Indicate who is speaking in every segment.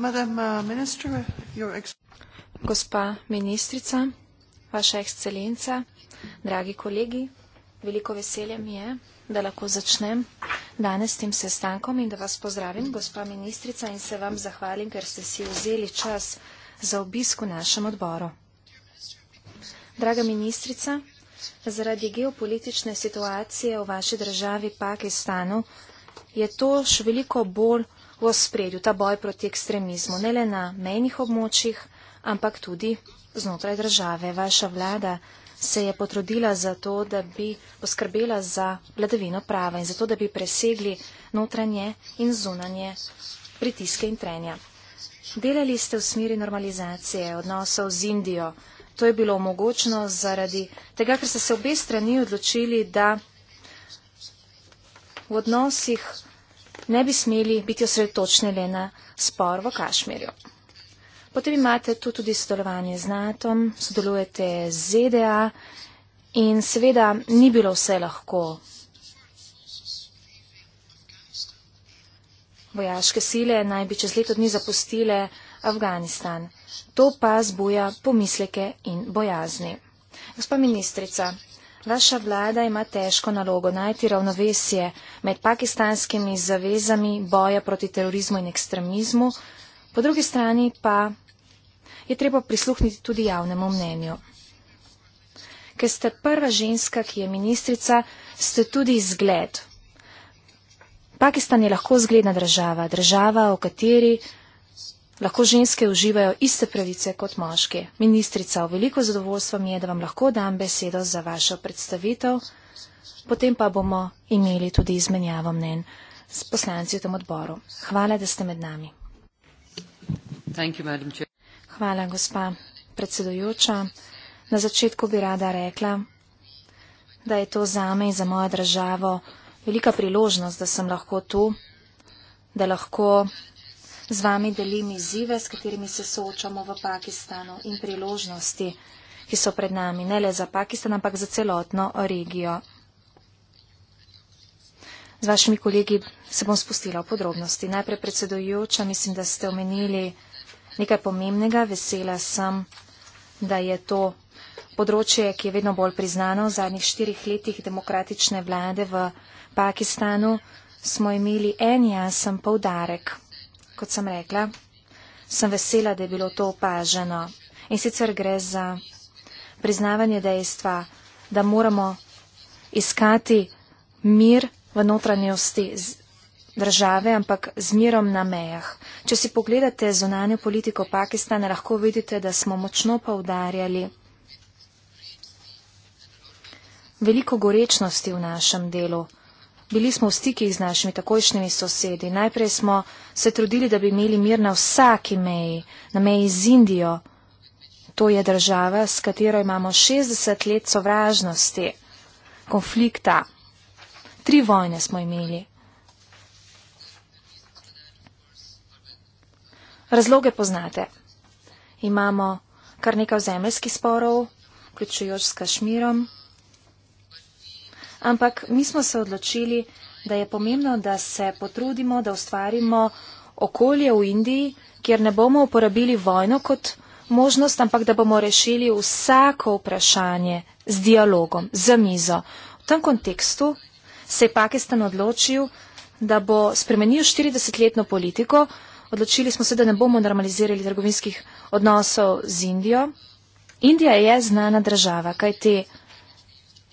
Speaker 1: Uh, gospa ministrica, vaša ekscelenca, dragi kolegi, veliko veselje mi je, da lahko začnem danes s tem sestankom in da vas pozdravim, gospa ministrica, in se vam zahvalim, ker ste si vzeli čas za obisk v našem odboru. Draga ministrica, zaradi geopolitične situacije v vaši državi Pakistanu je to še veliko bolj v ospredju ta boj proti ekstremizmu, ne le na menjih območjih, ampak tudi znotraj države. Vaša vlada se je potrudila za to, da bi poskrbela za vladavino prava in za to, da bi presegli notranje in zunanje pritiske in trenja. Delali ste v smeri normalizacije odnosov z Indijo. To je bilo omogočeno zaradi tega, ker ste se obe strani odločili, da v odnosih ne bi smeli biti osredotočeni le na spor v Kašmirju. Potem imate tu tudi sodelovanje z NATO, sodelujete z ZDA in seveda ni bilo vse lahko. Vojaške sile naj bi čez leto dni zapustile Afganistan. To pa zbuja pomisleke in bojazni. Gospa ministrica, Vaša vlada ima težko nalogo najti ravnovesje med pakistanskimi zavezami boja proti terorizmu in ekstremizmu, po drugi strani pa je treba prisluhniti tudi javnemu mnenju. Ker ste prva ženska, ki je ministrica, ste tudi zgled. Pakistan je lahko zgledna država, država, v kateri lahko ženske uživajo iste pravice kot moški. Ministrica, veliko zadovoljstvo mi je, da vam lahko dam besedo za vašo predstavitev, potem pa bomo imeli tudi izmenjavo mnen s poslanci v tem odboru. Hvala, da ste med nami. Hvala, gospa predsedujoča. Na začetku bi rada rekla, da je to za me in za mojo državo velika priložnost, da sem lahko tu, da lahko z vami delim izzive, s katerimi se soočamo v Pakistanu in priložnosti, ki so pred nami, ne le za Pakistan, ampak za celotno regijo. Z vašimi kolegi se bom spustila v podrobnosti. Najprej predsedujoča, mislim, da ste omenili nekaj pomembnega. Vesela sem, da je to področje, ki je vedno bolj priznano v zadnjih štirih letih demokratične vlade v Pakistanu, smo imeli en jasen poudarek kot sem rekla, sem vesela, da je bilo to opaženo. In sicer gre za priznavanje dejstva, da moramo iskati mir v notranjosti države, ampak z mirom na mejah. Če si pogledate zunanjo politiko Pakistana, lahko vidite, da smo močno poudarjali veliko gorečnosti v našem delu. Bili smo v stikih z našimi takojšnjimi sosedi. Najprej smo se trudili, da bi imeli mir na vsaki meji, na meji z Indijo. To je država, s katero imamo 60 let sovražnosti, konflikta. Tri vojne smo imeli. Razloge poznate. Imamo kar nekaj zemljskih sporov, vključujoč s Kašmirom ampak mi smo se odločili, da je pomembno, da se potrudimo, da ustvarimo okolje v Indiji, kjer ne bomo uporabili vojno kot možnost, ampak da bomo rešili vsako vprašanje z dialogom, z mizo. V tem kontekstu se je Pakistan odločil, da bo spremenil 40-letno politiko. Odločili smo se, da ne bomo normalizirali trgovinskih odnosov z Indijo. Indija je znana država, kajte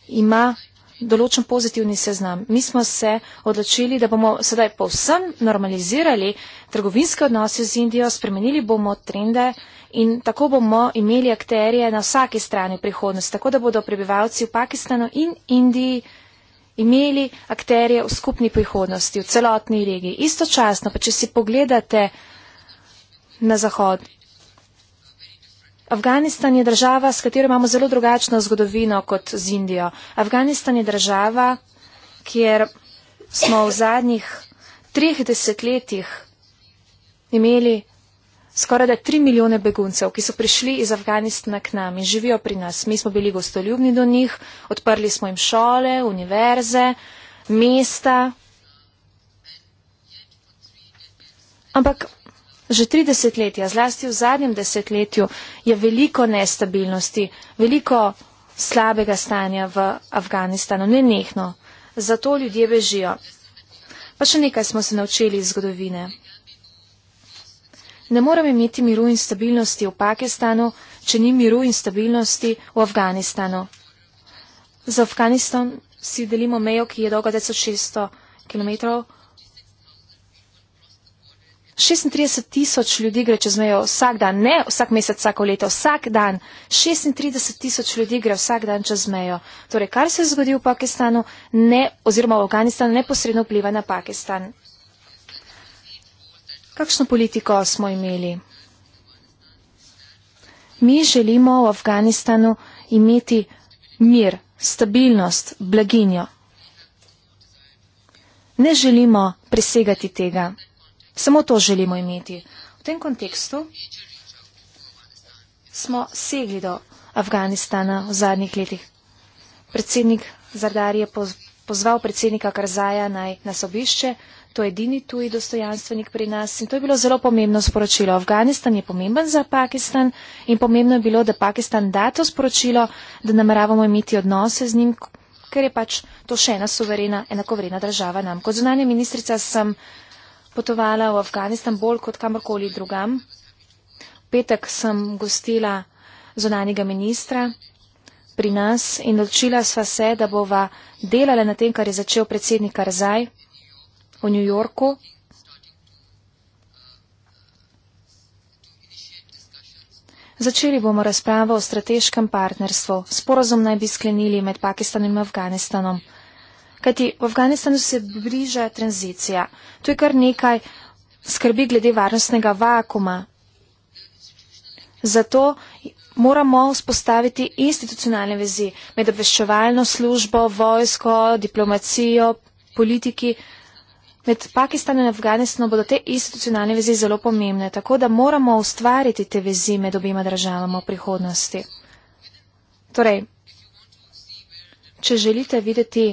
Speaker 1: ima določen pozitivni seznam. Mi smo se odločili, da bomo sedaj povsem normalizirali trgovinske odnose z Indijo, spremenili bomo trende in tako bomo imeli akterije na vsaki strani prihodnosti, tako da bodo prebivalci v Pakistanu in Indiji imeli akterije v skupni prihodnosti, v celotni regiji. Istočasno pa, če si pogledate na zahod, Afganistan je država, s katero imamo zelo drugačno zgodovino kot z Indijo. Afganistan je država, kjer smo v zadnjih treh desetletjih imeli skoraj da tri milijone beguncev, ki so prišli iz Afganistana k nam in živijo pri nas. Mi smo bili gostoljubni do njih, odprli smo jim šole, univerze, mesta. Ampak Že tri desetletja, zlasti v zadnjem desetletju, je veliko nestabilnosti, veliko slabega stanja v Afganistanu, nenehno. Zato ljudje bežijo. Pa še nekaj smo se naučili iz zgodovine. Ne moremo imeti miru in stabilnosti v Pakistanu, če ni miru in stabilnosti v Afganistanu. Za Afganistan si delimo mejo, ki je dolga 1600 km. 36 tisoč ljudi gre čez mejo vsak dan, ne vsak mesec, vsako leto, vsak dan. 36 tisoč ljudi gre vsak dan čez mejo. Torej, kar se je zgodilo v Pakistanu ne, oziroma v Afganistanu, neposredno vpliva na Pakistan. Kakšno politiko smo imeli? Mi želimo v Afganistanu imeti mir, stabilnost, blaginjo. Ne želimo presegati tega. Samo to želimo imeti. V tem kontekstu smo segli do Afganistana v zadnjih letih. Predsednik Zardar je pozval predsednika Karzaja naj nas obišče. To je edini tuji dostojanstvenik pri nas in to je bilo zelo pomembno sporočilo. Afganistan je pomemben za Pakistan in pomembno je bilo, da Pakistan da to sporočilo, da nameravamo imeti odnose z njim, ker je pač to še ena suverena, enakovredna država nam. Kot zunanja ministrica sem potovala v Afganistan bolj kot kamorkoli drugam. V petek sem gostila zonanjega ministra pri nas in odločila sva se, da bova delala na tem, kar je začel predsednik Karzaj v New Yorku. Začeli bomo razpravo o strateškem partnerstvu. Sporozum naj bi sklenili med Pakistanom in Afganistanom kajti v Afganistanu se bliža tranzicija. To je kar nekaj skrbi glede varnostnega vakuma. Zato moramo vzpostaviti institucionalne vezi med obveščevalno službo, vojsko, diplomacijo, politiki. Med Pakistanom in Afganistanom bodo te institucionalne vezi zelo pomembne, tako da moramo ustvariti te vezi med obima državama v prihodnosti. Torej, če želite videti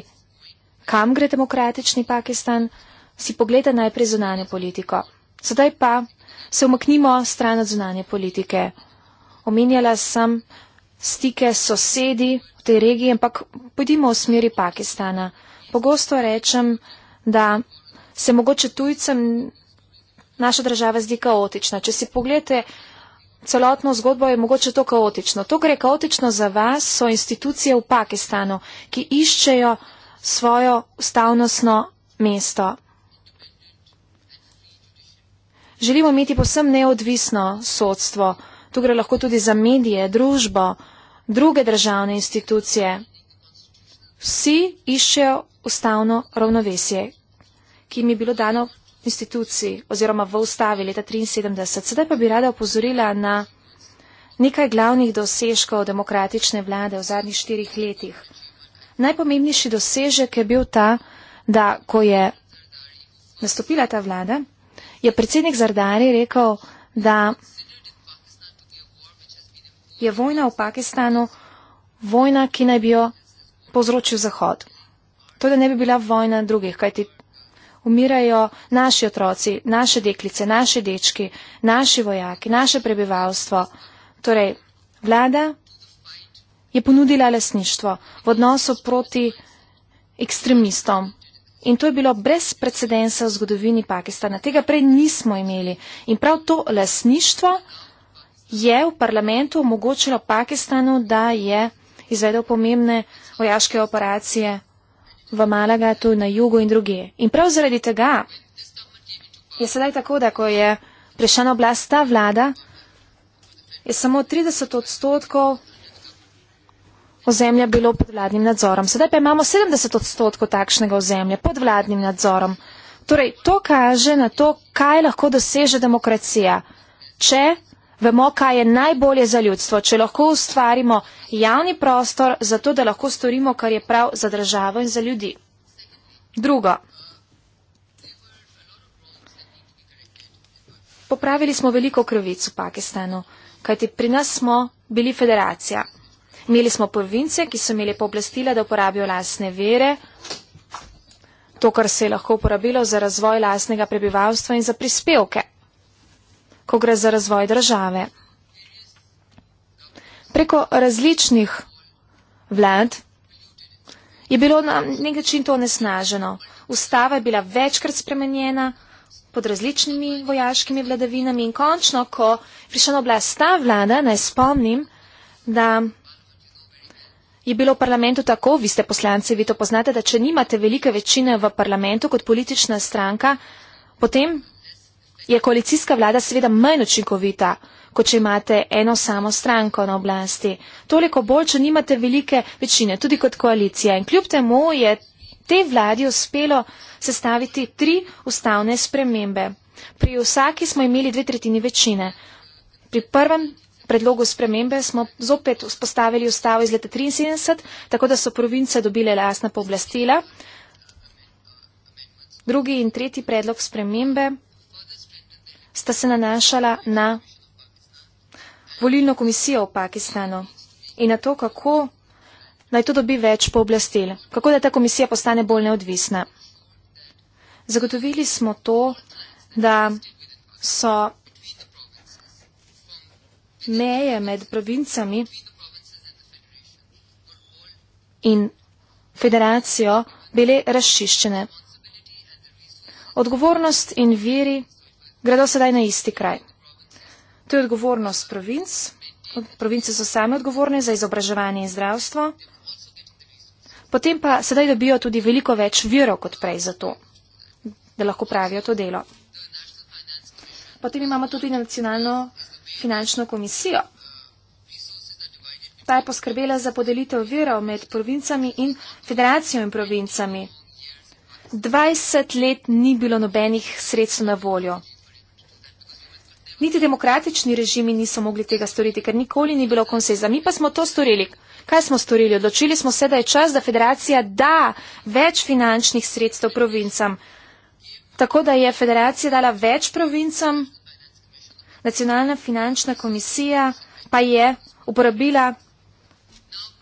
Speaker 1: kam gre demokratični Pakistan, si pogleda najprej zunanjo politiko. Sedaj pa se umaknimo stran od zunanje politike. Omenjala sem stike s sosedi v tej regiji, ampak pojdimo v smeri Pakistana. Pogosto rečem, da se mogoče tujcem naša država zdi kaotična. Če si pogledate celotno zgodbo, je mogoče to kaotično. To, kar je kaotično za vas, so institucije v Pakistanu, ki iščejo svojo ustavnostno mesto. Želimo imeti posebno neodvisno sodstvo, tu gre lahko tudi za medije, družbo, druge državne institucije. Vsi iščejo ustavno ravnovesje, ki jim je bilo dano v instituciji oziroma v ustavi leta 1973. Sedaj pa bi rada opozorila na nekaj glavnih dosežkov demokratične vlade v zadnjih štirih letih. Najpomembnejši dosežek je bil ta, da ko je nastopila ta vlada, je predsednik Zardari rekel, da je vojna v Pakistanu vojna, ki naj bi jo povzročil Zahod. To, da ne bi bila vojna drugih, kajti umirajo naši otroci, naše deklice, naši dečki, naši vojaki, naše prebivalstvo. Torej, vlada je ponudila lesništvo v odnosu proti ekstremistom. In to je bilo brez precedensa v zgodovini Pakistana. Tega prej nismo imeli. In prav to lesništvo je v parlamentu omogočilo Pakistanu, da je izvedel pomembne vojaške operacije v Malaga, tu na jugu in druge. In prav zaradi tega je sedaj tako, da ko je prišla na oblast ta vlada, je samo 30 odstotkov ozemlja bilo pod vladnim nadzorom. Sedaj pa imamo 70 odstotkov takšnega ozemlja pod vladnim nadzorom. Torej, to kaže na to, kaj lahko doseže demokracija, če vemo, kaj je najbolje za ljudstvo, če lahko ustvarimo javni prostor za to, da lahko storimo, kar je prav za državo in za ljudi. Drugo. Popravili smo veliko krvic v Pakistanu, kajti pri nas smo bili federacija. Imeli smo prvince, ki so imeli pooblastila, da uporabijo lasne vere, to, kar se je lahko uporabilo za razvoj lasnega prebivalstva in za prispevke, ko gre za razvoj države. Preko različnih vlad je bilo na nek način to nesnaženo. Ustava je bila večkrat spremenjena pod različnimi vojaškimi vladavinami in končno, ko prišla na oblast ta vlada, naj spomnim, da Je bilo v parlamentu tako, vi ste poslanci, vi to poznate, da če nimate velike večine v parlamentu kot politična stranka, potem je koalicijska vlada seveda manj učinkovita, kot če imate eno samo stranko na oblasti. Toliko bolj, če nimate velike večine, tudi kot koalicija. In kljub temu je te vladi uspelo sestaviti tri ustavne spremembe. Pri vsaki smo imeli dve tretjini večine. Pri prvem predlogu spremembe smo zopet vzpostavili ustavo iz leta 1973, tako da so province dobile lasna pooblastila. Drugi in tretji predlog spremembe sta se nanašala na volilno komisijo v Pakistanu in na to, kako naj to dobi več pooblastil, kako da ta komisija postane bolj neodvisna. Zagotovili smo to, da so meje med provincami in federacijo bile razčiščene. Odgovornost in viri gredo sedaj na isti kraj. To je odgovornost provinc. Province so same odgovorne za izobraževanje in zdravstvo. Potem pa sedaj dobijo tudi veliko več virov kot prej za to, da lahko pravijo to delo. Potem imamo tudi nacionalno finančno komisijo. Ta je poskrbela za podelitev virov med provincami in federacijo in provincami. 20 let ni bilo nobenih sredstv na voljo. Niti demokratični režimi niso mogli tega storiti, ker nikoli ni bilo konsenza. Mi pa smo to storili. Kaj smo storili? Odločili smo se, da je čas, da federacija da več finančnih sredstev provincam. Tako da je federacija dala več provincam nacionalna finančna komisija pa je uporabila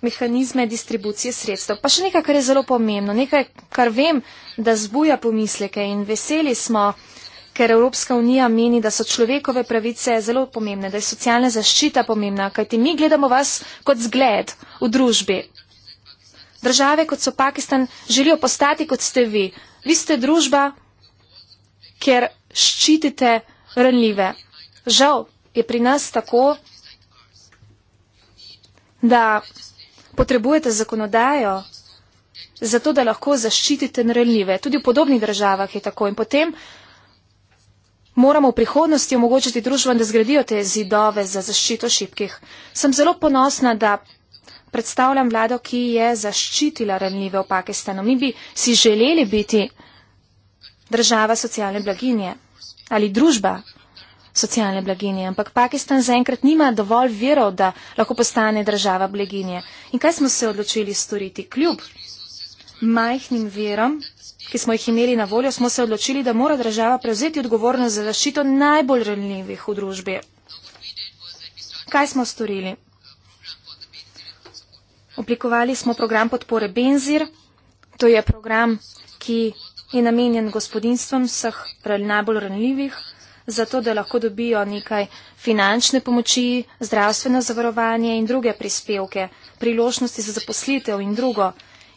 Speaker 1: mehanizme distribucije sredstev. Pa še nekaj, kar je zelo pomembno, nekaj, kar vem, da zbuja pomisleke in veseli smo, ker Evropska unija meni, da so človekove pravice zelo pomembne, da je socialna zaščita pomembna, kajti mi gledamo vas kot zgled v družbi. Države, kot so Pakistan, želijo postati, kot ste vi. Vi ste družba, kjer ščitite ranljive. Žal je pri nas tako, da potrebujete zakonodajo, zato da lahko zaščitite nareljive. Tudi v podobnih državah je tako. In potem moramo v prihodnosti omogočiti družbam, da zgradijo te zidove za zaščito šipkih. Sem zelo ponosna, da predstavljam vlado, ki je zaščitila ranljive v Pakistanu. Mi bi si želeli biti država socialne blaginje ali družba, socialne blaginje. Ampak Pakistan zaenkrat nima dovolj virov, da lahko postane država blaginje. In kaj smo se odločili storiti? Kljub majhnim virom, ki smo jih imeli na voljo, smo se odločili, da mora država prevzeti odgovornost za zaščito najbolj ranljivih v družbi. Kaj smo storili? Oblikovali smo program podpore Benzir. To je program, ki je namenjen gospodinstvom vseh najbolj ranljivih zato da lahko dobijo nekaj finančne pomoči, zdravstveno zavarovanje in druge prispevke, priložnosti za zaposlitev in drugo.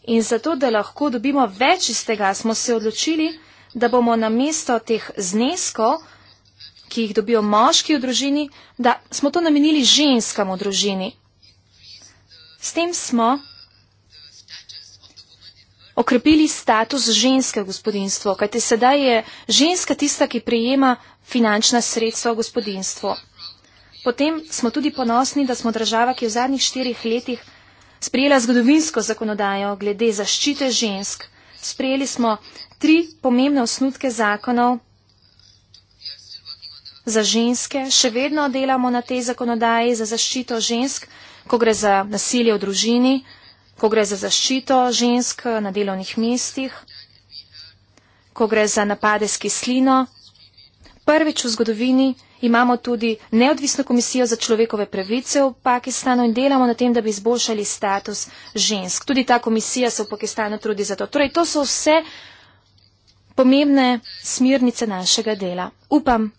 Speaker 1: In zato, da lahko dobimo več iz tega, smo se odločili, da bomo na mesto teh zneskov, ki jih dobijo moški v družini, da smo to namenili ženskam v družini. S tem smo okrepili status ženske v gospodinstvu, kajte sedaj je ženska tista, ki prejema finančna sredstva v gospodinstvu. Potem smo tudi ponosni, da smo država, ki je v zadnjih štirih letih sprejela zgodovinsko zakonodajo glede zaščite žensk. Sprejeli smo tri pomembne osnutke zakonov za ženske. Še vedno delamo na tej zakonodaji za zaščito žensk, ko gre za nasilje v družini, ko gre za zaščito žensk na delovnih mestih, ko gre za napade s kislino. Prvič v zgodovini imamo tudi neodvisno komisijo za človekove pravice v Pakistanu in delamo na tem, da bi izboljšali status žensk. Tudi ta komisija se v Pakistanu trudi za to. Torej, to so vse pomembne smirnice našega dela. Upam,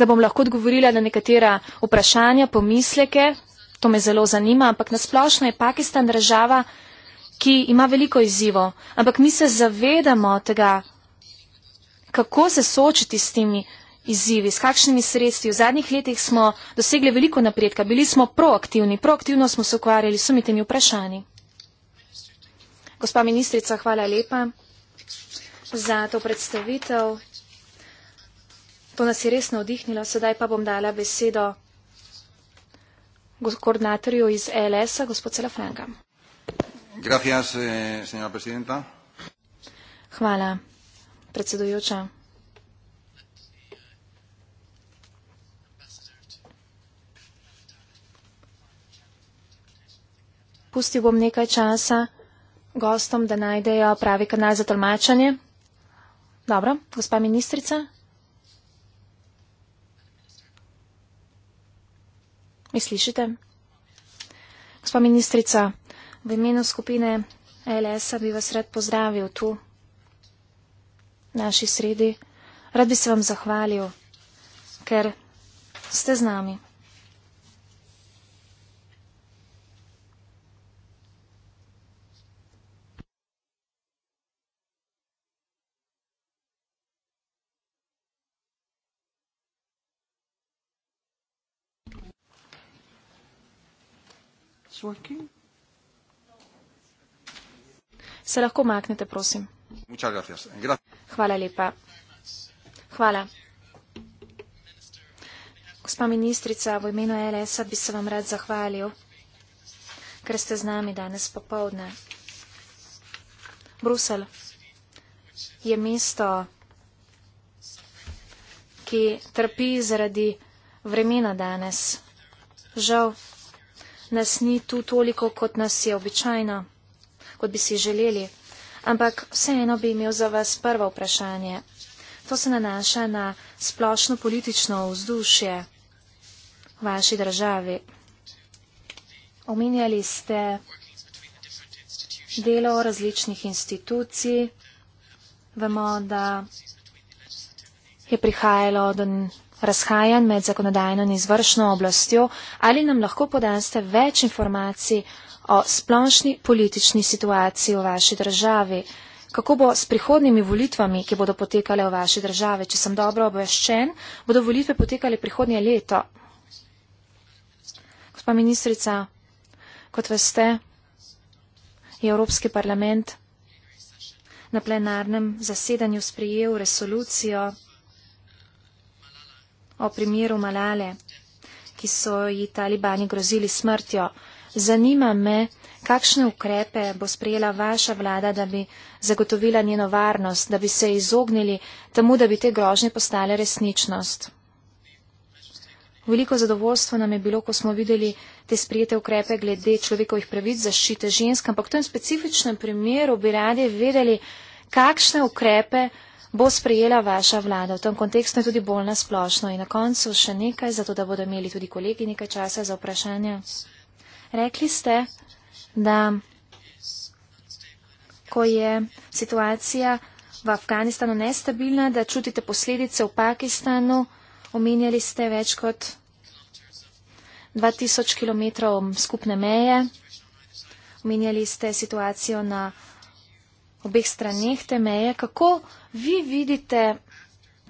Speaker 1: da bom lahko odgovorila na nekatera vprašanja, pomisleke, to me zelo zanima, ampak nasplošno je Pakistan država, ki ima veliko izzivo, ampak mi se zavedamo tega, kako se soočiti s temi izzivi, s kakšnimi sredstvi. V zadnjih letih smo dosegli veliko napredka, bili smo proaktivni, proaktivno smo se ukvarjali s temi vprašanji. Gospa ministrica, hvala lepa za to predstavitev. To nas je resno vdihnilo, sedaj pa bom dala besedo koordinatorju iz ELS-a, gospod Celafranka.
Speaker 2: Eh,
Speaker 1: Hvala, predsedujoča. Pustil bom nekaj časa gostom, da najdejo pravi kanal za tolmačanje. Dobro, gospa ministrica. Vi slišite? Gospa ministrica, v imenu skupine LS bi vas rad pozdravil tu, v naši sredi. Rad bi se vam zahvalil, ker ste z nami. working? Se lahko maknete, prosim. Hvala lepa. Hvala. Gospa ministrica, v imenu LS-a bi se vam rad zahvalil, ker ste z nami danes popovdne. Brusel je mesto, ki trpi zaradi vremena danes. Žal nas ni tu toliko, kot nas je običajno, kot bi si želeli. Ampak vseeno bi imel za vas prvo vprašanje. To se nanaša na splošno politično vzdušje v vaši državi. Omenjali ste delo različnih institucij. Vemo, da je prihajalo do razhajanj med zakonodajno in izvršno oblastjo, ali nam lahko podaste več informacij o splošni politični situaciji v vaši državi. Kako bo s prihodnimi volitvami, ki bodo potekale v vaši državi? Če sem dobro obveščen, bodo volitve potekale prihodnje leto. Gospa ministrica, kot veste, je Evropski parlament na plenarnem zasedanju sprejel resolucijo o primeru Malale, ki so ji talibani grozili smrtjo. Zanima me, kakšne ukrepe bo sprejela vaša vlada, da bi zagotovila njeno varnost, da bi se izognili temu, da bi te grožnje postale resničnost. Veliko zadovoljstvo nam je bilo, ko smo videli te sprijete ukrepe glede človekovih pravic zaščite žensk, ampak v tem specifičnem primeru bi radi vedeli, kakšne ukrepe bo sprejela vaša vlada. V tem kontekstu je tudi bolj nasplošno. In na koncu še nekaj, zato da bodo imeli tudi kolegi nekaj časa za vprašanje. Rekli ste, da ko je situacija v Afganistanu nestabilna, da čutite posledice v Pakistanu, omenjali ste več kot 2000 km skupne meje, omenjali ste situacijo na obeh straneh te meje, kako vi vidite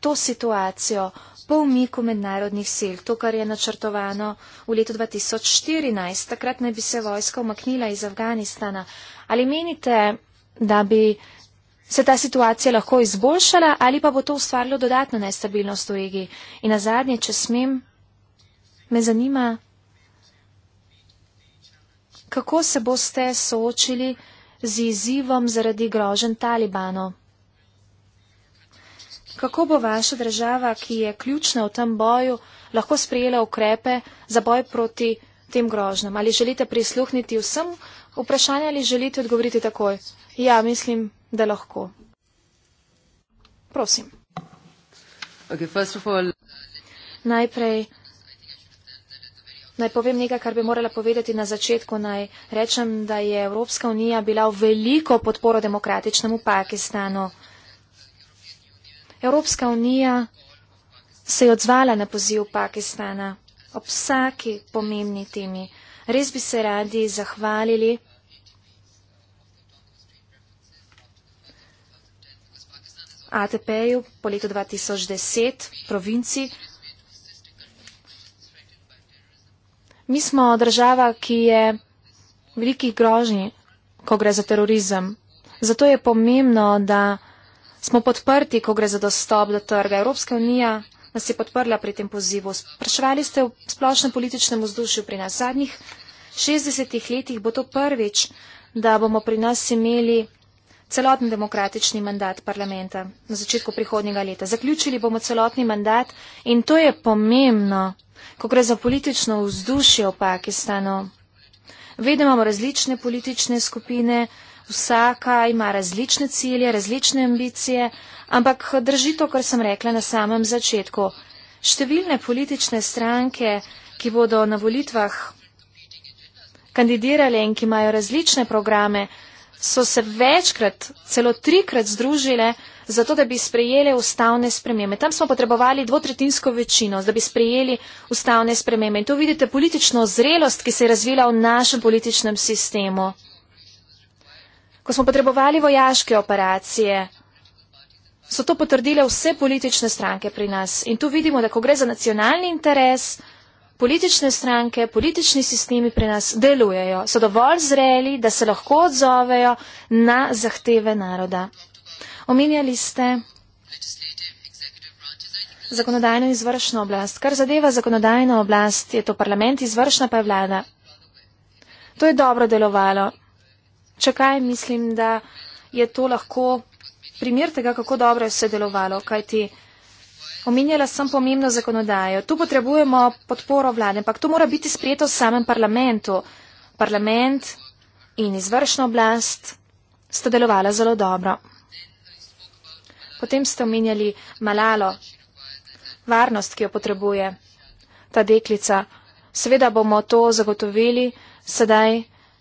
Speaker 1: to situacijo po umiku mednarodnih sil, to, kar je načrtovano v letu 2014, takrat naj bi se vojska umaknila iz Afganistana. Ali menite, da bi se ta situacija lahko izboljšala ali pa bo to ustvarilo dodatno nestabilnost v regiji? In na zadnje, če smem, me zanima, kako se boste soočili z izzivom zaradi grožen Talibano. Kako bo vaša država, ki je ključna v tem boju, lahko sprejela ukrepe za boj proti tem grožnjam? Ali želite prisluhniti vsem vprašanjem ali želite odgovoriti takoj? Ja, mislim, da lahko. Prosim.
Speaker 3: Okay, all...
Speaker 1: Najprej Naj povem nekaj, kar bi morala povedati na začetku. Naj rečem, da je Evropska unija bila v veliko podporo demokratičnemu Pakistanu. Evropska unija se je odzvala na poziv Pakistana ob vsaki pomembni temi. Res bi se radi zahvalili ATP-ju po letu 2010, provinci, Mi smo država, ki je velikih grožnji, ko gre za terorizem. Zato je pomembno, da smo podprti, ko gre za dostop do trga. Evropska unija nas je podprla pri tem pozivu. Spraševali ste o splošnem političnem vzdušju pri nas. V zadnjih 60 letih bo to prvič, da bomo pri nas imeli celoten demokratični mandat parlamenta na začetku prihodnjega leta. Zaključili bomo celotni mandat in to je pomembno, ko gre za politično vzdušje v Pakistanu. Vedno imamo različne politične skupine, vsaka ima različne cilje, različne ambicije, ampak drži to, kar sem rekla na samem začetku. Številne politične stranke, ki bodo na volitvah kandidirale in ki imajo različne programe, so se večkrat, celo trikrat združile, zato da bi sprejeli ustavne spremembe. Tam smo potrebovali dvotretinsko večino, da bi sprejeli ustavne spremembe. In to vidite politično zrelost, ki se je razvila v našem političnem sistemu. Ko smo potrebovali vojaške operacije, so to potrdile vse politične stranke pri nas. In tu vidimo, da ko gre za nacionalni interes, politične stranke, politični sistemi pri nas delujejo, so dovolj zreli, da se lahko odzovejo na zahteve naroda. Omenjali ste zakonodajno izvršno oblast. Kar zadeva zakonodajno oblast, je to parlament, izvršna pa je vlada. To je dobro delovalo. Če kaj, mislim, da je to lahko primer tega, kako dobro je vse delovalo, kajti Omenjala sem pomembno zakonodajo. Tu potrebujemo podporo vlade, ampak to mora biti sprejeto v samem parlamentu. Parlament in izvršna oblast sta delovala zelo dobro. Potem ste omenjali Malalo, varnost, ki jo potrebuje ta deklica. Seveda bomo to zagotovili. Sedaj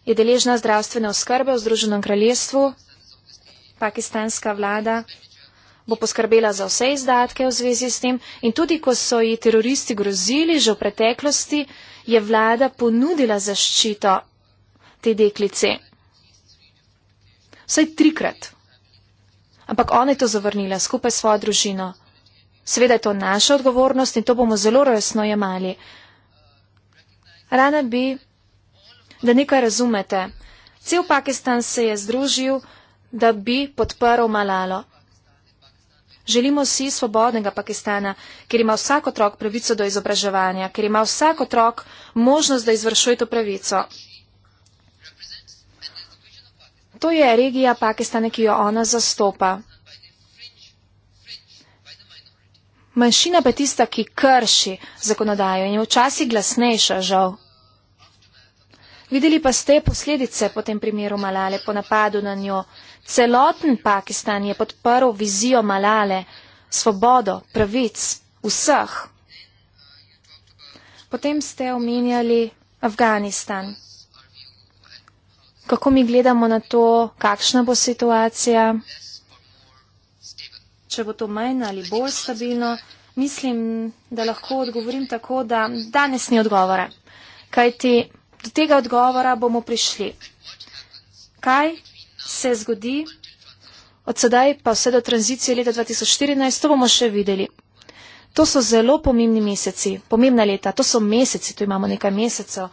Speaker 1: je deležna zdravstvene oskrbe v Združenem kraljestvu. Pakistanska vlada bo poskrbela za vse izdatke v zvezi s tem in tudi, ko so ji teroristi grozili že v preteklosti, je vlada ponudila zaščito te deklice. Vsaj trikrat. Ampak ona je to zavrnila skupaj s svojo družino. Sveda je to naša odgovornost in to bomo zelo resno jemali. Rana bi, da nekaj razumete. Cel Pakistan se je združil, da bi podprl Malalo. Želimo si svobodnega Pakistana, kjer ima vsak otrok pravico do izobraževanja, kjer ima vsak otrok možnost, da izvršuje to pravico. To je regija Pakistana, ki jo ona zastopa. Manjšina pa je tista, ki krši zakonodajo in je včasih glasnejša, žal. Videli pa ste posledice po tem primeru Malale, po napadu na njo. Celoten Pakistan je podprl vizijo Malale, svobodo, pravic, vseh. Potem ste omenjali Afganistan. Kako mi gledamo na to, kakšna bo situacija, če bo to manj ali bolj stabilno, mislim, da lahko odgovorim tako, da danes ni odgovora. Kajti Do tega odgovora bomo prišli. Kaj se zgodi od sedaj pa vse do tranzicije leta 2014, to bomo še videli. To so zelo pomembni meseci, pomembna leta, to so meseci, tu imamo nekaj mesecev.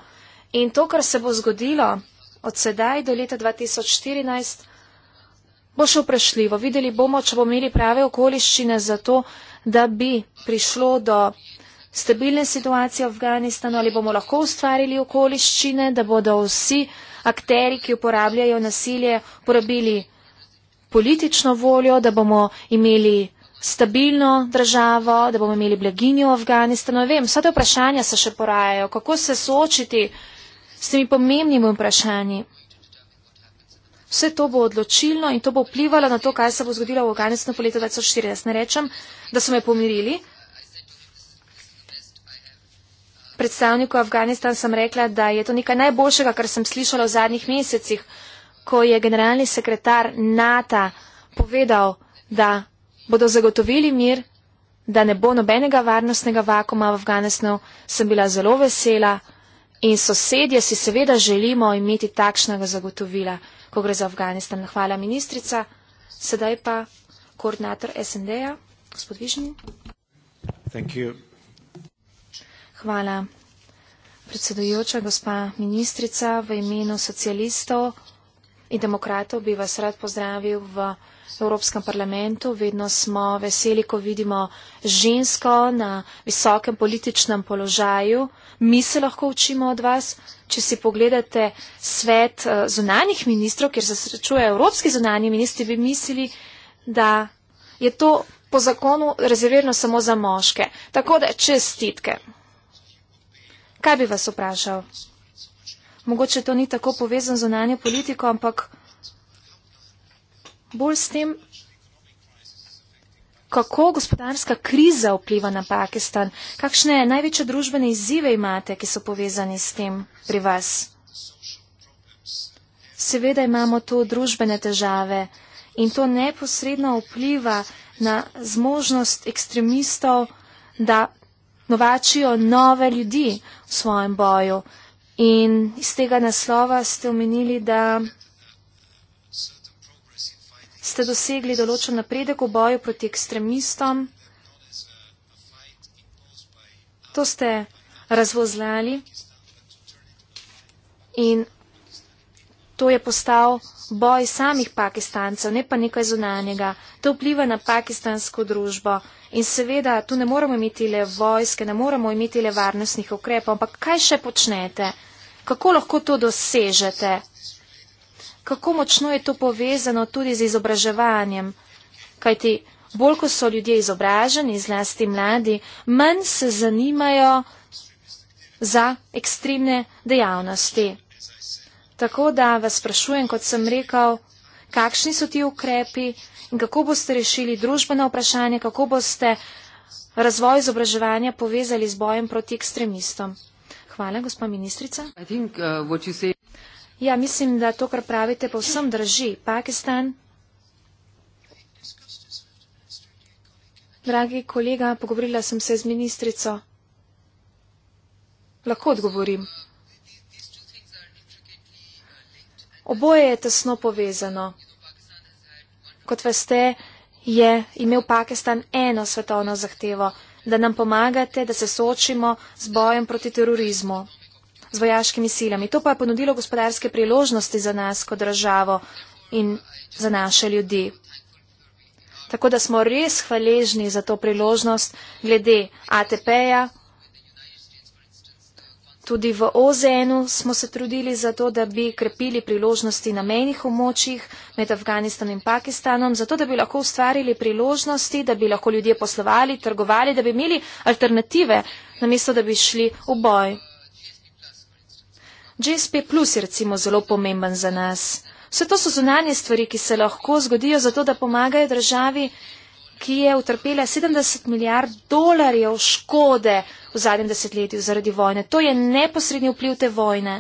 Speaker 1: In to, kar se bo zgodilo od sedaj do leta 2014, bo še vprašljivo. Videli bomo, če bomo imeli prave okoliščine za to, da bi prišlo do stabilne situacije v Afganistanu ali bomo lahko ustvarili okoliščine, da bodo vsi akteri, ki uporabljajo nasilje, porabili politično voljo, da bomo imeli stabilno državo, da bomo imeli blaginjo v Afganistanu. Vem, vsa te vprašanja se še porajajo. Kako se soočiti s temi pomembnimi vprašanji? Vse to bo odločilno in to bo vplivalo na to, kaj se bo zgodilo v Afganistanu po letu 2014. Ne rečem, da so me pomirili, predstavniku Afganistan sem rekla, da je to nekaj najboljšega, kar sem slišala v zadnjih mesecih, ko je generalni sekretar NATO povedal, da bodo zagotovili mir, da ne bo nobenega varnostnega vakuma v Afganistanu, sem bila zelo vesela in sosedje si seveda želimo imeti takšnega zagotovila, ko gre za Afganistan. Hvala ministrica, sedaj pa koordinator SND-ja, gospod Višnji.
Speaker 2: Thank
Speaker 4: you.
Speaker 1: Hvala. Predsedujoča gospa ministrica, v imenu socialistov in demokratov bi vas rad pozdravil v Evropskem parlamentu. Vedno smo veseli, ko vidimo žensko na visokem političnem položaju. Mi se lahko učimo od vas. Če si pogledate svet eh, zunanjih ministrov, kjer se srečujejo evropski zunanji ministri, bi mislili, da je to po zakonu rezervirano samo za moške. Tako da čestitke. Kaj bi vas vprašal? Mogoče to ni tako povezan z unanjo politiko, ampak bolj s tem, kako gospodarska kriza vpliva na Pakistan, kakšne največje družbene izzive imate, ki so povezani s tem pri vas. Seveda imamo tu družbene težave in to neposredno vpliva na zmožnost ekstremistov, da novačijo nove ljudi v svojem boju. In iz tega naslova ste omenili, da ste dosegli določen napredek v boju proti ekstremistom. To ste razvozljali in to je postal boj samih pakistancev, ne pa nekaj zunanjega. To vpliva na pakistansko družbo. In seveda, tu ne moramo imeti le vojske, ne moramo imeti le varnostnih ukrepov, ampak kaj še počnete? Kako lahko to dosežete? Kako močno je to povezano tudi z izobraževanjem? Kajti, bolj ko so ljudje izobraženi, zlasti mladi, manj se zanimajo za ekstremne dejavnosti. Tako da vas sprašujem, kot sem rekel, kakšni so ti ukrepi in kako boste rešili družbeno vprašanje, kako boste razvoj izobraževanja povezali z bojem proti ekstremistom. Hvala, gospa ministrica.
Speaker 2: Think, uh, say...
Speaker 1: Ja, mislim, da to, kar pravite, povsem drži. Pakistan. Dragi kolega, pogovorila sem se z ministrico. Lahko odgovorim. Oboje je tesno povezano. Kot veste, je imel Pakistan eno svetovno zahtevo, da nam pomagate, da se soočimo z bojem proti terorizmu, z vojaškimi silami. To pa je ponudilo gospodarske priložnosti za nas kot državo in za naše ljudi. Tako da smo res hvaležni za to priložnost glede ATP-ja, Tudi v OZN-u smo se trudili za to, da bi krepili priložnosti na menjih območjih med Afganistanom in Pakistanom, zato da bi lahko ustvarili priložnosti, da bi lahko ljudje poslovali, trgovali, da bi imeli alternative, namesto da bi šli v boj. GSP Plus je recimo zelo pomemben za nas. Vse to so zunanje stvari, ki se lahko zgodijo, zato da pomagajo državi ki je utrpela 70 milijard dolarjev škode v zadnjem desetletju zaradi vojne. To je neposredni vpliv te vojne.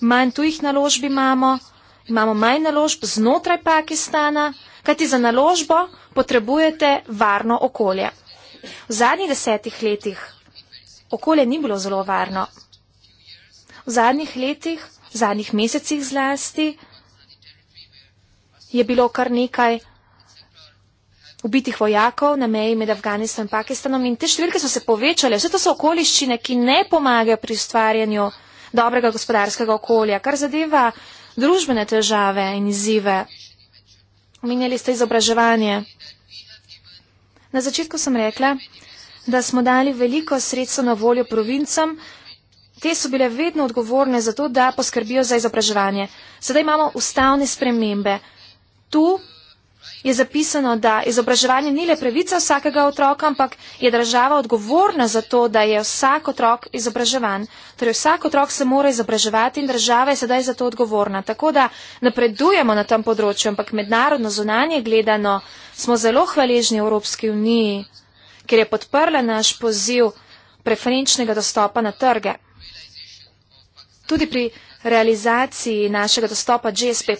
Speaker 1: Manj tujih naložb imamo, imamo manj naložb znotraj Pakistana, kajti za naložbo potrebujete varno okolje. V zadnjih desetih letih okolje ni bilo zelo varno. V zadnjih letih, v zadnjih mesecih zlasti je bilo kar nekaj ubitih vojakov na meji med Afganistanom in Pakistanom in te številke so se povečale. Vse to so okoliščine, ki ne pomagajo pri ustvarjanju dobrega gospodarskega okolja, kar zadeva družbene težave in izzive. Omenjali ste izobraževanje. Na začetku sem rekla, da smo dali veliko sredstva na voljo provincam. Te so bile vedno odgovorne za to, da poskrbijo za izobraževanje. Sedaj imamo ustavne spremembe. Tu je zapisano, da izobraževanje ni le pravica vsakega otroka, ampak je država odgovorna za to, da je vsak otrok izobraževan. Torej vsak otrok se mora izobraževati in država je sedaj za to odgovorna. Tako da napredujemo na tem področju, ampak mednarodno zunanje gledano smo zelo hvaležni Evropski uniji, ker je podprla naš poziv preferenčnega dostopa na trge. Tudi pri realizaciji našega dostopa GSP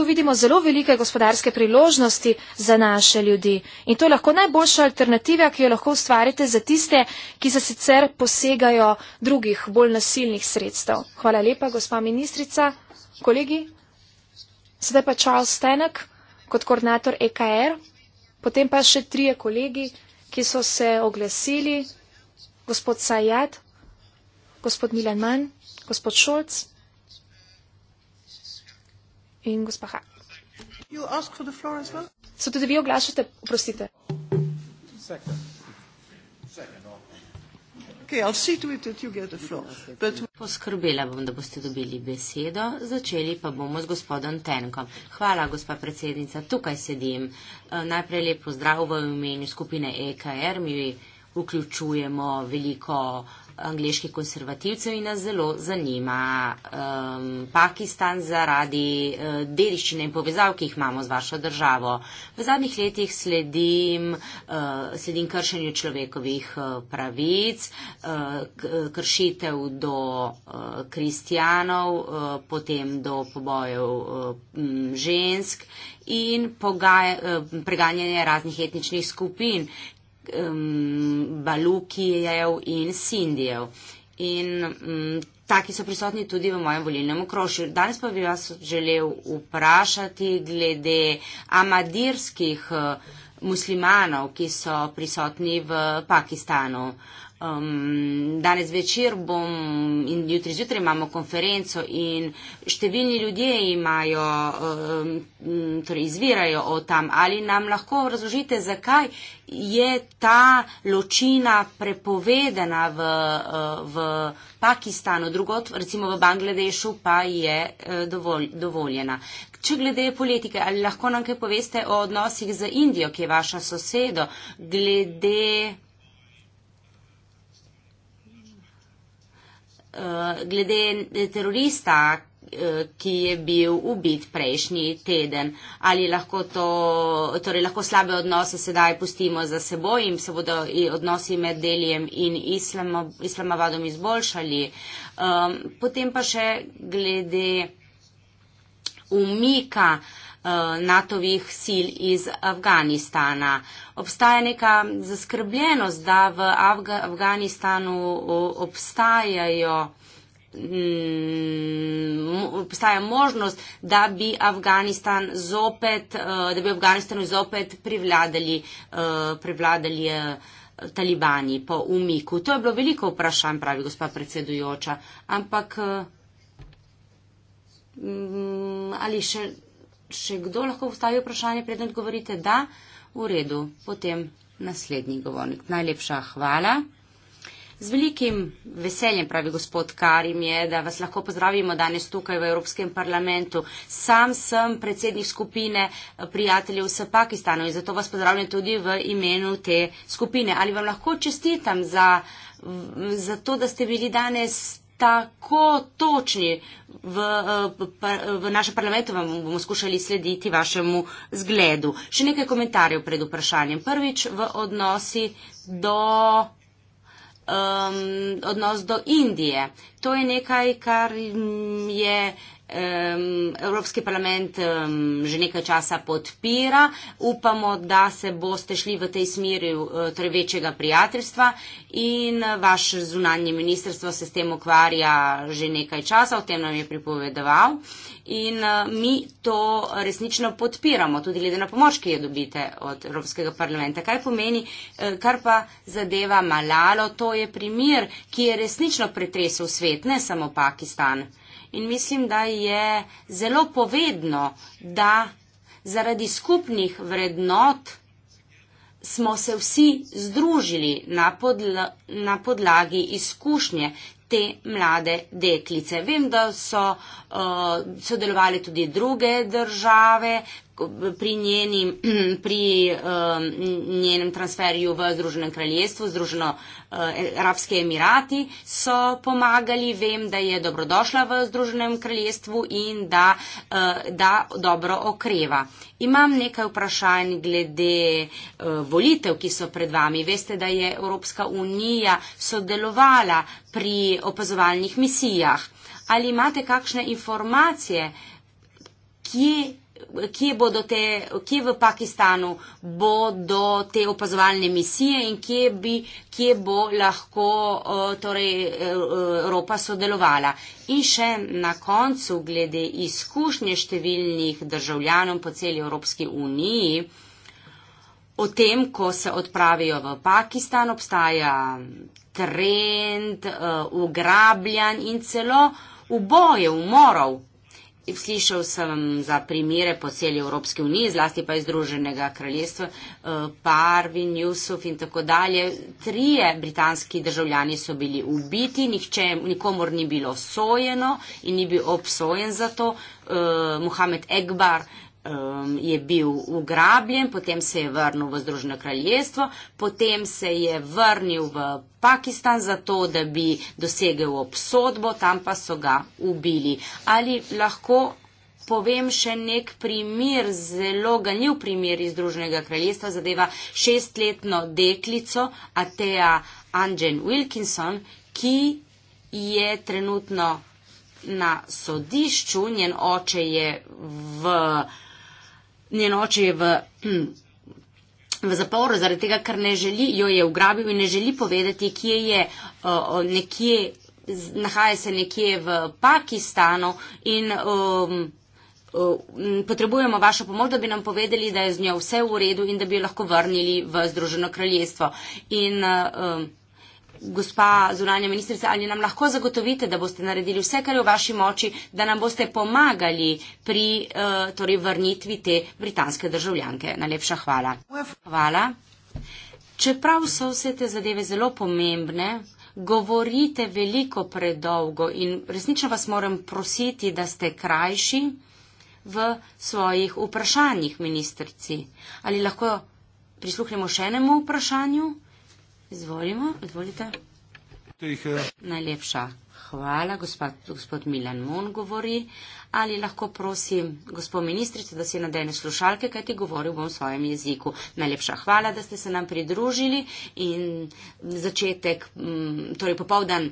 Speaker 1: tu vidimo zelo velike gospodarske priložnosti za naše ljudi. In to je lahko najboljša alternativa, ki jo lahko ustvarite za tiste, ki se sicer posegajo drugih, bolj nasilnih sredstev. Hvala lepa, gospa ministrica. Kolegi, sedaj pa Charles Stenek kot koordinator EKR, potem pa še trije kolegi, ki so se oglasili, gospod Sajad, gospod Milan Mann, gospod Šolc in gospa H. Se tudi vi oglašate? Prosite.
Speaker 2: No.
Speaker 3: Poskrbela bom, da boste dobili besedo. Začeli pa bomo z gospodom Tenkom. Hvala, gospa predsednica. Tukaj sedim. E, najprej lepo zdrav v imenu skupine EKR. Mi vključujemo veliko angliških konservativcev in nas zelo zanima um, Pakistan zaradi uh, dediščine in povezav, ki jih imamo z vašo državo. V zadnjih letih sledim, uh, sledim kršenju človekovih uh, pravic, uh, kršitev do uh, kristijanov, uh, potem do pobojev uh, žensk in pogaj, uh, preganjanje raznih etničnih skupin, um, Balukijev in Sindijev. In um, taki so prisotni tudi v mojem volilnem okrožju. Danes pa bi vas želel vprašati glede amadirskih uh, muslimanov, ki so prisotni v Pakistanu. Uh, Um, danes večer bom in jutri zjutraj imamo konferenco in številni ljudje imajo, um, torej izvirajo o tam. Ali nam lahko razložite, zakaj je ta ločina prepovedana v, eh, v Pakistanu, drugot, recimo v Bangladešu, pa je eh, dovolj, dovoljena. Če glede politike, ali lahko nam kaj poveste o odnosih z Indijo, ki je vaša sosedo, glede. Eh, glede terorista, eh, ki je bil ubit prejšnji teden. Ali lahko, to, torej lahko slabe odnose sedaj pustimo za seboj in se bodo in odnosi med delijem in islamo, islamovadom izboljšali. Um, potem pa še glede umika uh, Eh, NATO-vih sil iz Afganistana. Obstaja neka zaskrbljenost, da v Afga Afganistanu obstajajo, mm, obstaja možnost, da bi, Afganistan zopet, eh, da bi Afganistanu zopet privladali, eh, privladali talibani po umiku. To je bilo veliko vprašanj, pravi gospa predsedujoča. Ampak mm, ali še še kdo lahko postavi vprašanje, preden odgovorite, da v redu, potem naslednji govornik. Najlepša hvala. Z velikim veseljem, pravi gospod Karim, je, da vas lahko pozdravimo danes tukaj v Evropskem parlamentu. Sam sem predsednik skupine eh, prijateljev s Pakistanom in zato vas pozdravljam tudi v imenu te skupine. Ali vam lahko čestitam za, za to, da ste bili danes tako točni. V, eh, v našem parlamentu vam bomo skušali slediti vašemu zgledu. Še nekaj komentarjev pred vprašanjem. Prvič v odnosi do, um, odnos do Indije. To je nekaj, kar je Evropski parlament že nekaj časa podpira, upamo, da se boste šli v tej smeri eh, torej večjega prijateljstva in eh, vaš zunanje ministrstvo se s tem ukvarja že nekaj časa, o tem nam je pripovedoval in eh, mi to resnično podpiramo, tudi glede na pomoč, ki jo dobite od Evropskega parlamenta. Kaj pomeni, kar pa zadeva Malalo, to je primer, ki je resnično pretresel svet, ne samo Pakistan. In mislim, da je zelo povedno, da zaradi skupnih vrednot smo se vsi združili na, podla na podlagi izkušnje te mlade deklice. Vem, da so uh, sodelovali tudi druge države pri, njeni, pri um, njenem transferju v Združenem kraljestvu, Združeno eh, Arabske uh, Emirati so pomagali, vem, da je dobrodošla v Združenem kraljestvu in da, uh, da dobro okreva. Imam nekaj vprašanj glede uh, volitev, ki so pred vami. Veste, da je Evropska unija sodelovala pri opazovalnih misijah. Ali imate kakšne informacije, kje kje bodo te, kje v Pakistanu bodo te opazovalne misije in kje, bi, kje bo lahko torej, e, e, Evropa sodelovala. In še na koncu, glede izkušnje številnih državljanov po celi Evropski uniji, o tem, ko se odpravijo v Pakistan, obstaja trend e, ugrabljanj in celo uboje, umorov slišal sem za primere po celi Evropski uniji, zlasti pa iz Združenega kraljestva, eh, Parvin, Jusuf in tako dalje. Trije britanski državljani so bili ubiti, nihče, nikomor ni bilo sojeno in ni bil obsojen za to. Uh, Mohamed Egbar uh, um, je bil ugrabljen, potem se je vrnil v Združeno kraljestvo, potem se je vrnil v Pakistan zato, da bi dosegel obsodbo, tam pa so ga ubili. Ali lahko povem še nek primer, zelo ganjiv primer iz Združenega kraljestva, zadeva šestletno deklico Atea Anjen Wilkinson, ki je trenutno na sodišču, njen oče je v njen oče je v, hm, v zaporu, zaradi tega, ker ne želi, jo je ugrabil in ne želi povedati, kje je uh, nekje, nahaja se nekje v Pakistanu in um, potrebujemo vašo pomoč, da bi nam povedali, da je z njo vse v redu in da bi jo lahko vrnili v Združeno kraljestvo. In, uh, um, gospa zunanja ministrica, ali nam lahko zagotovite, da boste naredili vse, kar je v vaši moči, da nam boste pomagali pri eh, torej, vrnitvi te britanske državljanke. Najlepša hvala. Hvala. Čeprav so vse te zadeve zelo pomembne, govorite veliko predolgo in resnično vas moram prositi, da ste krajši v svojih vprašanjih ministrici. Ali lahko prisluhnemo še enemu vprašanju? Izvolimo, izvolite. Teh, Najlepša hvala, gospod, gospod Milan Mon govori. Ali lahko prosim, gospod ministrica, da si nadene slušalke, kaj ti govoril bom v svojem jeziku. Najlepša hvala, da ste se nam pridružili in začetek, mm, torej popovdan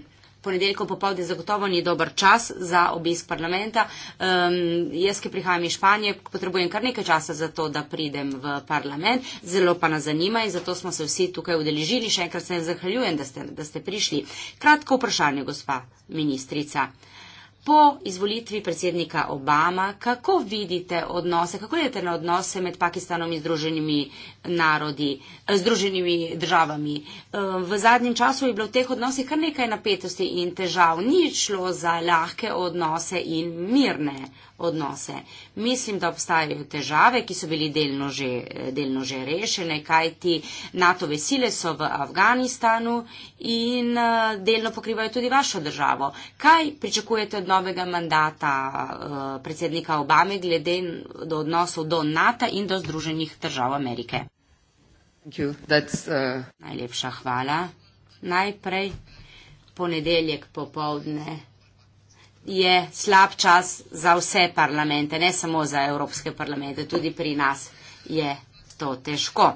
Speaker 3: ponedeljkov popovdne zagotovo ni dober čas za obisk parlamenta. Um, jaz, ki prihajam iz Španije, potrebujem kar nekaj časa za to, da pridem v parlament. Zelo pa nas zanima in zato smo se vsi tukaj udeležili. Še enkrat se ne zahvaljujem, da ste, da ste prišli. Kratko vprašanje, gospa ministrica. Po izvolitvi predsednika Obama, kako vidite odnose, kako gledate na odnose med Pakistanom in Združenimi narodi, eh, združenimi državami. Eh, v zadnjem času je bilo v teh odnosih kar nekaj napetosti in težav. Ni šlo za lahke odnose in mirne odnose. Mislim, da obstajajo težave, ki so bili delno že, eh, delno že rešene, kajti NATO vesile so v Afganistanu in delno pokrivajo tudi vašo državo. Kaj pričakujete od novega mandata predsednika Obame glede do odnosov do NATO in do Združenih držav Amerike? That's, uh... Najlepša hvala. Najprej ponedeljek popovdne je slab čas za vse parlamente, ne samo za evropske parlamente, tudi pri nas je to težko.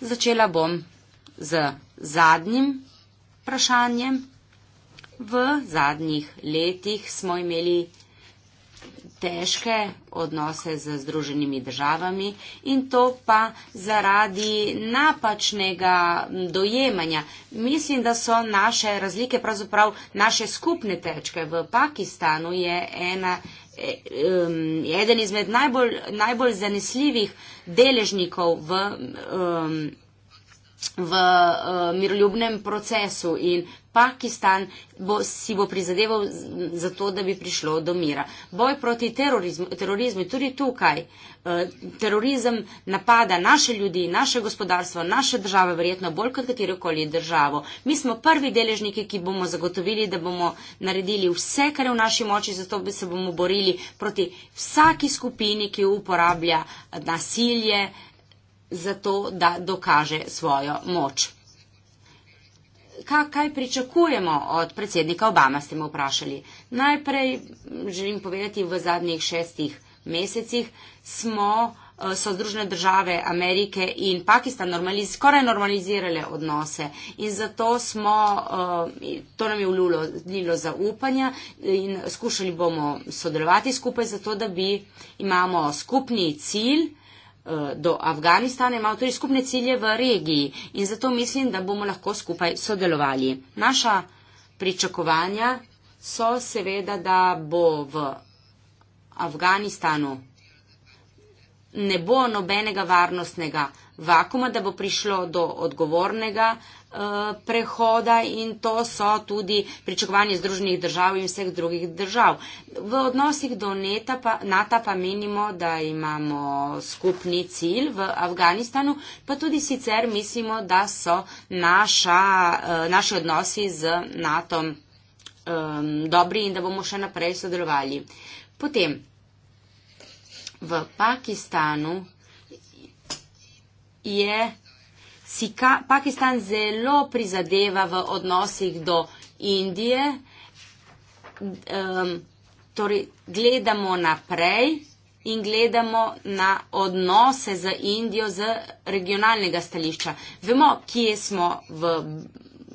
Speaker 3: Začela bom z zadnjim vprašanjem. V zadnjih letih smo imeli težke odnose z Združenimi državami in to pa zaradi napačnega dojemanja. Mislim, da so naše razlike, pravzaprav naše skupne težke v Pakistanu je ena, e, eden izmed najbolj, najbolj zanesljivih deležnikov v. Um, v uh, miroljubnem procesu in Pakistan bo, si bo prizadeval za to, da bi prišlo do mira. Boj proti terorizmu, terorizmu tudi tukaj. Uh, terorizem napada naše ljudi, naše gospodarstvo, naše države, verjetno bolj kot katerokoli državo. Mi smo prvi deležniki, ki bomo zagotovili, da bomo naredili vse, kar je v naši moči, zato bi se bomo borili proti vsaki skupini, ki uporablja nasilje. Uh, zato, da dokaže svojo moč. Ka, kaj pričakujemo od predsednika Obama, ste me vprašali. Najprej želim povedati, v zadnjih šestih mesecih smo, eh, so Združene države Amerike in Pakistan normaliz, skoraj normalizirale odnose in zato smo, eh, to nam je vljulo zaupanja in skušali bomo sodelovati skupaj, zato da bi imamo skupni cilj Eh, do Afganistana imamo tudi skupne cilje v regiji in zato mislim, da bomo lahko skupaj sodelovali. Naša pričakovanja so seveda, da bo v Afganistanu ne bo nobenega varnostnega vakuma, da bo prišlo do odgovornega eh, prehoda in to so tudi pričakovanje Združenih držav in vseh drugih držav. V odnosih do pa, NATO pa menimo, da imamo skupni cilj v Afganistanu, pa tudi sicer mislimo, da so naša, eh, naše odnosi z NATO um, ehm, dobri in da bomo še naprej sodelovali. Potem, v Pakistanu je si ka, Pakistan zelo prizadeva v odnosih do Indije. Um, torej, gledamo naprej in gledamo na odnose z Indijo z regionalnega stališča. Vemo, kje smo v,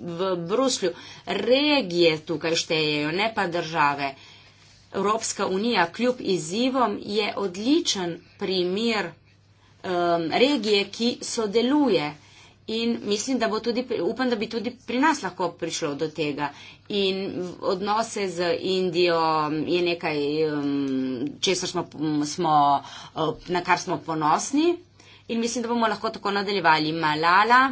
Speaker 3: v Bruslju. Regije tukaj štejejo, ne pa države. Evropska unija kljub izzivom je odličen primer um, regije, ki sodeluje. In mislim, da bo tudi, upam, da bi tudi pri nas lahko prišlo do tega. In odnose z Indijo je nekaj, um, česar smo, smo, uh, na kar smo ponosni. In mislim, da bomo lahko tako nadaljevali. Malala,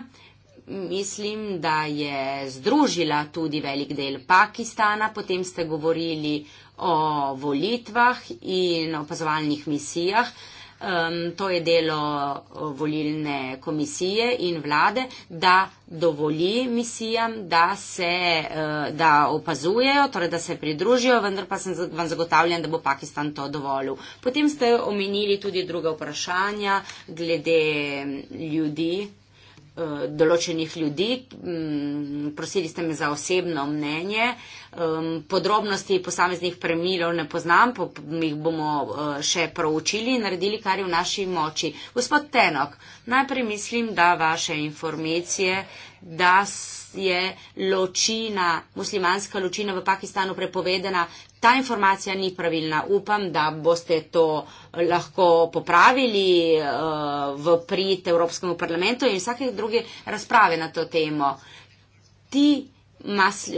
Speaker 3: mislim, da je združila tudi velik del Pakistana. Potem ste govorili o volitvah in opazovalnih misijah. Uh, um, to je delo eh, volilne komisije in vlade, da dovoli misijam, da se uh, da opazujejo, torej da se pridružijo, vendar pa sem vam zagotavljam, da bo Pakistan to dovolil. Potem ste omenili tudi druga vprašanja glede mm, ljudi, Eh, določenih ljudi. Mm, prosili ste me za osebno mnenje. Podrobnosti posameznih premilov ne poznam, pa jih bomo eh, še proučili in naredili, kar je v naši moči. Gospod Tenok, najprej mislim, da vaše informacije, da so je ločina, muslimanska ločina v Pakistanu prepovedana. Ta informacija ni pravilna. Upam, da boste to lahko popravili eh, v prid Evropskemu parlamentu in vsake druge razprave na to temo. Ti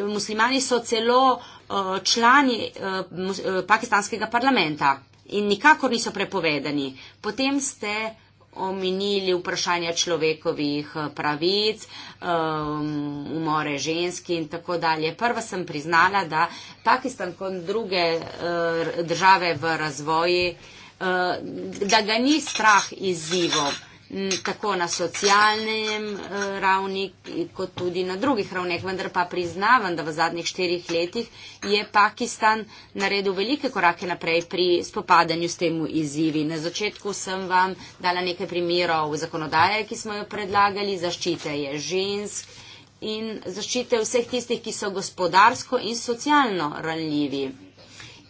Speaker 3: muslimani so celo eh, člani eh, pakistanskega parlamenta in nikakor niso prepovedani. Potem ste omenili vprašanja človekovih eh, pravic, ehm, umore ženski in tako dalje. Prva sem priznala, da Pakistan kot druge eh, države v razvoji, eh, da ga ni strah izzivov tako na socialnem eh, ravni, kot tudi na drugih ravneh. Vendar pa priznavam, da v zadnjih štirih letih je Pakistan naredil velike korake naprej pri spopadanju s temu izzivi. Na začetku sem vam dala nekaj primerov zakonodaje, ki smo jo predlagali, zaščite je žensk in zaščite vseh tistih, ki so gospodarsko in socialno ranljivi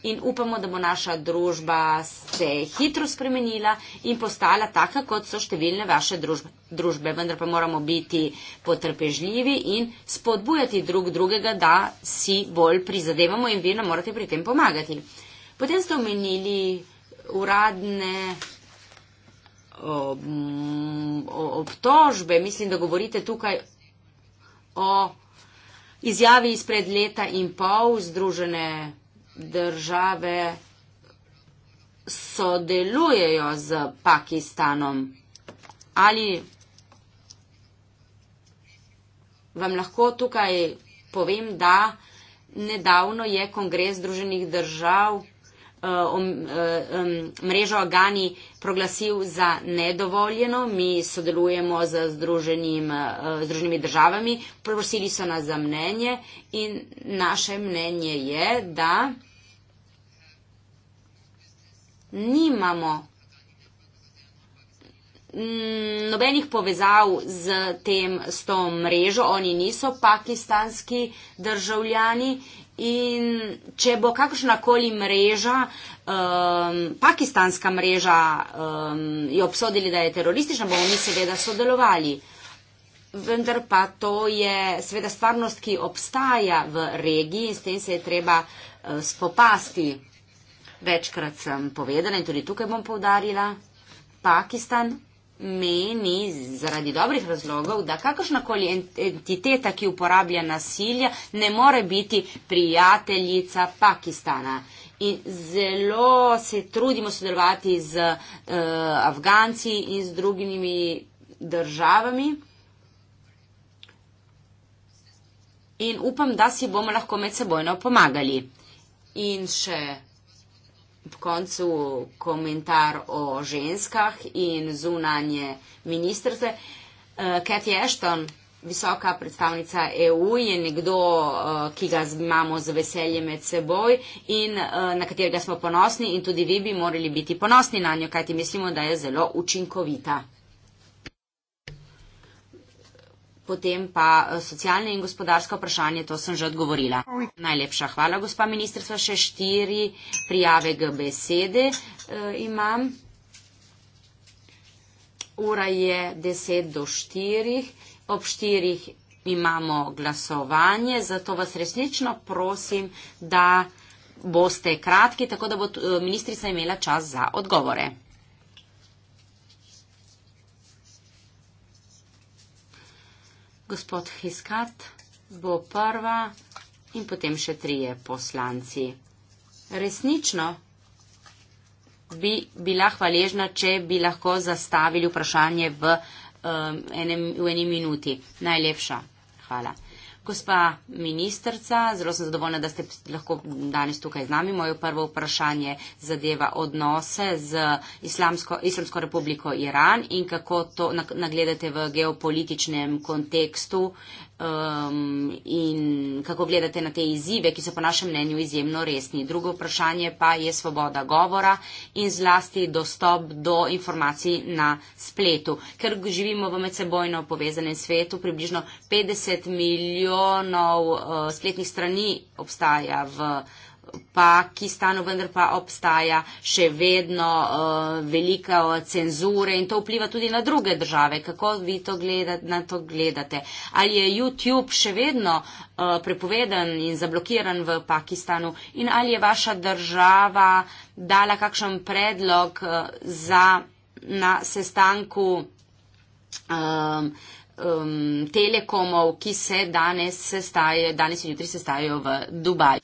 Speaker 3: in upamo, da bo naša družba se hitro spremenila in postala taka, kot so številne vaše družbe. Vendar pa moramo biti potrpežljivi in spodbujati drug drugega, da si bolj prizadevamo in vi nam morate pri tem pomagati. Potem ste omenili uradne obtožbe, mislim, da govorite tukaj o izjavi izpred leta in pol združene države sodelujejo z Pakistanom. Ali vam lahko tukaj povem, da nedavno je Kongres Združenih držav eh, eh, mrežo Agani proglasil za nedovoljeno. Mi sodelujemo z združenim, eh, združenimi državami. Prosili so nas za mnenje in naše mnenje je, da nimamo nobenih povezav z tem, s to mrežo, oni niso pakistanski državljani in če bo kakršnakoli mreža, um, pakistanska mreža, um, jo obsodili, da je teroristična, bomo mi seveda sodelovali. Vendar pa to je seveda stvarnost, ki obstaja v regiji in s tem se je treba uh, spopasti. Večkrat sem povedala in tudi tukaj bom povdarila, Pakistan meni zaradi dobrih razlogov, da kakršnakoli entiteta, ki uporablja nasilje, ne more biti prijateljica Pakistana. In zelo se trudimo sodelovati z uh, Afganci in z drugimi državami. In upam, da si bomo lahko med sebojno pomagali. In še ob koncu komentar o ženskah in zunanje ministrstve. Kathy eh, Ashton, visoka predstavnica EU, je nekdo, eh, ki ga imamo z veseljem med seboj in eh, na katerega smo ponosni in tudi vi bi morali biti ponosni na njo, kajti mislimo, da je zelo učinkovita. potem pa eh, socialne in gospodarska vprašanja, to sem že odgovorila. Najlepša hvala, gospa ministrstva, še štiri prijave k besede uh, imam. Ura je 10 do 4, ob 4 imamo glasovanje, zato vas resnično prosim, da boste kratki, tako da bo eh, ministrica imela čas za odgovore. gospod Hiskart bo prva in potem še trije poslanci. Resnično bi bila hvaležna, če bi lahko zastavili vprašanje v, um, enem, v eni minuti. Najlepša. Hvala. Gospa ministrca, zelo sem zadovoljna, da ste lahko danes tukaj z nami. Moje prvo vprašanje zadeva odnose z Islamsko, Islamsko republiko Iran in kako to nagledate v geopolitičnem kontekstu eh, um, in kako gledate na te izzive, ki so po našem mnenju izjemno resni. Drugo vprašanje pa je svoboda govora in zlasti dostop do informacij na spletu. Ker živimo v medsebojno povezanem svetu, približno 50 milijonov uh, spletnih strani obstaja v pa Kistanu vendar pa obstaja še vedno uh, velika eh, cenzure in to vpliva tudi na druge države. Kako vi to gledate, na to gledate? Ali je YouTube še vedno uh, prepovedan in zablokiran v Pakistanu in ali je vaša država dala kakšen predlog uh, za, na sestanku uh, um, telekomov, ki se danes, staje, danes in jutri sestajajo v Dubaju.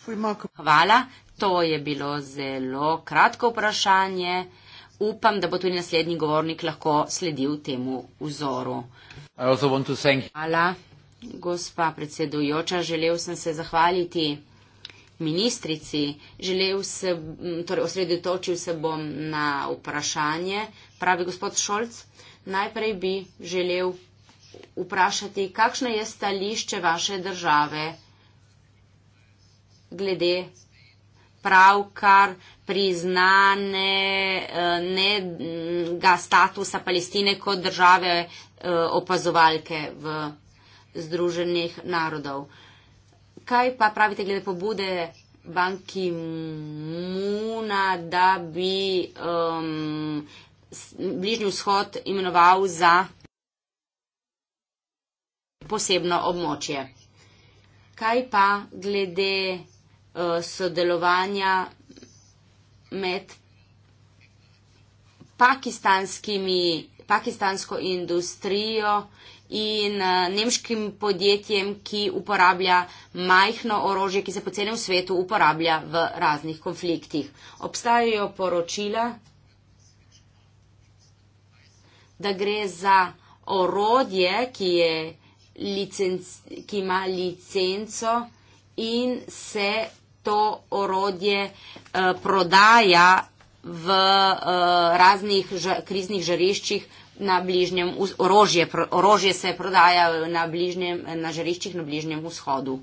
Speaker 3: Hvala, to je bilo zelo kratko vprašanje. Upam, da bo tudi naslednji govornik lahko sledil temu vzoru. Hvala, gospa predsedujoča. Želel sem se zahvaliti ministrici. Želel se, torej osredotočil se bom na vprašanje. Pravi gospod Šolc, najprej bi želel vprašati, kakšno je stališče vaše države glede pravkar priznanega eh, statusa Palestine kot države eh, opazovalke v Združenih narodov. Kaj pa pravite glede pobude banki Muna, da bi um, Bližnji vzhod imenoval za posebno območje. Kaj pa glede uh, sodelovanja med pakistansko industrijo in uh, nemškim podjetjem, ki uporablja majhno orožje, ki se po celem svetu uporablja v raznih konfliktih? Obstajajo poročila, da gre za orodje, ki je licenc, ki ima licenco in se to orodje uh, prodaja v uh, raznih ža, kriznih žariščih na bližnjem, orožje, orožje se prodaja na, bližnjem, na žariščih na bližnjem vzhodu.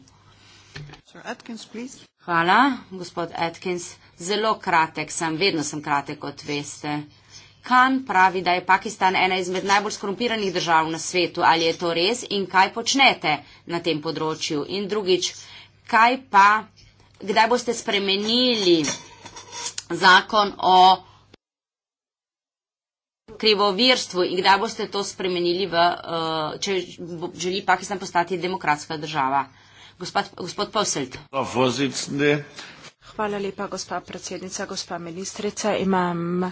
Speaker 3: Atkins, Hvala, gospod Atkins. Zelo kratek sem, vedno sem kratek, kot veste. Khan pravi, da je Pakistan ena izmed najbolj skorumpiranih držav na svetu. Ali je to res in kaj počnete na tem področju? In drugič, kaj pa, kdaj boste spremenili zakon o krivovirstvu in kdaj boste to spremenili, v, eh, če želi Pakistan postati demokratska država? Gospod, gospod Poselt.
Speaker 4: Hvala lepa, gospa predsednica, gospa ministrica. Imam eh,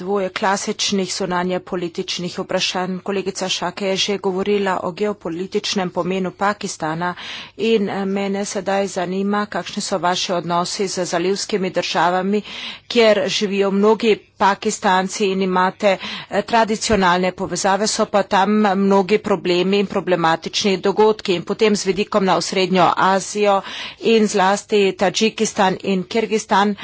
Speaker 4: dvoje klasičnih sonanje političnih vprašanj. Kolegica Šake je že govorila o geopolitičnem pomenu Pakistana in eh, mene sedaj zanima, kakšni so vaše odnosi z zalivskimi državami, kjer živijo mnogi Pakistanci in imate eh, tradicionalne povezave, so pa tam mnogi problemi in problematični dogodki. In potem z vidikom na osrednjo Azijo in zlasti Tadžikistan in Kyrgyzstan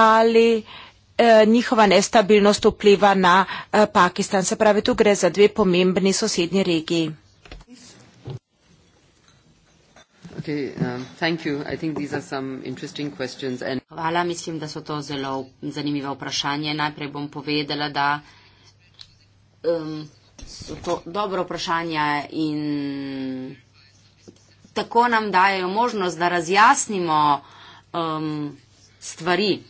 Speaker 4: ali eh, njihova nestabilnost vpliva na eh, Pakistan. Se pravi, tu gre za dve pomembni sosednji regiji.
Speaker 2: Um,
Speaker 3: Hvala, mislim, da so to zelo zanimive vprašanje. Najprej bom povedala, da um, so to dobro vprašanja in tako nam dajo možnost, da razjasnimo um, stvari.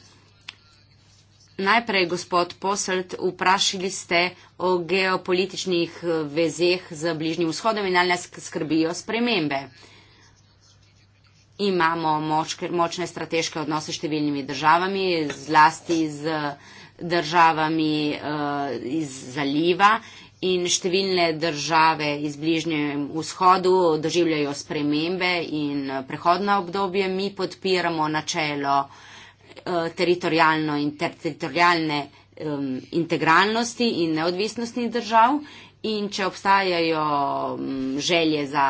Speaker 3: Najprej, gospod Poselt, vprašali ste o geopolitičnih uh, vezeh z bližnjim vzhodom in ali nas skrbijo spremembe imamo moč, močne strateške odnose s številnimi državami, zlasti z državami uh, iz zaliva in številne države iz bližnjem vzhodu doživljajo spremembe in eh, prehodna obdobje. Mi podpiramo načelo uh, eh, teritorijalne um, integralnosti in neodvisnosti držav In če obstajajo mm, želje za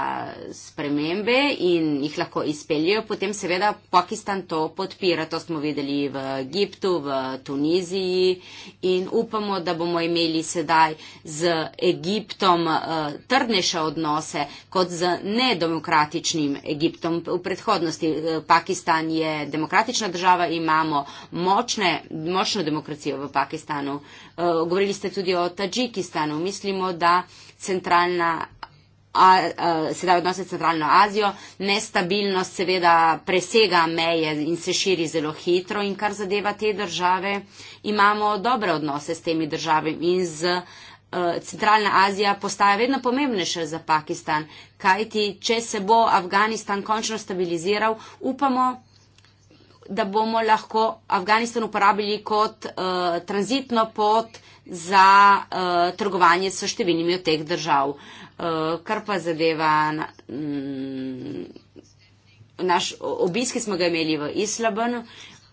Speaker 3: spremembe in jih lahko izpeljajo, potem seveda Pakistan to podpira. To smo videli v Egiptu, v Tuniziji in upamo, da bomo imeli sedaj z Egiptom uh, trdnejše odnose kot z nedemokratičnim Egiptom. V predhodnosti eh, Pakistan je demokratična država, imamo močne, močno demokracijo v Pakistanu. Uh, Eh, govorili ste tudi o Tadžikistanu. Mislimo, da centralna. A, a, eh, sedaj odnose s Centralno Azijo, nestabilnost seveda presega meje in se širi zelo hitro in kar zadeva te države, imamo dobre odnose s temi državami in z a, eh, Centralna Azija postaja vedno pomembnejša za Pakistan, kajti če se bo Afganistan končno stabiliziral, upamo, da bomo lahko Afganistan uporabili kot uh, tranzitno pot za uh, trgovanje s številnimi od teh držav. Uh, kar pa zadeva na, mm, naš obisk, ki smo ga imeli v Islabanu,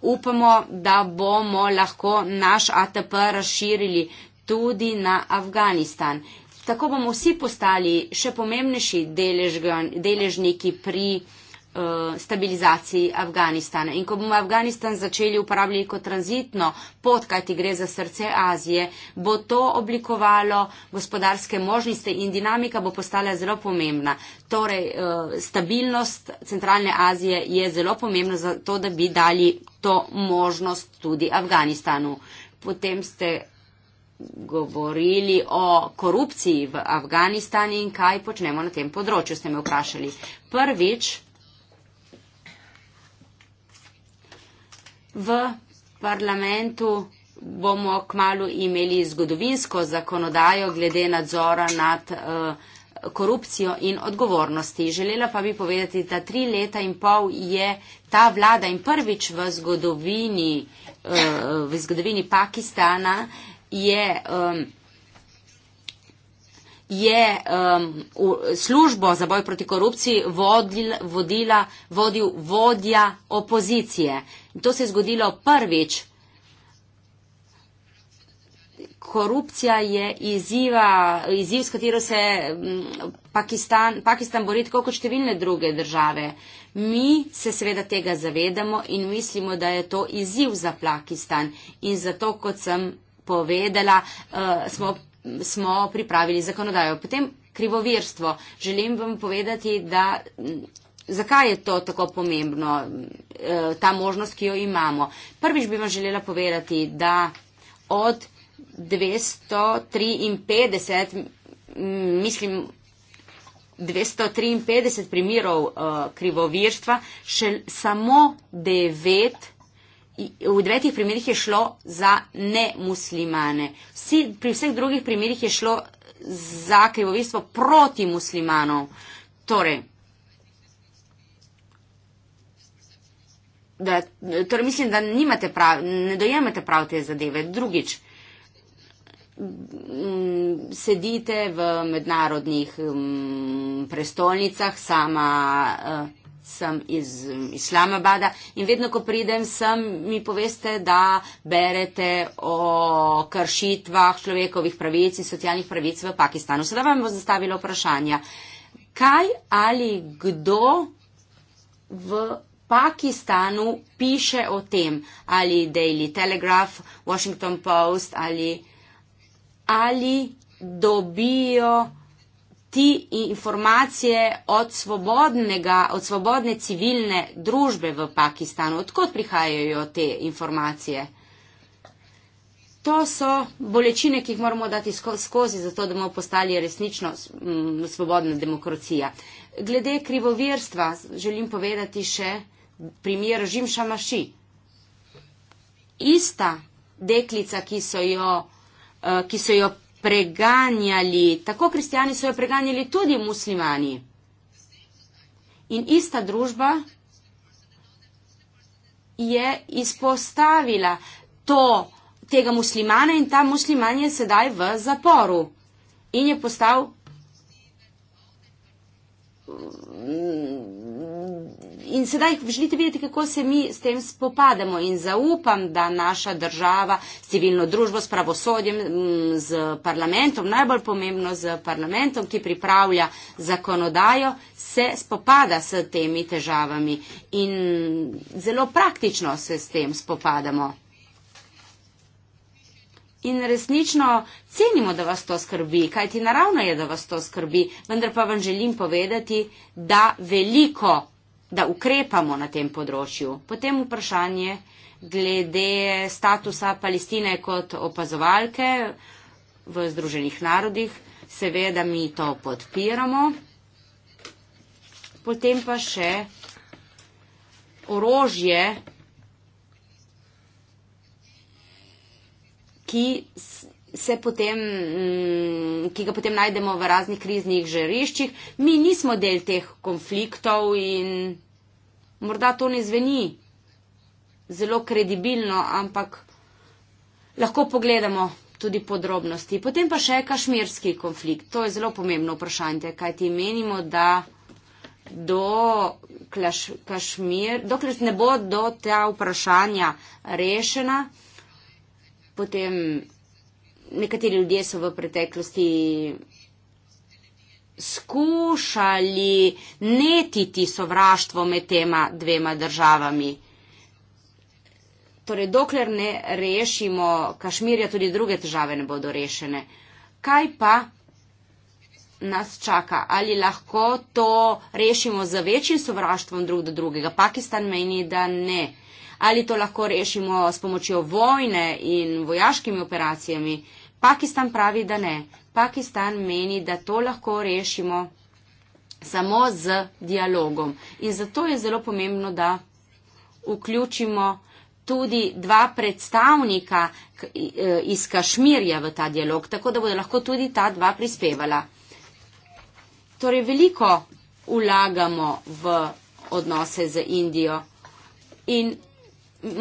Speaker 3: upamo, da bomo lahko naš ATP razširili tudi na Afganistan. Tako bomo vsi postali še pomembnejši deležniki pri. Eh, stabilizaciji Afganistana. In ko bomo Afganistan začeli uporabljati kot tranzitno pot, kajti gre za srce Azije, bo to oblikovalo gospodarske možnosti in dinamika bo postala zelo pomembna. Torej, eh, stabilnost centralne Azije je zelo pomembna za to, da bi dali to možnost tudi Afganistanu. Potem ste govorili o korupciji v Afganistanu in kaj počnemo na tem področju, ste me vprašali. Prvič, V parlamentu bomo kmalo imeli zgodovinsko zakonodajo glede nadzora nad eh, korupcijo in odgovornosti. Želela pa bi povedati, da tri leta in pol je ta vlada in prvič v zgodovini, eh, v zgodovini Pakistana je, je službo za boj proti korupciji vodil, vodila, vodil vodja opozicije. In to se je zgodilo prvič. Korupcija je iziva, iziv, s katero se mm, Pakistan, Pakistan bori tako kot številne druge države. Mi se seveda tega zavedamo in mislimo, da je to iziv za Pakistan. In zato, kot sem povedala, eh, smo, smo pripravili zakonodajo. Potem krivovirstvo. Želim vam povedati, da mm, Zakaj je to tako pomembno, eh, ta možnost, ki jo imamo? Prvič bi vam želela povedati, da od 253, mislim, 253 primerov eh, krivovirstva, še samo devet. V devetih primerih je šlo za nemuslimane. Vsi, pri vseh drugih primerih je šlo za krivovirstvo proti muslimanov. Torej, da, torej mislim, da nimate prav, ne dojemate prav te zadeve. Drugič, mm, sedite v mednarodnih mm, prestolnicah, sama eh, sem iz Islamabada in vedno, ko pridem sem, mi poveste, da berete o kršitvah človekovih pravic in socialnih pravic v Pakistanu. Sedaj vam bo zastavilo vprašanje, kaj ali kdo v Pakistanu piše o tem, ali Daily Telegraph, Washington Post, ali, ali dobijo ti informacije od, od svobodne civilne družbe v Pakistanu. Odkot prihajajo te informacije? To so bolečine, ki jih moramo dati skozi, zato da bomo postali resnično mm, svobodna demokracija. Glede krivovirstva želim povedati še, primer Žimša Maši. Ista deklica, ki so jo, eh, ki so jo preganjali, tako kristijani so jo preganjali tudi muslimani. In ista družba je izpostavila to, tega muslimana in ta musliman je sedaj v zaporu in je postal in sedaj želite videti, kako se mi s tem spopademo in zaupam, da naša država s civilno družbo, s pravosodjem, z parlamentom, najbolj pomembno z parlamentom, ki pripravlja zakonodajo, se spopada s temi težavami in zelo praktično se s tem spopadamo. In resnično cenimo, da vas to skrbi, kajti naravno je, da vas to skrbi, vendar pa vam želim povedati, da veliko da ukrepamo na tem področju. Potem vprašanje glede statusa Palestine kot opazovalke v Združenih narodih. Seveda mi to podpiramo. Potem pa še orožje, ki se potem, mm, ki ga potem najdemo v raznih kriznih žariščih, mi nismo del teh konfliktov in morda to ne zveni zelo kredibilno, ampak lahko pogledamo tudi podrobnosti. Potem pa še kašmirski konflikt. To je zelo pomembno vprašanje, kaj ti menimo, da do klaš, kašmir, dokler ne bo do ta vprašanja rešena, potem nekateri ljudje so v preteklosti skušali netiti sovraštvo med tema dvema državami. Torej, dokler ne rešimo Kašmirja, tudi druge težave ne bodo rešene. Kaj pa nas čaka? Ali lahko to rešimo z večjim sovraštvom drug do drugega? Pakistan meni, da ne. Ali to lahko rešimo s pomočjo vojne in vojaškimi operacijami? Uh, Pakistan pravi, da ne. Pakistan meni, da to lahko rešimo samo z dialogom. In zato je zelo pomembno, da vključimo tudi dva predstavnika e, iz Kašmirja v ta dialog, tako da bodo lahko tudi ta dva prispevala. Torej, veliko ulagamo v odnose z Indijo in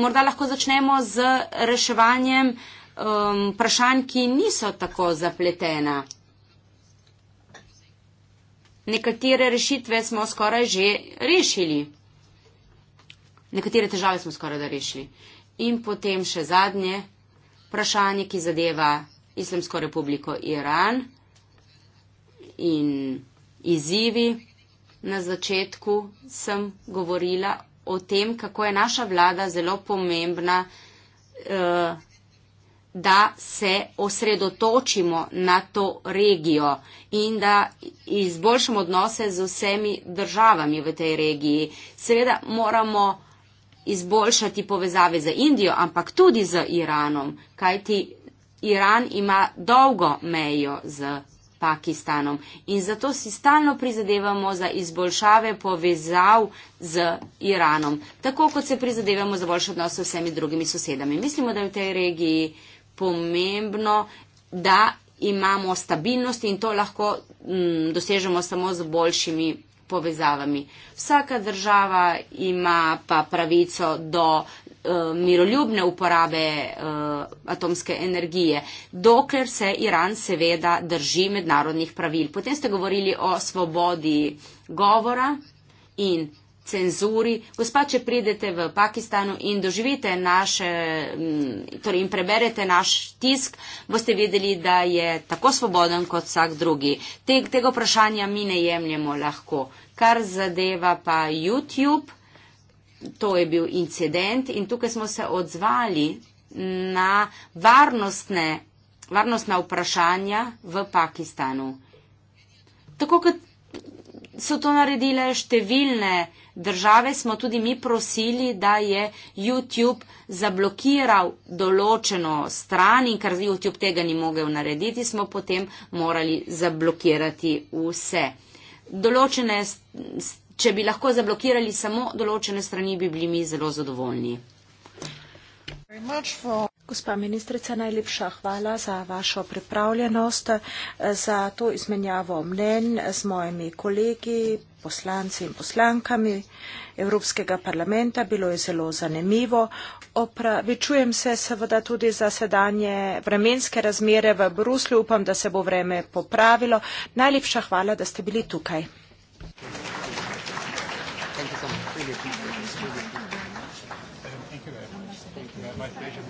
Speaker 3: morda lahko začnemo z reševanjem uh, um, vprašanj, ki niso tako zapletena. Nekatere rešitve smo skoraj že rešili. Nekatere težave smo skoraj da rešili. In potem še zadnje vprašanje, ki zadeva Islamsko republiko Iran in izzivi. Na začetku sem govorila o tem, kako je naša vlada zelo pomembna. Uh, da se osredotočimo na to regijo in da izboljšamo odnose z vsemi državami v tej regiji. Seveda moramo izboljšati povezave z Indijo, ampak tudi z Iranom, kajti Iran ima dolgo mejo z Pakistanom in zato si stalno prizadevamo za izboljšave povezav z Iranom, tako kot se prizadevamo za boljše odnose z vsemi drugimi sosedami. Mislimo, da je v tej regiji pomembno, da imamo stabilnost in to lahko m, mm, dosežemo samo z boljšimi povezavami. Vsaka država ima pa pravico do eh, miroljubne uporabe uh, atomske energije, dokler se Iran seveda drži mednarodnih pravil. Potem ste govorili o svobodi govora in cenzuri. Gospa, če pridete v Pakistanu in doživite naše, torej in preberete naš tisk, boste vedeli, da je tako svoboden kot vsak drugi. Te, tega vprašanja mi ne jemljemo lahko. Kar zadeva pa YouTube, to je bil incident in tukaj smo se odzvali na varnostna vprašanja v Pakistanu. Tako kot so to naredile številne države, smo tudi mi prosili, da je YouTube zablokiral določeno stran in ker YouTube tega ni mogel narediti, smo potem morali zablokirati vse. Določene, če bi lahko zablokirali samo določene strani, bi bili mi zelo zadovoljni.
Speaker 4: Gospa ministrica, najlepša hvala za vašo pripravljenost, za to izmenjavo mnenj z mojimi kolegi, poslanci in poslankami Evropskega parlamenta. Bilo je zelo zanimivo. Opravičujem se seveda tudi za sedanje vremenske razmere v Bruslju. Upam, da se bo vreme popravilo. Najlepša hvala, da ste bili tukaj.
Speaker 2: Um, My pleasure.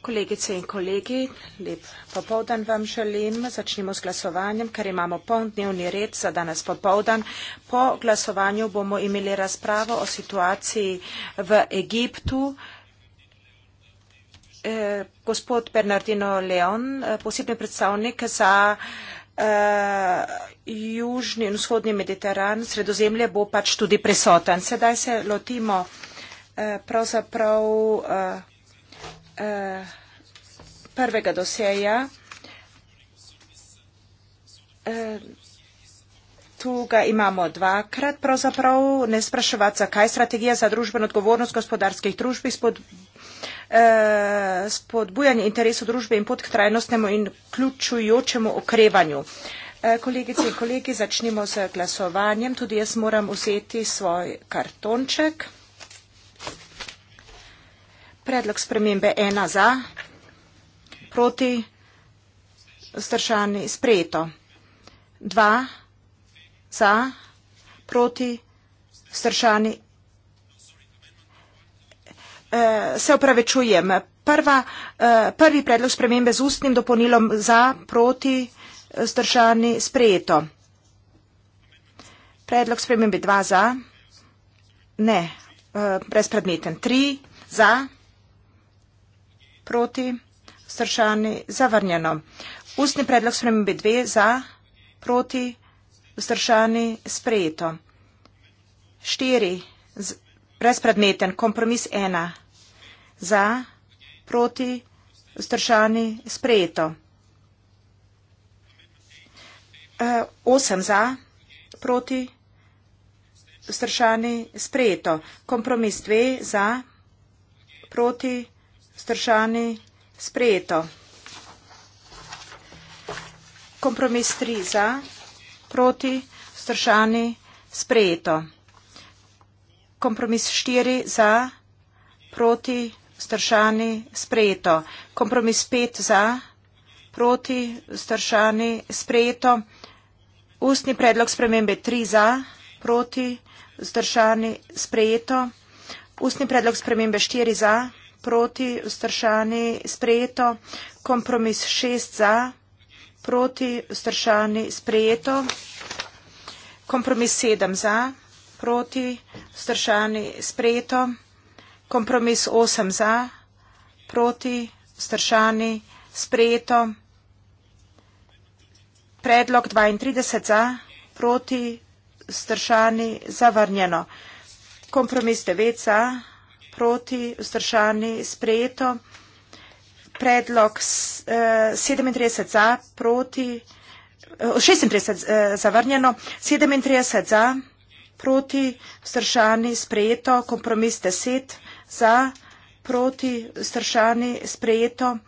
Speaker 4: Kolegice in kolegi, lep popovdan vam želim. Začnimo z glasovanjem, ker imamo poln dnevni red za danes popovdan. Po glasovanju bomo imeli razpravo o situaciji v Egiptu. Eh, gospod Bernardino Leon, eh, posebni predstavnik za eh, južni in vzhodni Mediteran, sredozemlje bo pač tudi prisoten. Sedaj se lotimo Eh, pravzaprav eh, eh, prvega doseja. Tu ga imamo dvakrat, pravzaprav ne spraševati, zakaj strategija za družbeno odgovornost gospodarskih družb izpod spodbujanje interesov družbe in pot k trajnostnemu in ključujočemu okrevanju. Kolegice in kolegi, začnimo z glasovanjem. Tudi jaz moram vzeti svoj kartonček. Predlog spremembe ena za, proti, vzdržani, sprejeto. Dva za, proti, vzdržani. E, se upravičujem. Prva, e, prvi predlog spremembe z ustnim dopolnilom za, proti, vzdržani, sprejeto. Predlog spremembe dva za, ne, e, brezpredmeten. Tri za, proti, vzdržani, sprejeto proti, vzdržani, zavrnjeno. Ustni predlog spremembe dve za, proti, vzdržani, sprejeto. Štiri, brezpredmeten, kompromis ena, za, proti, vzdržani, sprejeto. E, osem za, proti, vzdržani, sprejeto. Kompromis dve za, proti, vzdržani, sprejeto. Stršani sprejeto. Kompromis 3 za, proti, stršani sprejeto. Kompromis 4 za, proti, stršani sprejeto. Kompromis 5 za, proti, stršani sprejeto. Ustni predlog spremembe 3 za, proti, stršani sprejeto. Ustni predlog spremembe 4 za, proti, stršani sprejeto proti, vzdržani, sprejeto, kompromis šest za, proti, vzdržani, sprejeto, kompromis sedem za, proti, vzdržani, sprejeto, kompromis osem za, proti, vzdržani, sprejeto, predlog 32 za, proti, vzdržani, zavrnjeno, kompromis devet za, proti, vzdržani, sprejeto. Predlog 37 eh, za, proti, 36 eh, eh, zavrnjeno, 37 za, proti, vzdržani, sprejeto, kompromis 10 za, proti, vzdržani, sprejeto.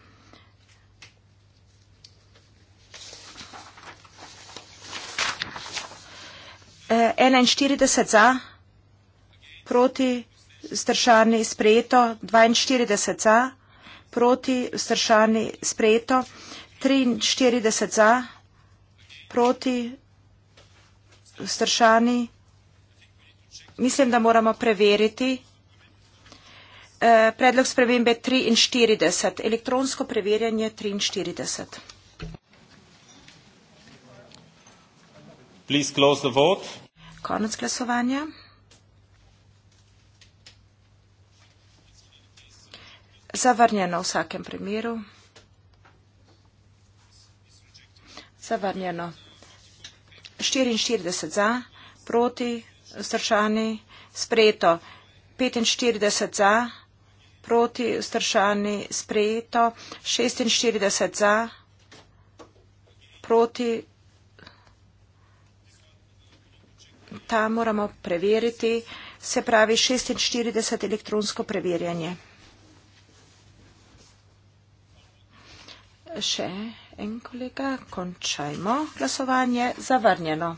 Speaker 4: Uh, 41 za, proti, vzdržani sprejeto, 42 za, proti vzdržani sprejeto, 43 za, proti vzdržani. Mislim, da moramo preveriti. E, predlog spremembe 43, elektronsko preverjanje 43. Konec glasovanja. Zavrnjeno v vsakem primeru. Zavrnjeno. 44 za, proti, vzdržani, sprejeto. 45 za, proti, vzdržani, sprejeto. 46 za, proti. Ta moramo preveriti. Se pravi 46 elektronsko preverjanje. Še en kolega, končajmo glasovanje, zavrnjeno.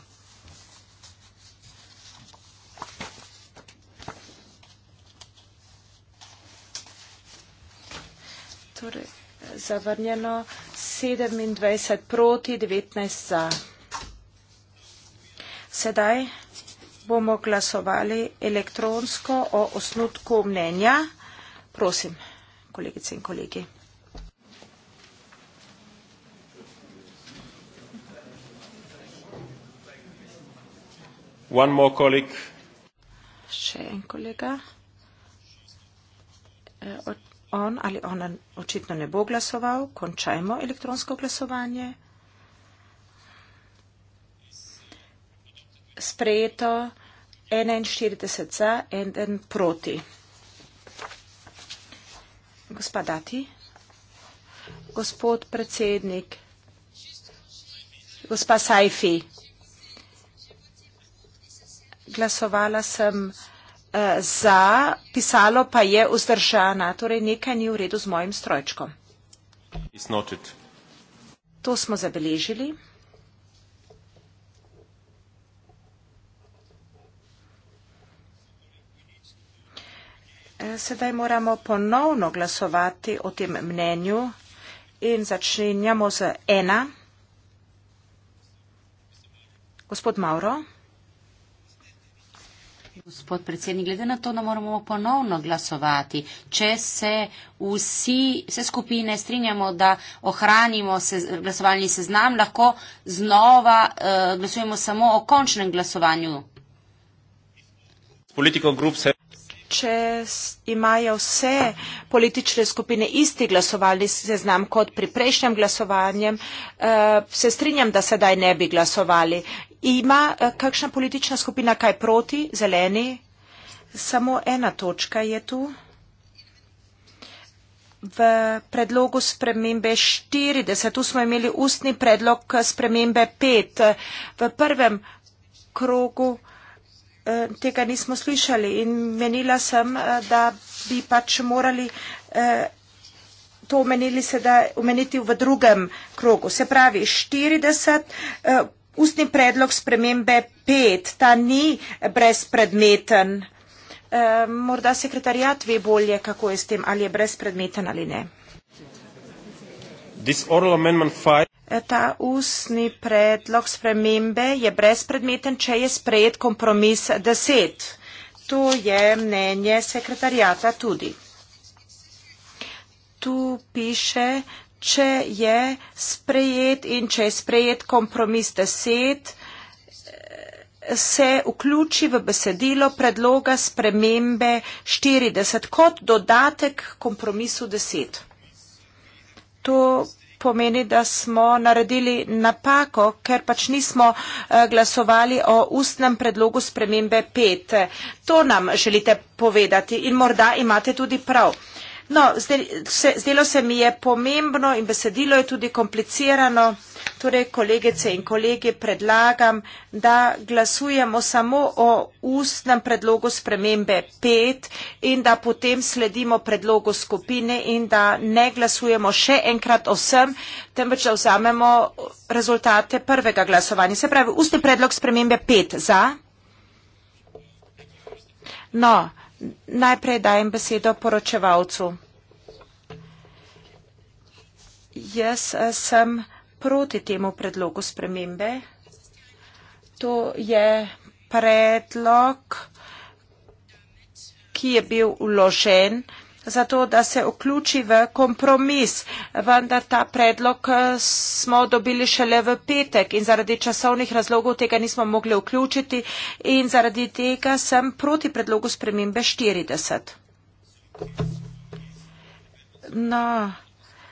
Speaker 4: Torej, zavrnjeno 27 proti 19 za. Sedaj bomo glasovali elektronsko o osnutku mnenja. Prosim, kolegice in kolegi.
Speaker 2: One more colleague. Še
Speaker 4: en kolega. E, on ali ona očitno ne bo glasoval. Končajmo elektronsko glasovanje. Sprejeto 41 za, 1 proti. Gospa Dati. Gospod predsednik. Gospa Saifi glasovala sem eh, za, pisalo pa je vzdržana, torej nekaj ni v redu z mojim strojčkom. To smo zabeležili. Eh, sedaj moramo ponovno glasovati o tem mnenju in začenjamo z ena. Gospod Mauro.
Speaker 3: Gospod predsednik, glede na to, da moramo ponovno glasovati, če se vsi, vse skupine strinjamo, da ohranimo se, glasovalni seznam, lahko znova uh, glasujemo samo o končnem glasovanju. Če
Speaker 4: imajo vse politične skupine isti glasovalni seznam kot pri prejšnjem glasovanju, eh, se strinjam, da sedaj ne bi glasovali. Ima eh, kakšna politična skupina kaj proti, zeleni? Samo ena točka je tu. V predlogu spremembe 40, tu smo imeli ustni predlog eh, spremembe 5. V prvem krogu eh, tega nismo slišali in menila sem, da bi pač morali to omeniti v drugem krogu. Se pravi, 40 Ustni predlog spremembe 5, ta ni brezpredmeten. E, morda sekretarjat ve bolje, kako je s tem, ali je brezpredmeten ali ne. Eh, ta ustni predlog spremembe je brezpredmeten, če je sprejet kompromis 10. To je mnenje sekretarjata tudi. Tu piše, če je sprejet in če je sprejet kompromis deset, se vključi v besedilo predloga spremembe 40 kot dodatek kompromisu 10. To pomeni, da smo naredili napako, ker pač nismo eh, glasovali o ustnem predlogu spremembe 5. To nam želite povedati in morda imate tudi prav. No, zdelo se mi je pomembno in besedilo je tudi komplicirano. Torej, kolegice in kolege, predlagam, da glasujemo samo o ustnem predlogu spremembe 5 in da potem sledimo predlogu skupine in da ne glasujemo še enkrat o vsem, temveč da vzamemo rezultate prvega glasovanja. Se pravi, ustni predlog spremembe 5 za. No, Najprej dajem besedo poročevalcu. Jaz eh, sem proti temu predlogu spremembe. To je predlog, ki je bil vložen zato da se vključi v kompromis. Vendar ta predlog eh, smo dobili šele v petek in zaradi časovnih razlogov tega nismo mogli vključiti in zaradi tega sem proti predlogu spremembe 40. No.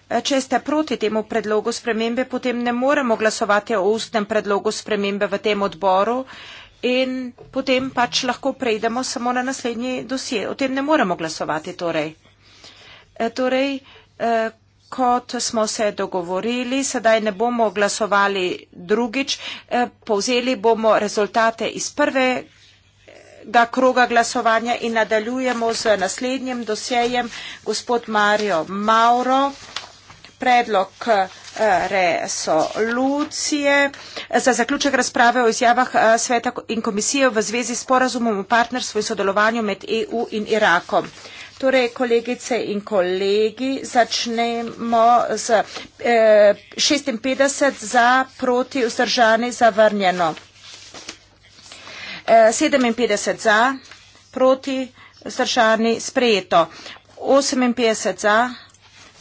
Speaker 4: Eh, če ste proti temu predlogu spremembe, potem ne moremo glasovati o ustnem predlogu spremembe v tem odboru in potem pač lahko prejdemo samo na naslednji dosje. O tem ne moremo glasovati torej. Eh, torej, eh, kot smo se dogovorili, sedaj ne bomo glasovali drugič, eh, povzeli bomo rezultate iz prvega kroga glasovanja in nadaljujemo z naslednjim dosjejem. Gospod Mario Mauro, predlog resolucije za zaključek razprave o izjavah sveta in komisije v zvezi s porazumom o partnerstvu in sodelovanju med EU in Irakom. Torej, kolegice in kolegi, začnemo z eh, 56 za, proti, vzdržani, zavrnjeno. Eh, 57 za, proti, vzdržani, sprejeto. 58 za,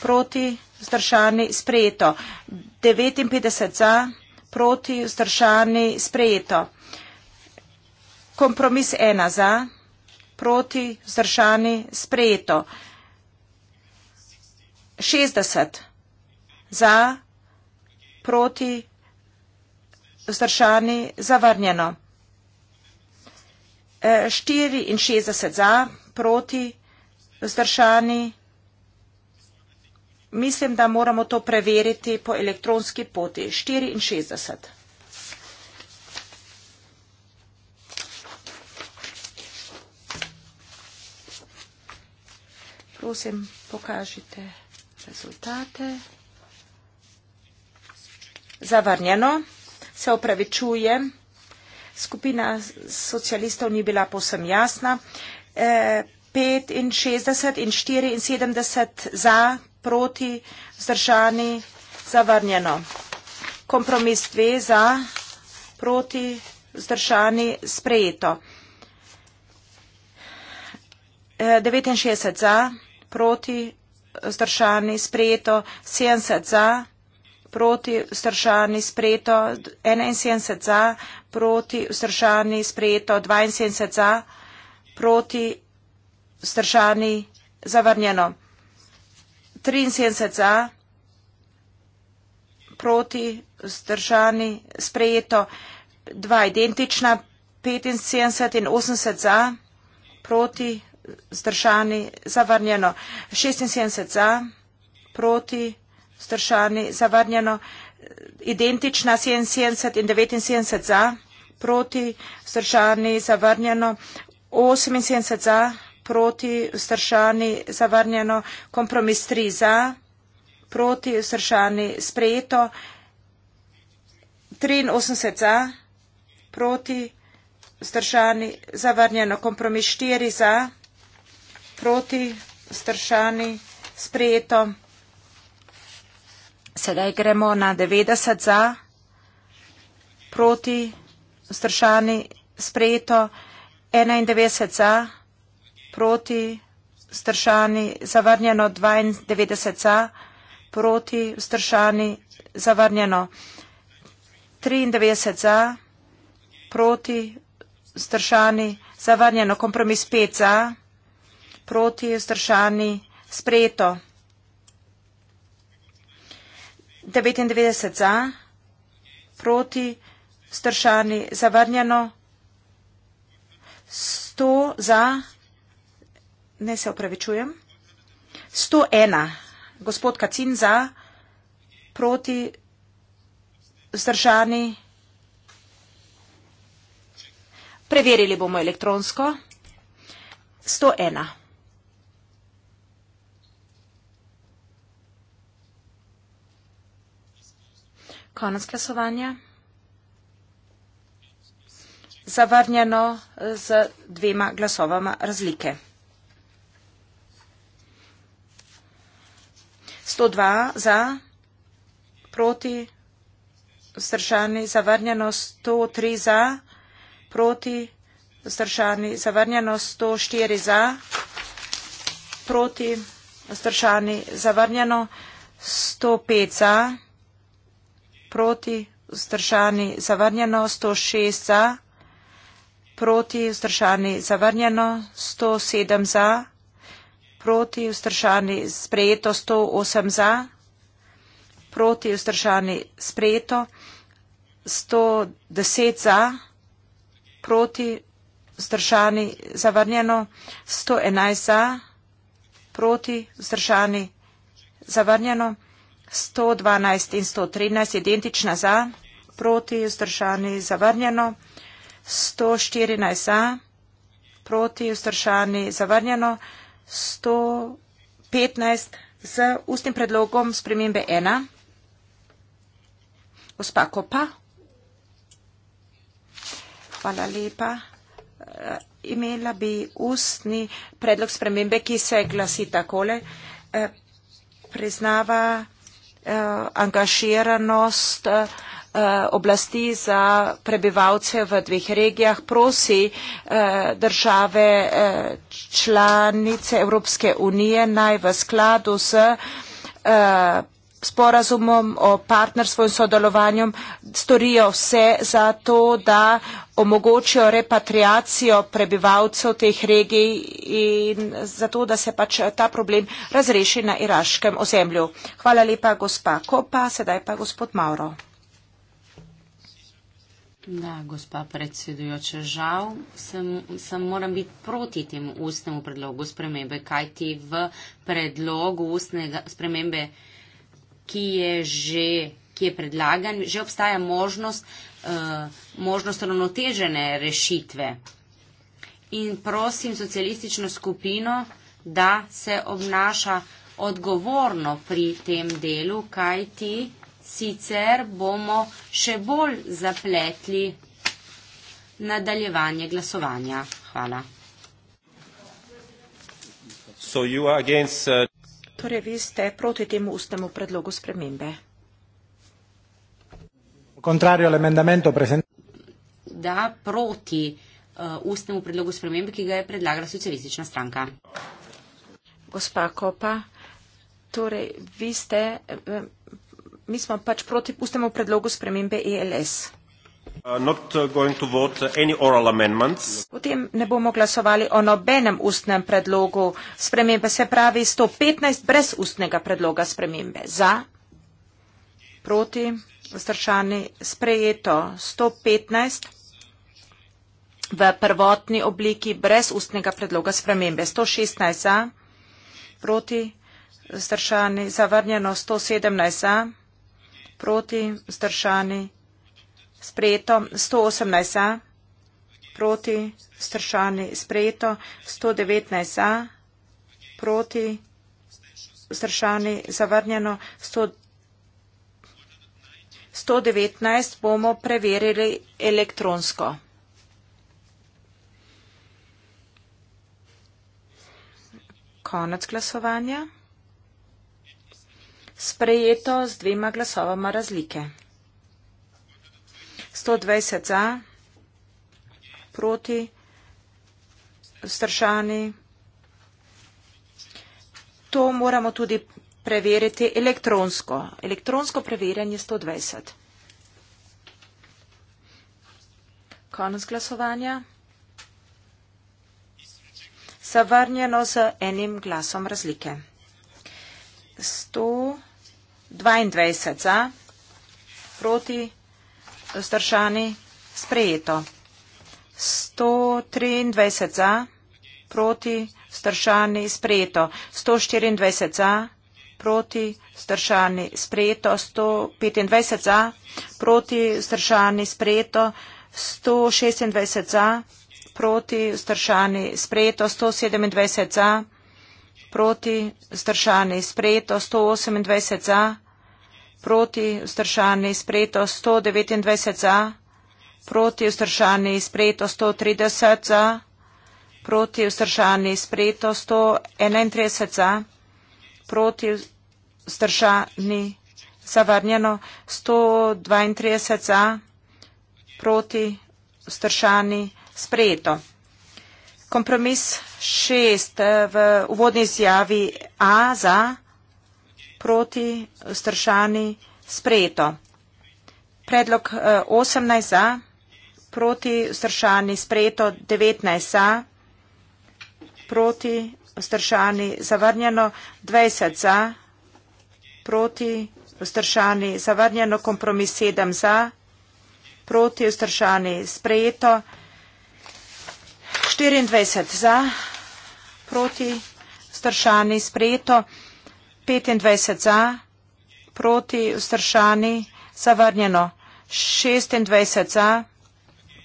Speaker 4: proti, vzdržani, sprejeto. 59 za, proti, vzdržani, sprejeto. Kompromis ena za, proti, vzdržani, sprejeto. 60 za, proti, vzdržani, zavrnjeno. 64 e, za, proti, vzdržani. Mislim, da moramo to preveriti po elektronski poti. 64. prosim, pokažite rezultate. Zavrnjeno, se opravičuje. Skupina socialistov ni bila posem jasna. E, 65 in 74 za, proti, zdržani, zavrnjeno. Kompromis 2 za, proti, zdržani, sprejeto. E, 69 za proti vzdržani sprejeto, 70 za, proti vzdržani sprejeto, 71 za, proti vzdržani sprejeto, 72 za, proti vzdržani zavrnjeno, 73 za, proti vzdržani sprejeto, dva identična, 75 in 80 za, proti vzdržani, zavrnjeno 76 za, proti, vzdržani, zavrnjeno identična 77 in 79 za, proti, vzdržani, zavrnjeno 78 za, proti, vzdržani, zavrnjeno kompromis 3 za, proti, vzdržani, sprejeto 83 za, proti, vzdržani, zavrnjeno kompromis 4 za, proti, proti, stršani, sprejeto. Sedaj gremo na 90 za, proti, stršani, sprejeto, 91 za, proti, stršani, zavrnjeno, 92 za, proti, stršani, zavrnjeno, 93 za, proti, stršani, zavrnjeno, kompromis 5 za proti vzdržani sprejeto. 99 za, proti vzdržani zavrnjeno, 100 za, ne se opravičujem, 101 gospod Kacin za, proti vzdržani. Preverili bomo elektronsko. 101. Konec glasovanja. Zavrnjeno z dvema glasovama razlike. 102 za, proti, vzdržani, zavrnjeno 103 za, proti, vzdržani, zavrnjeno 104 za, proti, vzdržani, zavrnjeno 105 za proti, vzdržani, zavrnjeno, 106 za, proti, vzdržani, zavrnjeno, 107 za, proti, vzdržani, sprejeto, 108 za, proti, vzdržani, sprejeto, 110 za, proti, vzdržani, zavrnjeno, 111 za, proti, vzdržani, zavrnjeno, 112 in 113 identična za, proti, vzdržani, zavrnjeno, 114 za, proti, vzdržani, zavrnjeno, 115 z ustnim predlogom spremembe 1. Gospa Kopa. Hvala lepa. Eh, imela bi ustni predlog spremembe, ki se glasi takole. Eh, priznava Eh, angažiranost eh, oblasti za prebivalce v dveh regijah prosi eh, države članice Evropske unije naj v skladu z sporazumom, o partnerstvu in sodelovanju storijo vse za to, da omogočijo repatriacijo prebivalcev teh regij in zato, da se pač ta problem razreši na iraškem ozemlju. Hvala lepa, gospa Kopa, sedaj pa gospod Mauro.
Speaker 3: Da, gospa predsedujoča, žal sem, sem moram biti proti temu ustnemu predlogu spremembe, kajti v predlogu ustnega spremembe ki je že ki je predlagan, že obstaja možnost, uh, možnost ravnotežene rešitve. In prosim socialistično skupino, da se obnaša odgovorno pri tem delu, kaj ti sicer bomo še bolj zapletli nadaljevanje glasovanja. Hvala.
Speaker 2: So you are against, uh...
Speaker 4: Torej, vi ste proti temu ustnemu predlogu spremembe.
Speaker 3: Da, proti uh, ustnemu predlogu spremembe, ki ga je predlagala socialistična stranka. Gospa Kopa, torej, vi ste, uh, mi smo
Speaker 4: pač proti ustnemu predlogu spremembe ELS. Potem uh, ne bomo glasovali o nobenem ustnem predlogu spremembe, se pravi 115 brez ustnega predloga spremembe. Za, proti, vzdržani, sprejeto 115 v prvotni obliki brez ustnega predloga spremembe. 116 za, proti, vzdržani, zavrnjeno 117 za, proti, vzdržani, vzdržani sprejeto 118 za, proti stršani sprejeto 119 za, proti stršani zavrnjeno 119 bomo preverili elektronsko. Konec glasovanja. Sprejeto z dvema glasovama razlike. 120 za, proti, stršani. To moramo tudi preveriti elektronsko. Elektronsko preverjanje 120. Konec glasovanja. Zavrnjeno z enim glasom razlike. 122 za, proti, stršani vzdržani sprejeto. 123 za, proti vzdržani sprejeto. 124 za, proti vzdržani sprejeto. 125 za, proti vzdržani sprejeto. 126 za, proti vzdržani sprejeto. 127 za, proti vzdržani sprejeto. 128 za proti vzdržani sprejeto 129 za, proti vzdržani sprejeto 130 za, proti vzdržani sprejeto 131 za, proti vzdržani zavrnjeno 132 za, proti vzdržani sprejeto. Kompromis 6 eh, v uvodni izjavi A za proti, vzdržani, sprejeto. Predlog 18 eh, za, proti, vzdržani, sprejeto, 19 za, proti, vzdržani, zavrnjeno, 20 za, proti, vzdržani, zavrnjeno, kompromis 7 za, proti, vzdržani, sprejeto, 24 za, proti, vzdržani, sprejeto, 25 za, proti vzdržani, zavrnjeno. 26 za,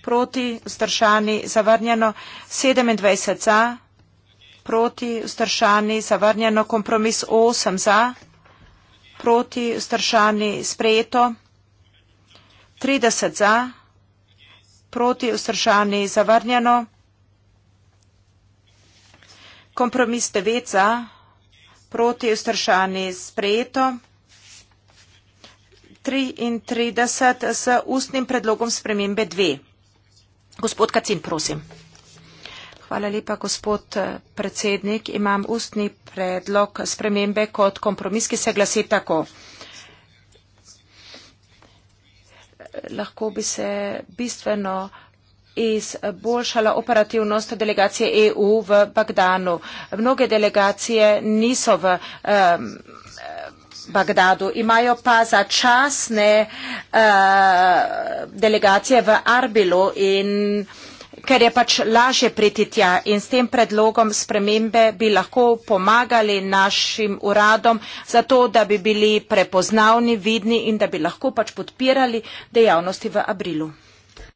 Speaker 4: proti vzdržani, zavrnjeno. 27 za, proti vzdržani, zavrnjeno. Kompromis 8 za, proti vzdržani, sprejeto. 30 za, proti vzdržani, zavrnjeno. Kompromis 9 za, proti vzdržani, zavrnjeno proti ustršani sprejeto. 33 s ustnim predlogom spremembe 2. Gospod Kacin, prosim. Hvala lepa, gospod eh, predsednik. Imam ustni predlog spremembe kot kompromis, ki se glasi tako. Lahko bi se bistveno izboljšala operativnost delegacije EU v Bagdanu. Mnoge delegacije niso v um, Bagdadu, imajo pa začasne uh, delegacije v Arbilu in ker je pač lažje priti tja in s tem predlogom spremembe bi lahko pomagali našim uradom za to, da bi bili prepoznavni, vidni in da bi lahko pač podpirali dejavnosti v aprilu.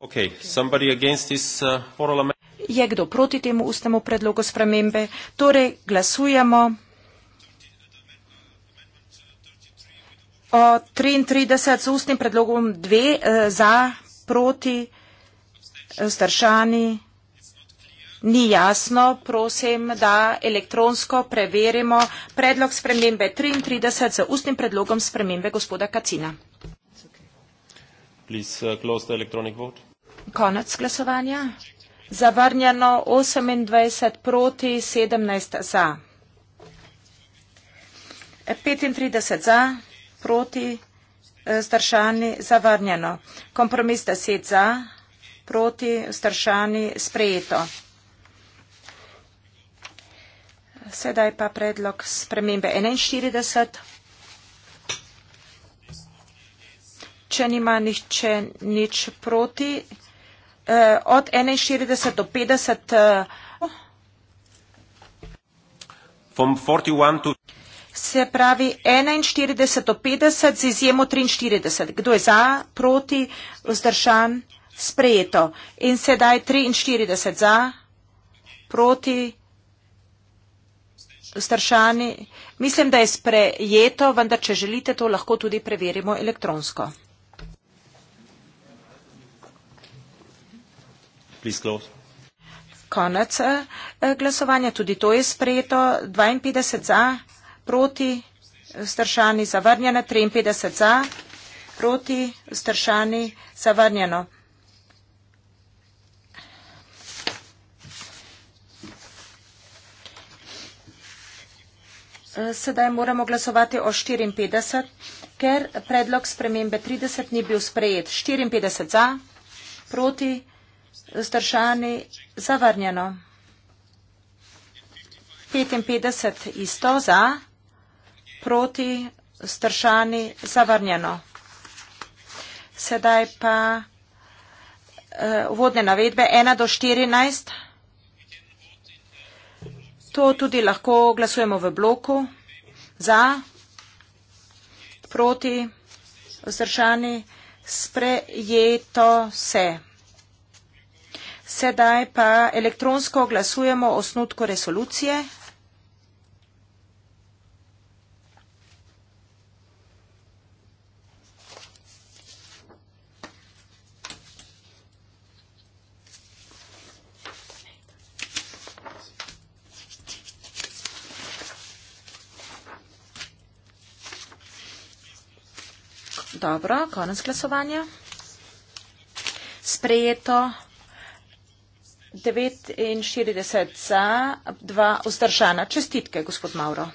Speaker 2: Okay, somebody against this uh, oral amendment?
Speaker 4: Je kdo proti temu ustnemu predlogu spremembe? Torej, glasujemo o 33 z ustnim predlogom, dve eh, za, proti, eh, zdržani. Ni jasno, prosim, da elektronsko preverimo predlog spremembe 33 z ustnim predlogom spremembe gospoda Kacina.
Speaker 2: Please, uh,
Speaker 4: Konec glasovanja. Zavrnjeno 28 proti 17 za. 35 za, proti, stršani, eh, zavrnjeno. Kompromis 10 za, proti, stršani, sprejeto. Sedaj pa predlog spremembe 41. Če nima nihče nič proti, uh, od 41 do 50. Uh, eh,
Speaker 2: From 41 to
Speaker 4: se pravi 41 do 50 z izjemo 43. Kdo je za, proti, vzdržan, sprejeto. In sedaj 43 za, proti, vzdržani. Mislim, da je sprejeto, vendar če želite, to lahko tudi preverimo elektronsko. Please close. Konec eh, glasovanja, tudi to je sprejeto, 52 za, proti, stršani zavrnjeno, 53 za, proti, stršani zavrnjeno. Eh, sedaj moramo glasovati o 54, ker predlog spremembe 30 ni bil sprejet. 54 za, proti, stršani zavrnjeno. Zdržani zavrnjeno. 55 isto za, proti zdržani zavrnjeno. Sedaj pa eh, uvodne uh, navedbe 1 do 14. To tudi lahko glasujemo v bloku. Za, proti, vzdržani, sprejeto se. Sedaj pa elektronsko glasujemo o snutku resolucije. Dobro, konec glasovanja. Sprejeto. 49 za, 2 vzdržana. Čestitke, gospod Mauro.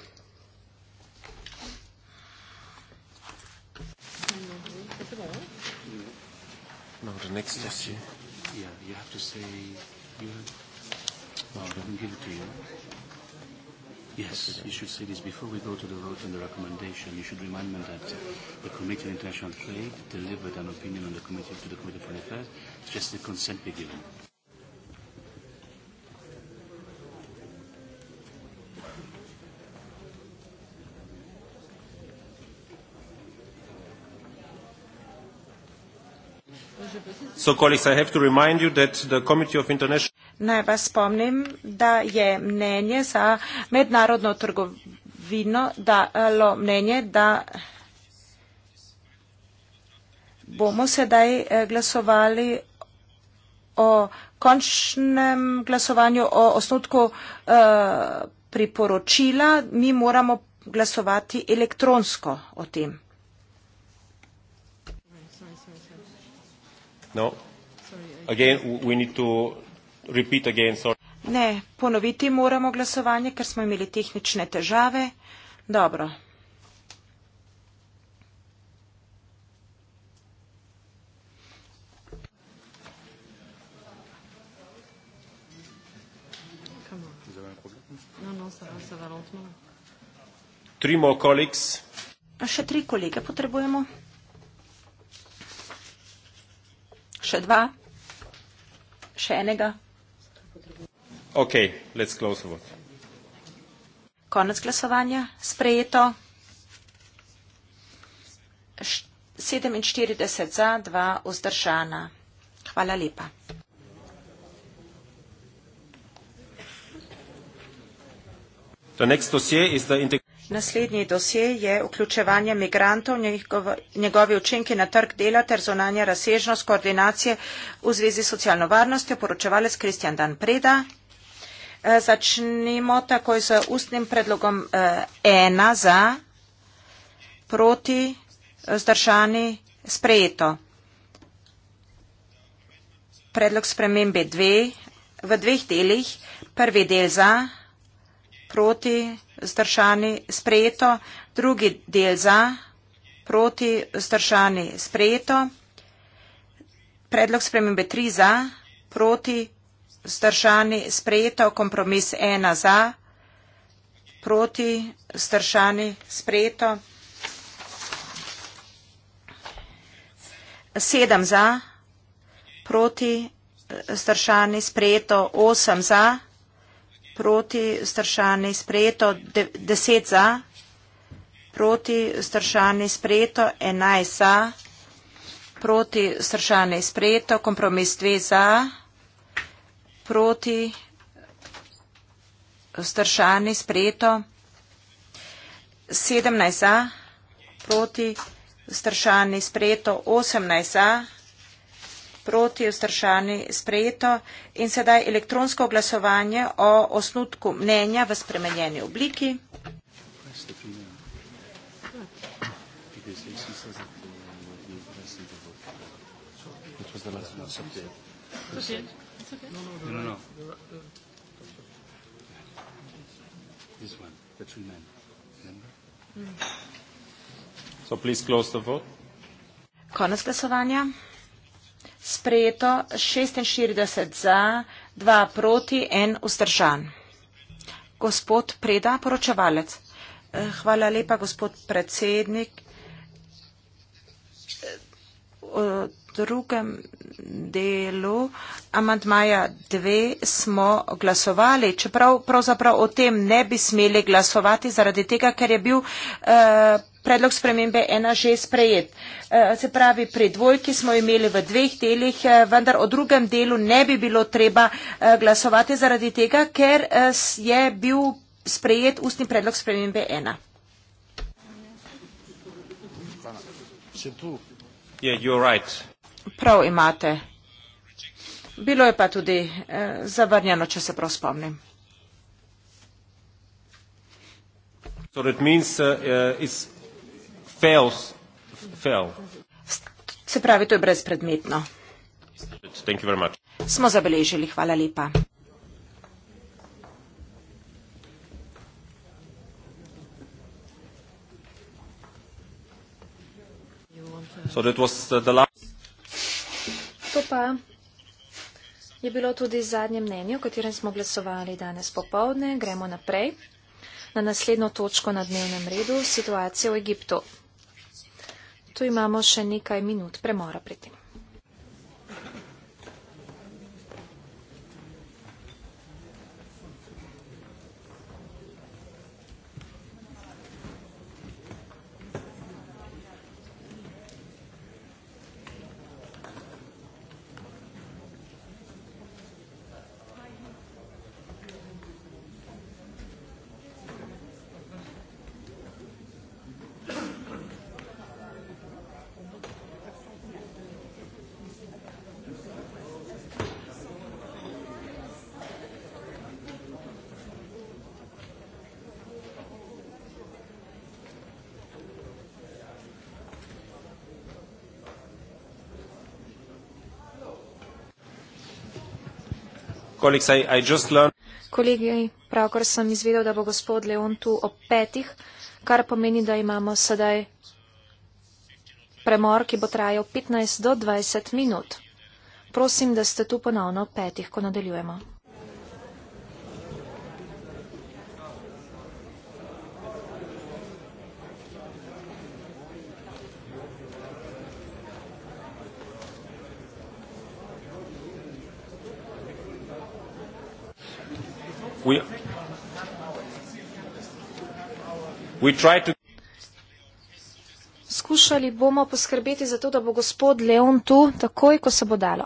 Speaker 2: Yes,
Speaker 3: you should say this before we go to the vote on the recommendation. You should remind me that the Committee on International
Speaker 2: Trade delivered an opinion on the committee to the Committee for Affairs, just the consent be given. So, colleagues,
Speaker 4: Naj vas spomnim, da je mnenje za mednarodno trgovino dalo mnenje, da bomo sedaj eh, glasovali o končnem glasovanju o osnutku uh, priporočila. Mi moramo glasovati elektronsko o tem.
Speaker 2: No, again, we need to repeat again, sorry.
Speaker 4: Ne, ponoviti moramo glasovanje, ker smo imeli tehnične težave. Dobro.
Speaker 2: No, no, Three more colleagues.
Speaker 4: Še tri kolege potrebujemo. Še dva? Še enega?
Speaker 2: Ok, let's close the vote.
Speaker 4: Konec glasovanja, sprejeto. 47 za, 2 vzdržana. Hvala lepa. The next Naslednji dosje je vključevanje migrantov, njegovi, njegovi učinki na trg dela ter zonanja razsežnost koordinacije v zvezi s socialno varnostjo, poročevalec Kristjan Dan Preda. Eh, začnimo takoj z ustnim predlogom eh, ena za proti zdržani sprejeto. Predlog spremembe dve v dveh delih. Prvi del za proti vzdržani sprejeto, drugi del za, proti vzdržani sprejeto, predlog spremembe tri za, proti vzdržani sprejeto, kompromis ena za, proti vzdržani sprejeto, sedem za, proti vzdržani sprejeto, osem za, proti staršani sprejeto, de, deset za, proti staršani sprejeto, enajst za, proti staršani sprejeto, kompromis dve za, proti staršani sprejeto, sedemnajst za, proti staršani sprejeto, osemnajst za, proti vzdržani sprejeto in sedaj elektronsko glasovanje o osnutku mnenja v spremenjeni obliki. Konec glasovanja sprejeto 46 za, 2 proti, 1 vzdržan. Gospod Preda, poročevalec. Eh, hvala lepa, gospod predsednik. Eh, drugem delu amantmaja 2 smo glasovali, čeprav pravzaprav o tem ne bi smeli glasovati zaradi tega, ker je bil uh, predlog spremembe ena že sprejet. Uh, se pravi, pri dvojki smo imeli v dveh delih, uh, vendar o drugem delu ne bi bilo treba uh, glasovati zaradi tega, ker uh, je bil sprejet ustni predlog spremembe ena.
Speaker 2: Yeah, you're right
Speaker 4: prav imate. Bilo je pa tudi eh, zavrnjeno, če se prav spomnim.
Speaker 2: So means, uh, fails, fail.
Speaker 4: Se pravi, to je brezpredmetno. Smo zabeležili, hvala lepa.
Speaker 2: So that was eh, the last.
Speaker 1: To pa je bilo tudi zadnje mnenje, o katerem smo glasovali danes popovdne. Gremo naprej na naslednjo točko na dnevnem redu, situacijo v Egiptu. Tu imamo še nekaj minut premora pri tem. Kolegi, pravkar sem izvedel, da bo gospod Leon tu ob petih, kar pomeni, da imamo sedaj premor, ki bo trajal 15 do 20 minut. Prosim, da ste tu ponovno ob petih, ko nadaljujemo. We try to. Skušali bomo poskrbeti za to, da bo gospod Leon tu takoj, ko se bo dalo.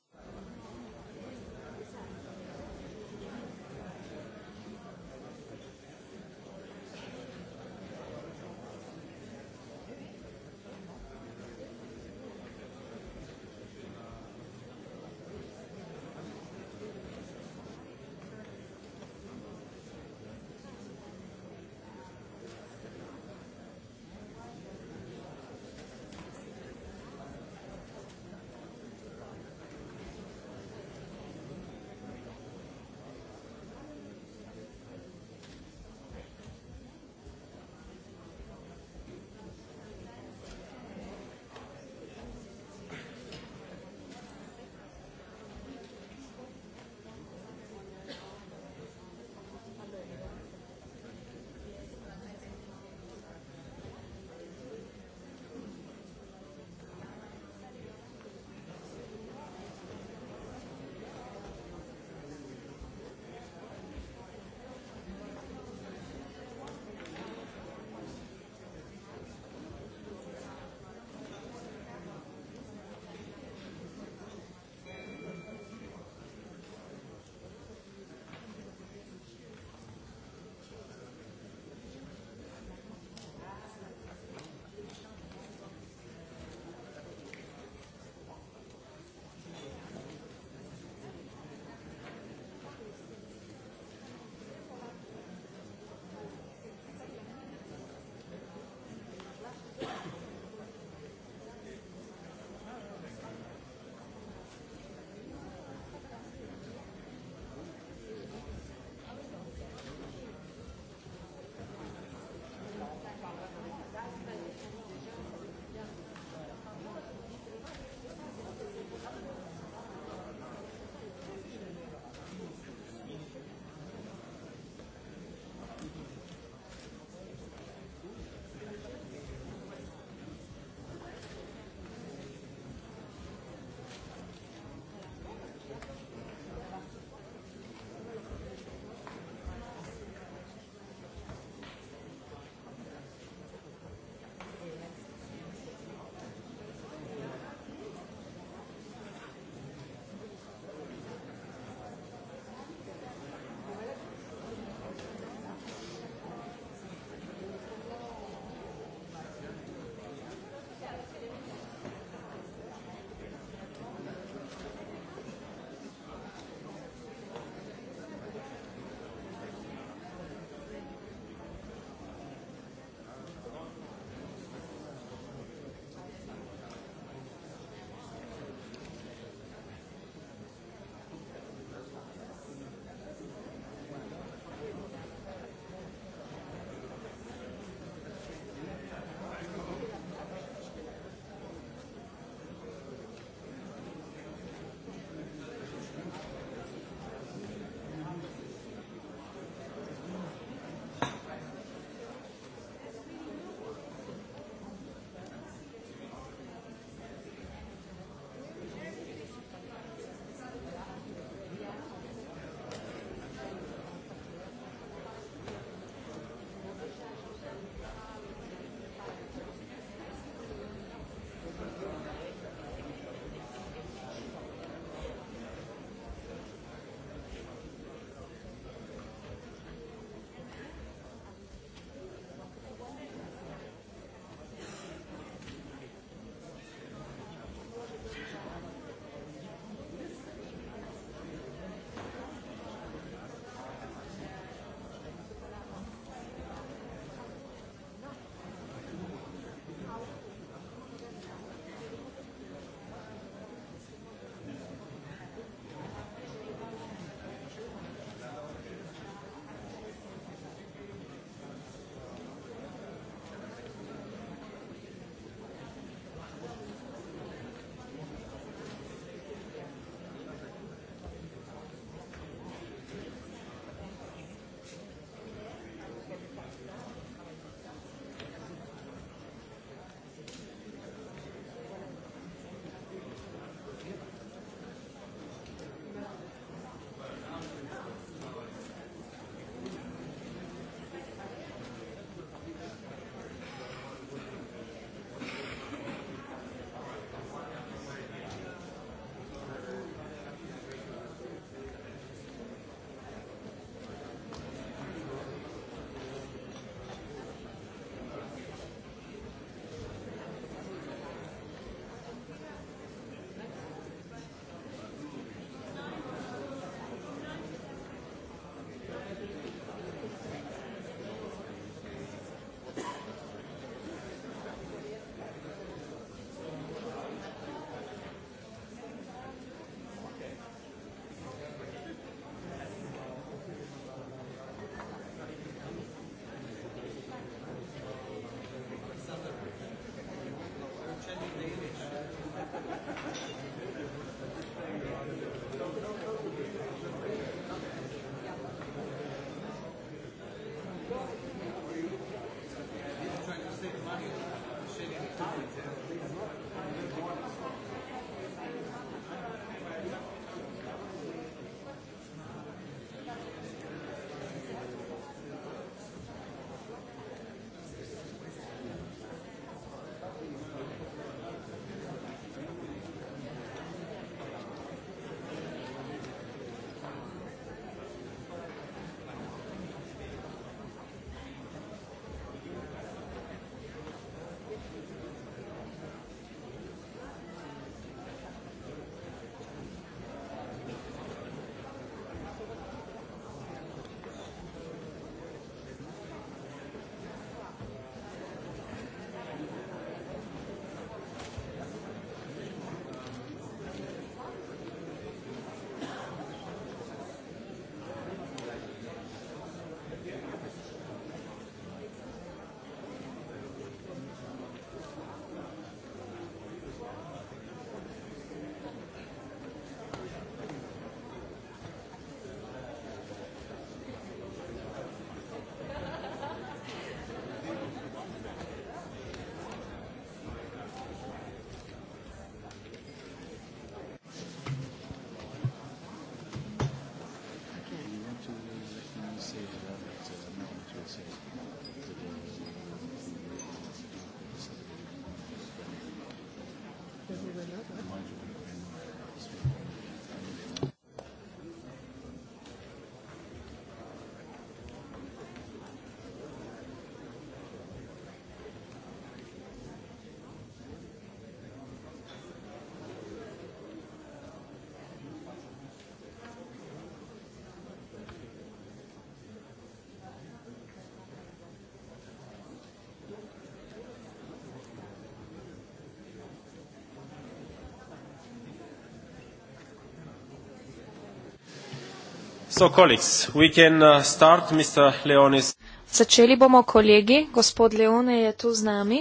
Speaker 2: So, colleagues, we can uh, start, Mr. Leonis.
Speaker 1: Začeli bomo kolegi, gospod Leone je tu z nami.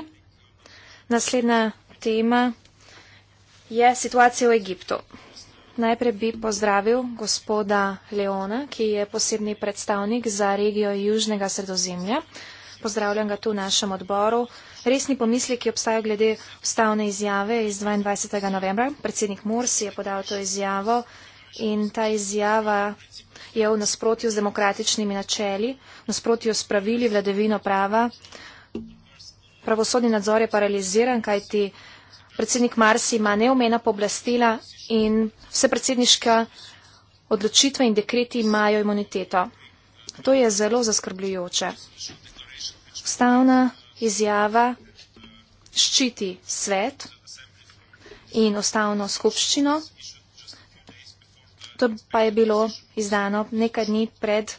Speaker 1: Naslednja tema je situacija v Egiptu. Najprej bi pozdravil gospoda Leona, ki je posebni predstavnik za regijo Južnega sredozemlja. Pozdravljam ga tu v našem odboru. Resni pomisli, ki obstajajo glede ustavne izjave iz 22. novembra. Predsednik Mursi je podal to izjavo in ta izjava je v nasprotju z demokratičnimi načeli, v nasprotju s pravili vladevino prava. Pravosodni nadzor je paraliziran, kajti predsednik Marsi ima neomena pooblastila in vse predsedniške odločitve in dekreti imajo imuniteto. To je zelo zaskrbljujoče. Ustavna izjava ščiti svet in ustavno skupščino. To pa je bilo izdano nekaj dni pred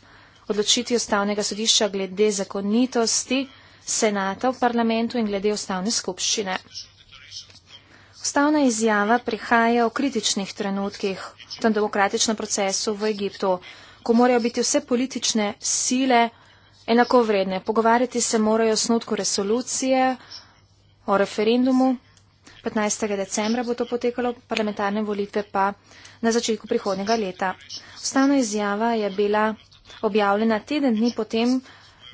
Speaker 1: odločitvijo ustavnega sodišča glede zakonitosti senata v parlamentu in glede ustavne skupščine. Ustavna izjava prihaja v kritičnih trenutkih v tem demokratičnem procesu v Egiptu, ko morajo biti vse politične sile enakovredne. Pogovarjati se morajo o snotku resolucije, o referendumu 15. decembra bo to potekalo, parlamentarne volitve pa na začetku prihodnjega leta. Ustavna izjava je bila objavljena teden dni potem,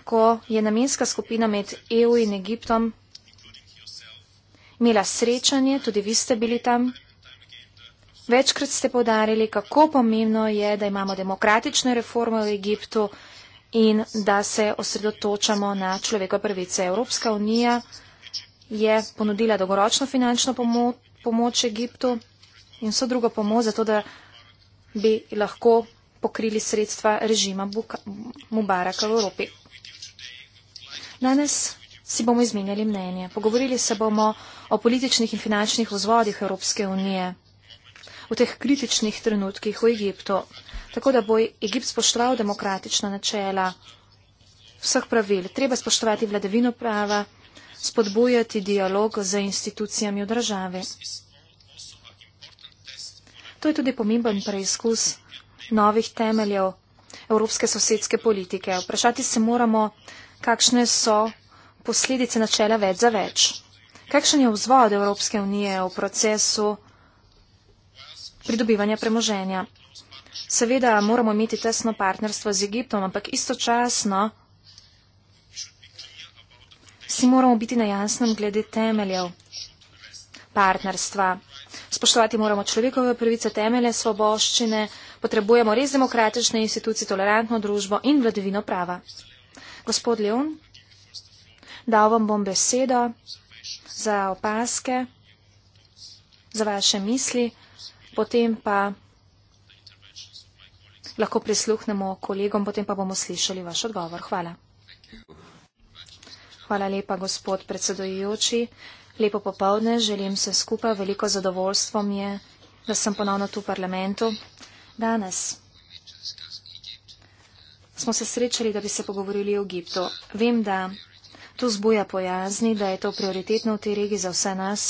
Speaker 1: ko je namenska skupina med EU in Egiptom imela srečanje, tudi vi ste bili tam. Večkrat ste povdarjali, kako pomembno je, da imamo demokratične reforme v Egiptu in da se osredotočamo na človeka prvice. Evropska unija je ponudila dolgoročno finančno pomo pomoč Egiptu in vso drugo pomoč, zato da bi lahko pokrili sredstva režima Mubaraka v Evropi. Danes si bomo izmenjali mnenje. Pogovorili se bomo o političnih in finančnih vzvodih Evropske unije v teh kritičnih trenutkih v Egiptu, tako da bo Egipt spoštoval demokratična načela vseh pravil. Treba spoštovati vladavino prava spodbujati dialog z institucijami v države. To je tudi pomemben preizkus novih temeljev evropske sosedske politike. Vprašati se moramo, kakšne so posledice načela več za več. Kakšen je vzvod Evropske unije v procesu pridobivanja premoženja? Seveda moramo imeti tesno partnerstvo z Egiptom, ampak istočasno Vsi moramo biti na jasnem glede temeljev partnerstva. Spoštovati moramo človekove pravice, temelje svoboščine, potrebujemo res demokratične institucije, tolerantno družbo in vladavino prava. Gospod Leon, dal vam bom besedo za opaske, za vaše misli, potem pa lahko prisluhnemo kolegom, potem pa bomo slišali vaš odgovor. Hvala. Hvala lepa, gospod predsedujoči. Lepo popovdne, želim se skupaj, veliko zadovoljstvo mi je, da sem ponovno tu v parlamentu. Danes smo se srečali, da bi se pogovorili o Egiptu. Vem, da tu zbuja pojazni, da je to prioritetno v tej regiji za vse nas,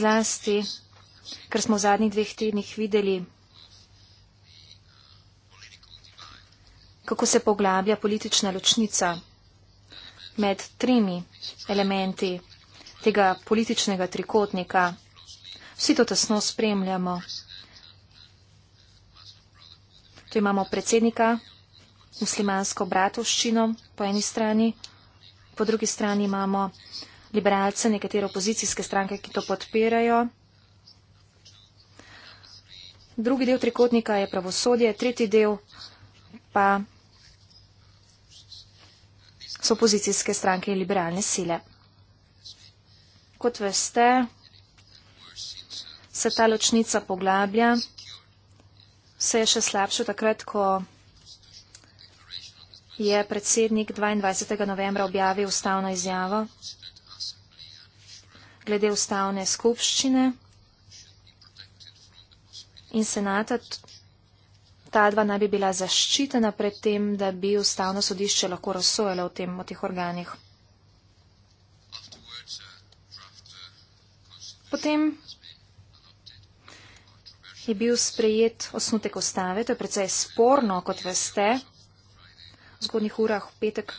Speaker 1: zlasti, ker smo v zadnjih dveh tednih videli, kako se poglablja politična ločnica med tremi elementi tega političnega trikotnika. Vsi to tesno spremljamo. Tu imamo predsednika, muslimansko bratovščino po eni strani, po drugi strani imamo liberalce, nekatere opozicijske stranke, ki to podpirajo. Drugi del trikotnika je pravosodje, tretji del pa so opozicijske stranke in liberalne sile. Kot veste, se ta ločnica poglablja. Vse je še slabše takrat, ko je predsednik 22. novembra objavil ustavno izjavo glede ustavne skupščine in senata, ta dva naj bi bila zaščitena pred tem, da bi ustavno sodišče lahko razsojalo v, v teh organih. Potem je bil sprejet osnutek ustave, to je precej sporno, kot veste, v zgodnih urah v petek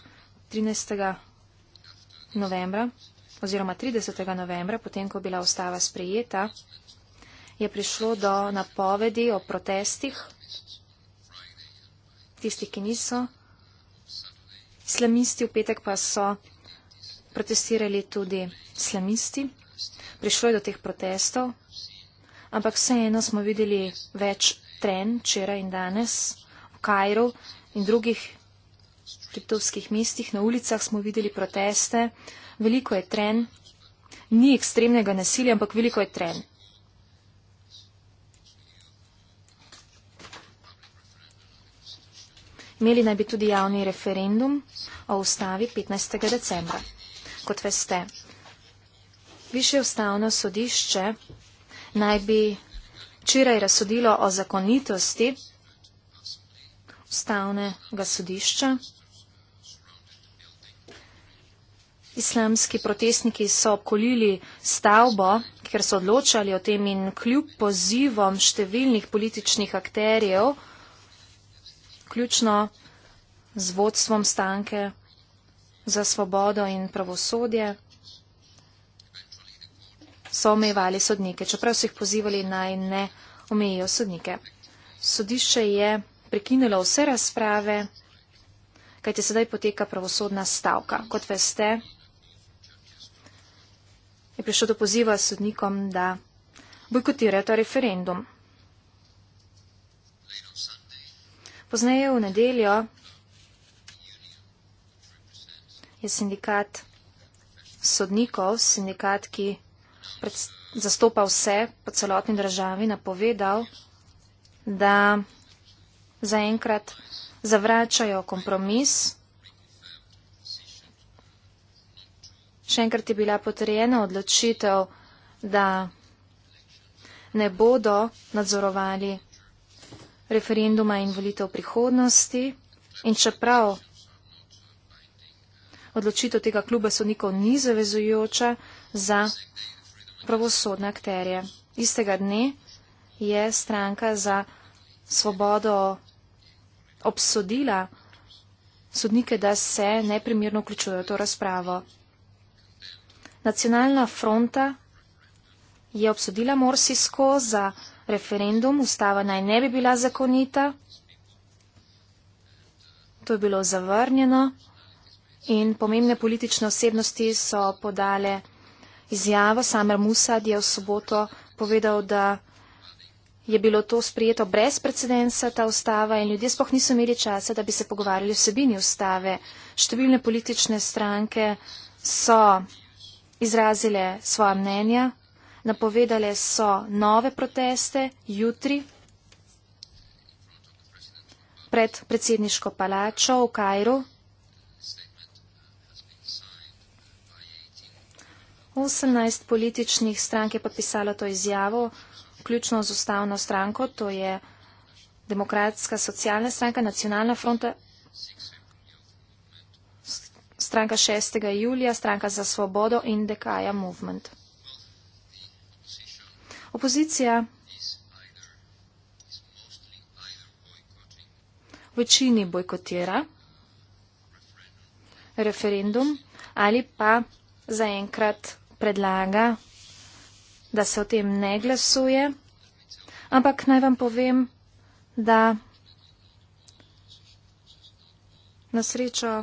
Speaker 1: 13. novembra oziroma 30. novembra, potem, ko je bila ustava sprejeta, je prišlo do napovedi o protestih tisti, ki niso. Islamisti v petek pa so protestirali tudi islamisti. Prišlo je do teh protestov, ampak vseeno smo videli več tren, včeraj in danes, v Kajru in drugih kriptovskih mestih. Na ulicah smo videli proteste, veliko je tren, ni ekstremnega nasilja, ampak veliko je tren. Imeli naj bi tudi javni referendum o ustavi 15. decembra. Kot veste, više ustavno sodišče naj bi včeraj razsodilo o zakonitosti ustavnega sodišča. Islamski protestniki so obkolili stavbo, ker so odločali o tem in kljub pozivom številnih političnih akterjev, vključno z vodstvom stanke za svobodo in pravosodje, so omejevali sodnike, čeprav so jih pozivali naj ne omejijo sodnike. Sodišče je prekinilo vse razprave, kajte sedaj poteka pravosodna stavka. Kot veste, je prišlo do poziva sodnikom, da bojkotirajo ta referendum. Pozneje v nedeljo je sindikat sodnikov, sindikat, ki zastopa vse po celotni državi, napovedal, da zaenkrat zavračajo kompromis. Še enkrat je bila potrjena odločitev, da ne bodo nadzorovali referenduma in volitev prihodnosti. In čeprav odločitev tega kluba sodnikov ni zavezujoča za pravosodne akterje. Istega dne je stranka za svobodo obsodila sodnike, da se neprimerno vključujejo v to razpravo. Nacionalna fronta je obsodila Morsisko za referendum, ustava naj ne bi bila zakonita. To je bilo zavrnjeno in pomembne politične osebnosti so podale izjavo. Samer Musad je v soboto povedal, da je bilo to sprijeto brez precedensa, ta ustava, in ljudje spoh niso imeli časa, da bi se pogovarjali o sebini ustave. Številne politične stranke so izrazile svoja mnenja, Napovedale so nove proteste jutri pred predsedniško palačo v Kajru. Osemnajst političnih strank je podpisalo to izjavo, vključno z ustavno stranko, to je Demokratska socialna stranka, Nacionalna fronta, stranka 6. julija, stranka za svobodo in Dekaja Movement. Opozicija v večini bojkotira referendum ali pa zaenkrat predlaga, da se o tem ne glasuje. Ampak naj vam povem, da na srečo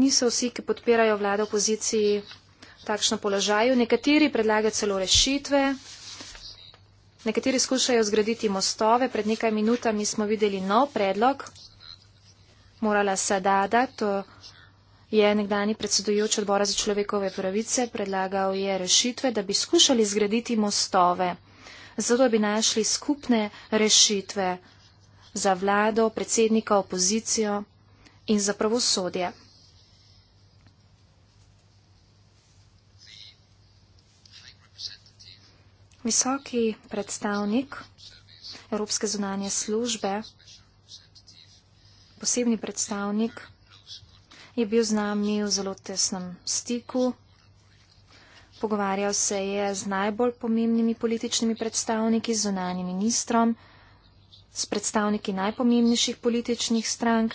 Speaker 1: niso vsi, ki podpirajo vlado opoziciji takšno položaju. Nekateri predlagajo celo rešitve, nekateri skušajo zgraditi mostove. Pred nekaj minutami smo videli nov predlog, morala Sadada, to je nekdani predsedujoč odbora za človekove pravice, predlagal je rešitve, da bi skušali zgraditi mostove, zato bi našli skupne rešitve za vlado, predsednika, opozicijo in za pravosodje. Visoki predstavnik Evropske zunanje službe, posebni predstavnik, je bil z nami v zelo tesnem stiku. Pogovarjal se je z najbolj pomembnimi političnimi predstavniki, z zunanjim ministrom, s predstavniki najpomembnejših političnih strank,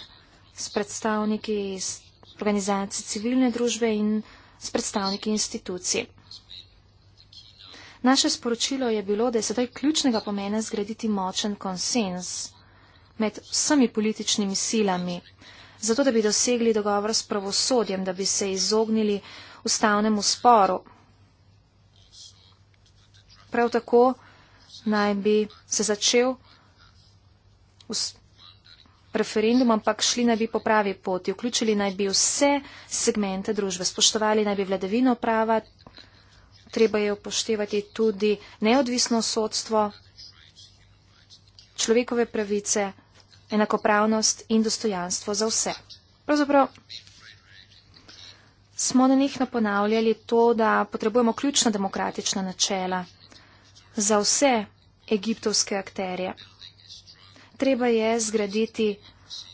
Speaker 1: s predstavniki iz organizacij civilne družbe in s predstavniki institucij. Naše sporočilo je bilo, da je sedaj ključnega pomena zgraditi močen konsens med vsemi političnimi silami, zato da bi dosegli dogovor s pravosodjem, da bi se izognili ustavnemu sporu. Prav tako naj bi se začel referendum, ampak šli naj bi po pravi poti, vključili naj bi vse segmente družbe, spoštovali naj bi vladavino prava, treba je upoštevati tudi neodvisno sodstvo, človekove pravice, enakopravnost in dostojanstvo za vse. Pravzaprav smo na njih naponavljali to, da potrebujemo ključna demokratična načela za vse egiptovske akterje. Treba je zgraditi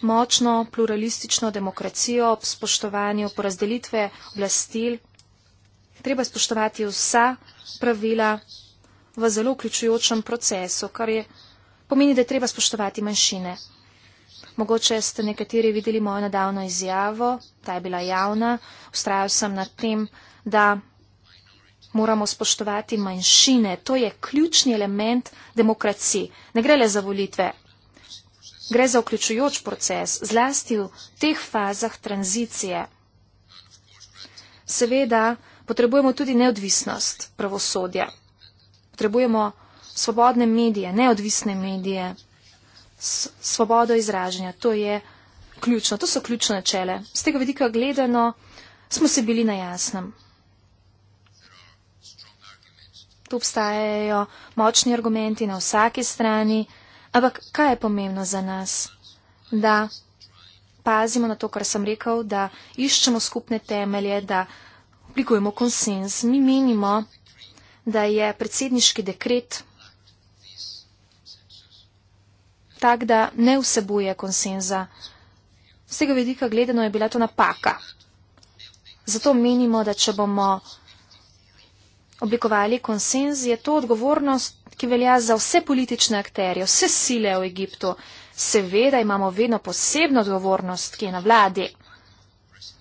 Speaker 1: močno pluralistično demokracijo ob spoštovanju porazdelitve oblastil treba spoštovati vsa pravila v zelo vključujočem procesu, kar je, pomeni, da je treba spoštovati manjšine. Mogoče ste nekateri videli mojo nedavno izjavo, ta je bila javna, ustrajal sem nad tem, da moramo spoštovati manjšine. To je ključni element demokracije. Ne gre le za volitve. Gre za vključujoč proces, zlasti v teh fazah tranzicije. Seveda, potrebujemo tudi neodvisnost pravosodja. Potrebujemo svobodne medije, neodvisne medije, svobodo izražanja. To je ključno, to so ključne načele. Z tega vidika gledano smo se bili na jasnem. Tu obstajajo močni argumenti na vsaki strani, ampak kaj je pomembno za nas? Da pazimo na to, kar sem rekel, da iščemo skupne temelje, da oblikujemo konsens. Mi menimo, da je predsedniški dekret tak, da ne vsebuje konsenza. Z tega vidika gledano je bila to napaka. Zato menimo, da če bomo oblikovali konsenz, je to odgovornost, ki velja za vse politične akterje, vse sile v Egiptu. Seveda imamo vedno posebno odgovornost, ki je na vladi.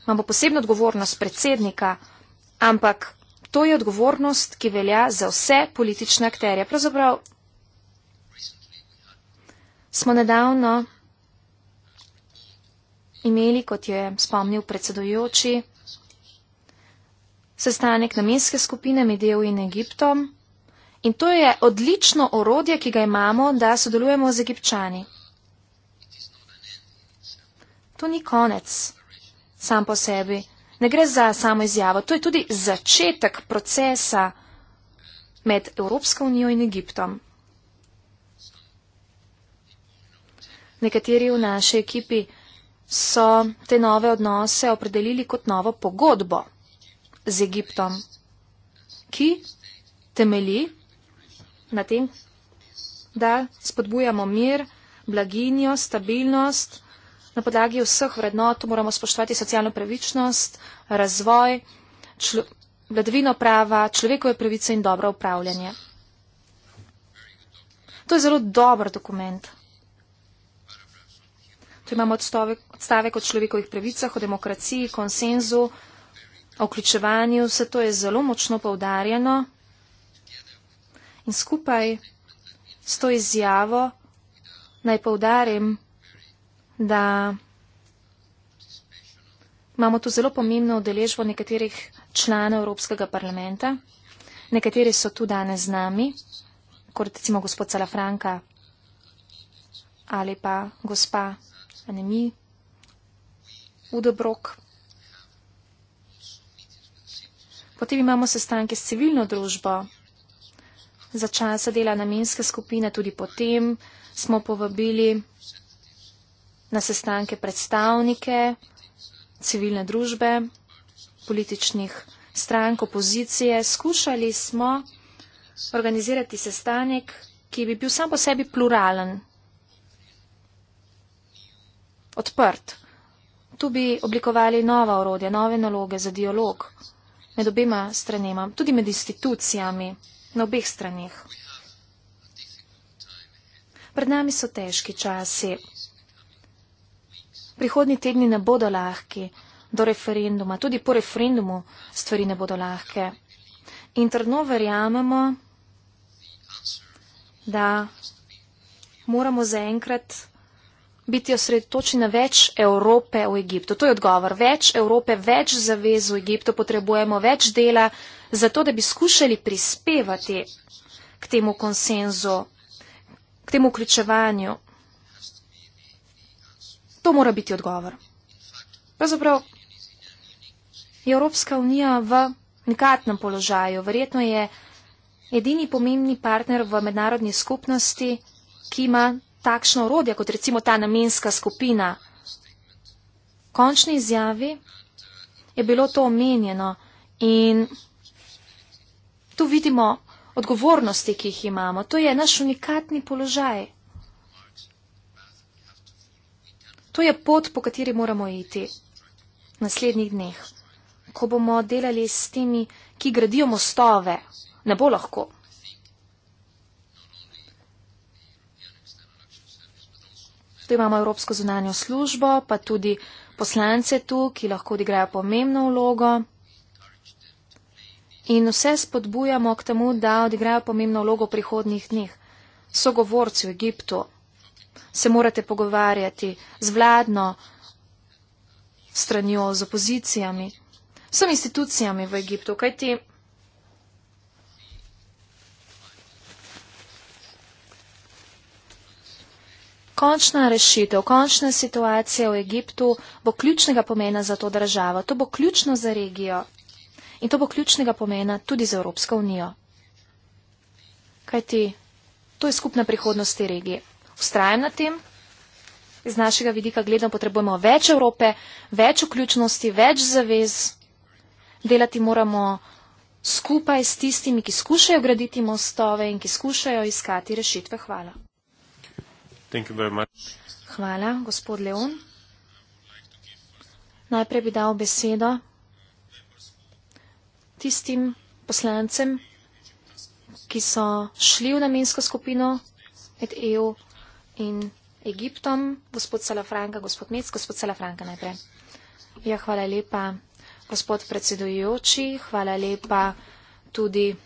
Speaker 1: Imamo posebno odgovornost predsednika, Ampak to je odgovornost, ki velja za vse politične akterje. Pravzaprav smo nedavno imeli, kot je spomnil predsedujoči, sestanek namenske skupine med EU in Egiptom. In to je odlično orodje, ki ga imamo, da sodelujemo z egipčani. To ni konec sam po sebi ne gre za samo izjavo, to je tudi začetek procesa med Evropsko unijo in Egiptom. Nekateri v naši ekipi so te nove odnose opredelili kot novo pogodbo z Egiptom, ki temeli na tem, da spodbujamo mir, blaginjo, stabilnost na podlagi vseh vrednot moramo spoštovati socialno pravičnost, razvoj, člo, vladavino prava, človekove pravice in dobro upravljanje. To je zelo dober dokument. Tu imamo odstavek, odstavek o človekovih pravicah, o demokraciji, konsenzu, o vključevanju. Vse to je zelo močno poudarjeno. In skupaj s to izjavo naj poudarim, da imamo tu zelo pomembno udeležbo nekaterih članov Evropskega parlamenta. Nekateri so tu danes z nami, kot recimo gospod Salafranka ali pa gospa Anemi Udobrok. Potem imamo sestanke s civilno družbo. Za časa dela namenske skupine tudi potem smo povabili na sestanke predstavnike civilne družbe, političnih strank, opozicije. Skušali smo organizirati sestanek, ki bi bil sam po sebi pluralen, odprt. Tu bi oblikovali nova orodja, nove naloge za dialog med obema stranema, tudi med institucijami na obeh stranih. Pred nami so težki časi. Prihodni tedni ne bodo lahki, do referenduma, tudi po referendumu stvari ne bodo lahke. In trdno verjamemo, da moramo zaenkrat biti osredotočeni na več Evrope v Egiptu. To je odgovor. Več Evrope, več zavez v Egiptu potrebujemo, več dela, zato da bi skušali prispevati k temu konsenzu, k temu vključevanju. To mora biti odgovor. Pravzaprav je Evropska unija v nekatnem položaju. Verjetno je edini pomembni partner v mednarodni skupnosti, ki ima takšno orodje, kot recimo ta namenska skupina. Končni izjavi je bilo to omenjeno in tu vidimo odgovornosti, ki jih imamo. To je naš unikatni položaj. To je pot, po kateri moramo iti v naslednjih dneh. Ko bomo delali s temi, ki gradijo mostove, ne bo lahko. Tu imamo Evropsko zunanjo službo, pa tudi poslance tu, ki lahko odigrajo pomembno vlogo. In vse spodbujamo k temu, da odigrajo pomembno vlogo v prihodnih dneh. Sogovorci v Egiptu, se morate pogovarjati z vladno stranjo, z opozicijami, s institucijami v Egiptu, kajti končna rešitev, končna situacija v Egiptu bo ključnega pomena za to državo, to bo ključno za regijo in to bo ključnega pomena tudi za Evropsko unijo. Kajti to je skupna prihodnost te regije vztrajam na tem. Iz našega vidika gledam, potrebujemo več Evrope, več vključnosti, več zavez. Delati moramo skupaj s tistimi, ki skušajo graditi mostove in ki skušajo iskati rešitve. Hvala. Hvala, gospod Leon. Najprej bi dal besedo tistim poslancem, ki so šli v namensko skupino med EU in Egiptom. Gospod Salafranka, gospod Mec, gospod Salafranka najprej. Ja, hvala lepa, gospod predsedujoči, hvala lepa tudi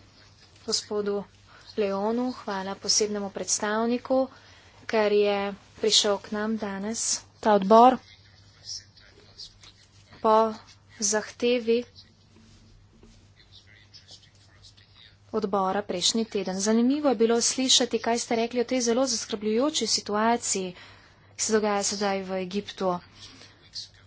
Speaker 1: gospodu Leonu, hvala posebnemu predstavniku, ker je prišel k nam danes ta odbor po zahtevi odbora prejšnji teden. Zanimivo je bilo slišati, kaj ste rekli o tej zelo zaskrbljujoči situaciji, ki se dogaja sedaj v Egiptu.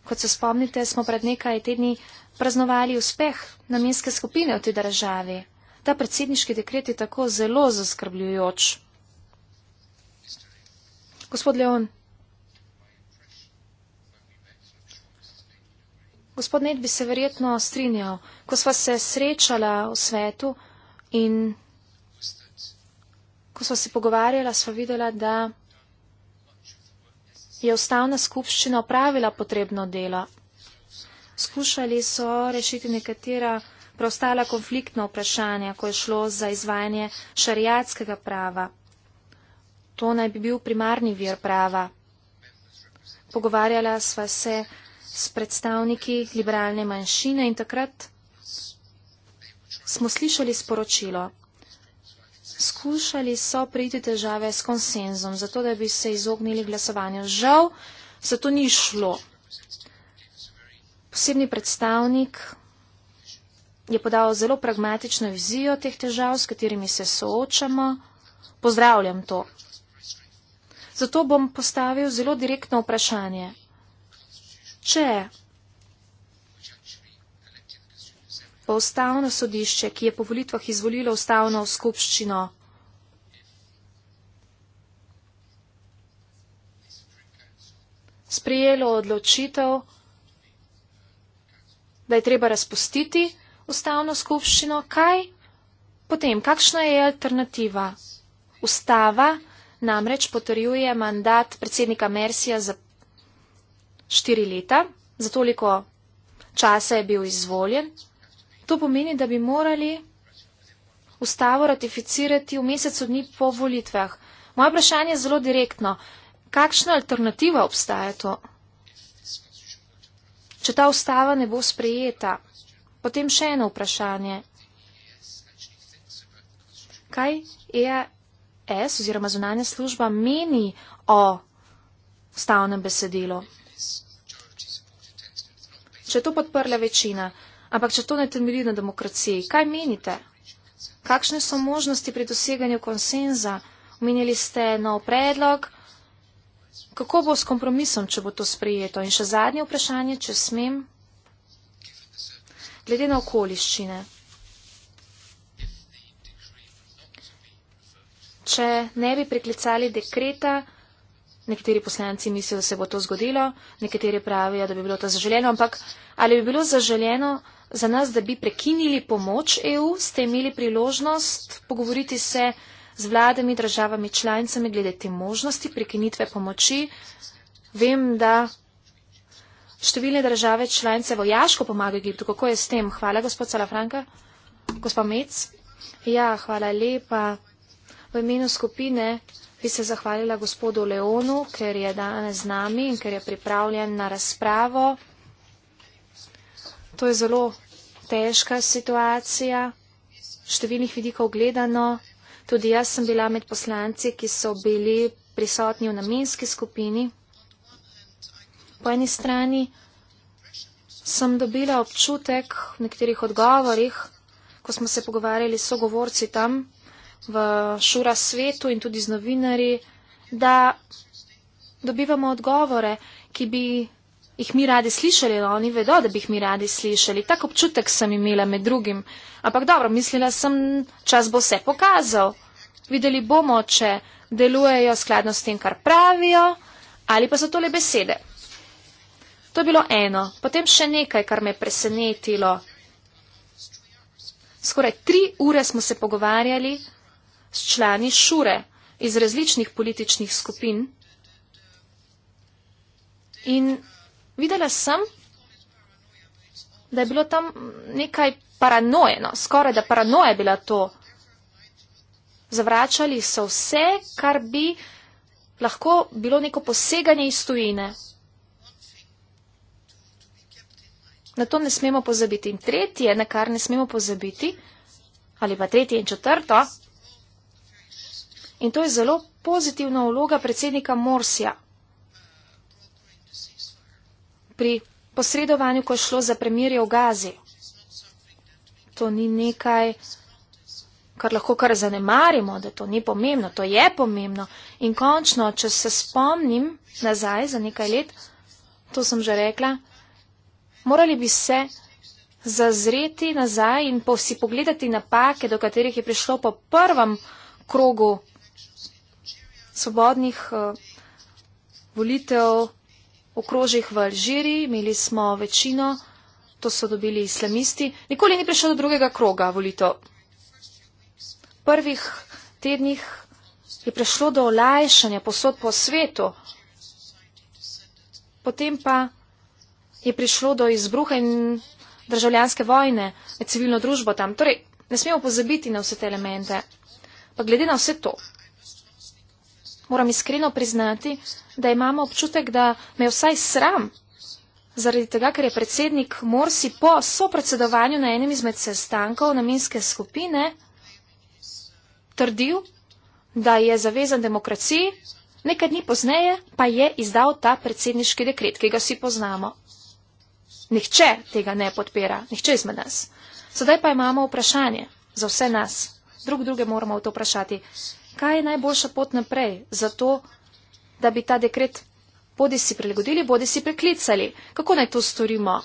Speaker 1: Kot se spomnite, smo pred nekaj tedni praznovali uspeh namenske skupine v tej državi. Ta predsedniški dekret je tako zelo zaskrbljujoč. Gospod Leon. Gospod Ned bi se verjetno strinjal, ko sva se srečala v svetu. In ko smo se pogovarjala, smo videla, da je ustavna skupščina opravila potrebno delo. Skušali so rešiti nekatera preostala konfliktna vprašanja, ko je šlo za izvajanje šariatskega prava. To naj bi bil primarni vir prava. Pogovarjala sva se s predstavniki liberalne manjšine in takrat smo slišali sporočilo. Skušali so priti težave s konsenzom, zato da bi se izognili glasovanju. Žal se to ni šlo. Posebni predstavnik je podal zelo pragmatično vizijo teh težav, s katerimi se soočamo. Pozdravljam to. Zato bom postavil zelo direktno vprašanje. Če pa ustavno sodišče, ki je po volitvah izvolilo ustavno skupščino. Sprijelo odločitev, da je treba razpustiti ustavno skupščino. Kaj potem? Kakšna je alternativa? Ustava namreč potrjuje mandat predsednika Mersija za štiri leta, za toliko časa je bil izvoljen, To pomeni, da bi morali ustavo ratificirati v mesecu dni po volitvah. Moje vprašanje je zelo direktno. Kakšna alternativa obstaja to? Če ta ustava ne bo sprejeta, potem še eno vprašanje. Kaj EAS oziroma zunanja služba meni o ustavnem besedilu? Če je to podprla večina. Ampak če to ne temelji na demokraciji, kaj menite? Kakšne so možnosti pri doseganju konsenza? Omenili ste nov predlog. Kako bo s kompromisom, če bo to sprejeto? In še zadnje vprašanje, če smem. Glede na okoliščine. Če ne bi priklicali dekreta, nekateri poslanci mislijo, da se bo to zgodilo, nekateri pravijo, da bi bilo to zaželeno, ampak ali bi bilo zaželeno, za nas, da bi prekinili pomoč EU, ste imeli priložnost pogovoriti se z vladami, državami, članicami glede te možnosti prekinitve pomoči. Vem, da številne države članice vojaško pomagajo Egiptu. Kako je s tem? Hvala, gospod Salafranka. Gospod Mec. Ja, hvala lepa. V imenu skupine bi se zahvalila gospodu Leonu, ker je danes z nami in ker je pripravljen na razpravo. To je zelo težka situacija, številnih vidikov gledano. Tudi jaz sem bila med poslanci, ki so bili prisotni v namenski skupini. Po eni strani sem dobila občutek v nekaterih odgovorih, ko smo se pogovarjali s sogovorci tam v šura svetu in tudi z novinari, da dobivamo odgovore, ki bi jih mi radi slišali, ali no, oni vedo, da bi jih mi radi slišali. Tak občutek sem imela med drugim. Ampak dobro, mislila sem, čas bo vse pokazal. Videli bomo, če delujejo skladno s tem, kar pravijo, ali pa so tole besede. To je bilo eno. Potem še nekaj, kar me je presenetilo. Skoraj tri ure smo se pogovarjali s člani šure iz različnih političnih skupin. In Videla sem, da je bilo tam nekaj paranojeno, skoraj da paranoja je bila to. Zavračali so vse, kar bi lahko bilo neko poseganje iz tujine. Na to ne smemo pozabiti. In tretje, na kar ne smemo pozabiti, ali pa tretje in četrto, in to je zelo pozitivna vloga predsednika Morsija pri posredovanju, ko je šlo za premirje v Gazi. To ni nekaj, kar lahko kar zanemarimo, da to ni pomembno, to je pomembno. In končno, če se spomnim nazaj za nekaj let, to sem že rekla, morali bi se zazreti nazaj in po si pogledati napake, do katerih je prišlo po prvem krogu svobodnih uh, volitev v krožjih v Alžiriji, imeli smo večino, to so dobili islamisti. Nikoli ni prišel do drugega kroga volitev. V prvih tednih je prišlo do olajšanja posod po svetu, potem pa je prišlo do izbruha in državljanske vojne med civilno družbo tam. Torej, ne smemo pozabiti na vse te elemente. Pa glede na vse to, moram iskreno priznati, da imam občutek, da me vsaj sram, zaradi tega, ker je predsednik Morsi po sopredsedovanju na enem izmed sestankov namenske skupine trdil, da je zavezan demokraciji, nekaj dni pozneje pa je izdal ta predsedniški dekret, ki ga vsi poznamo. Nihče tega ne podpira, nihče izmed nas. Sedaj pa imamo vprašanje za vse nas. Drug druge moramo v to vprašati kaj je najboljša pot naprej za to, da bi ta dekret bodi si prilagodili, bodi si preklicali. Kako naj to storimo?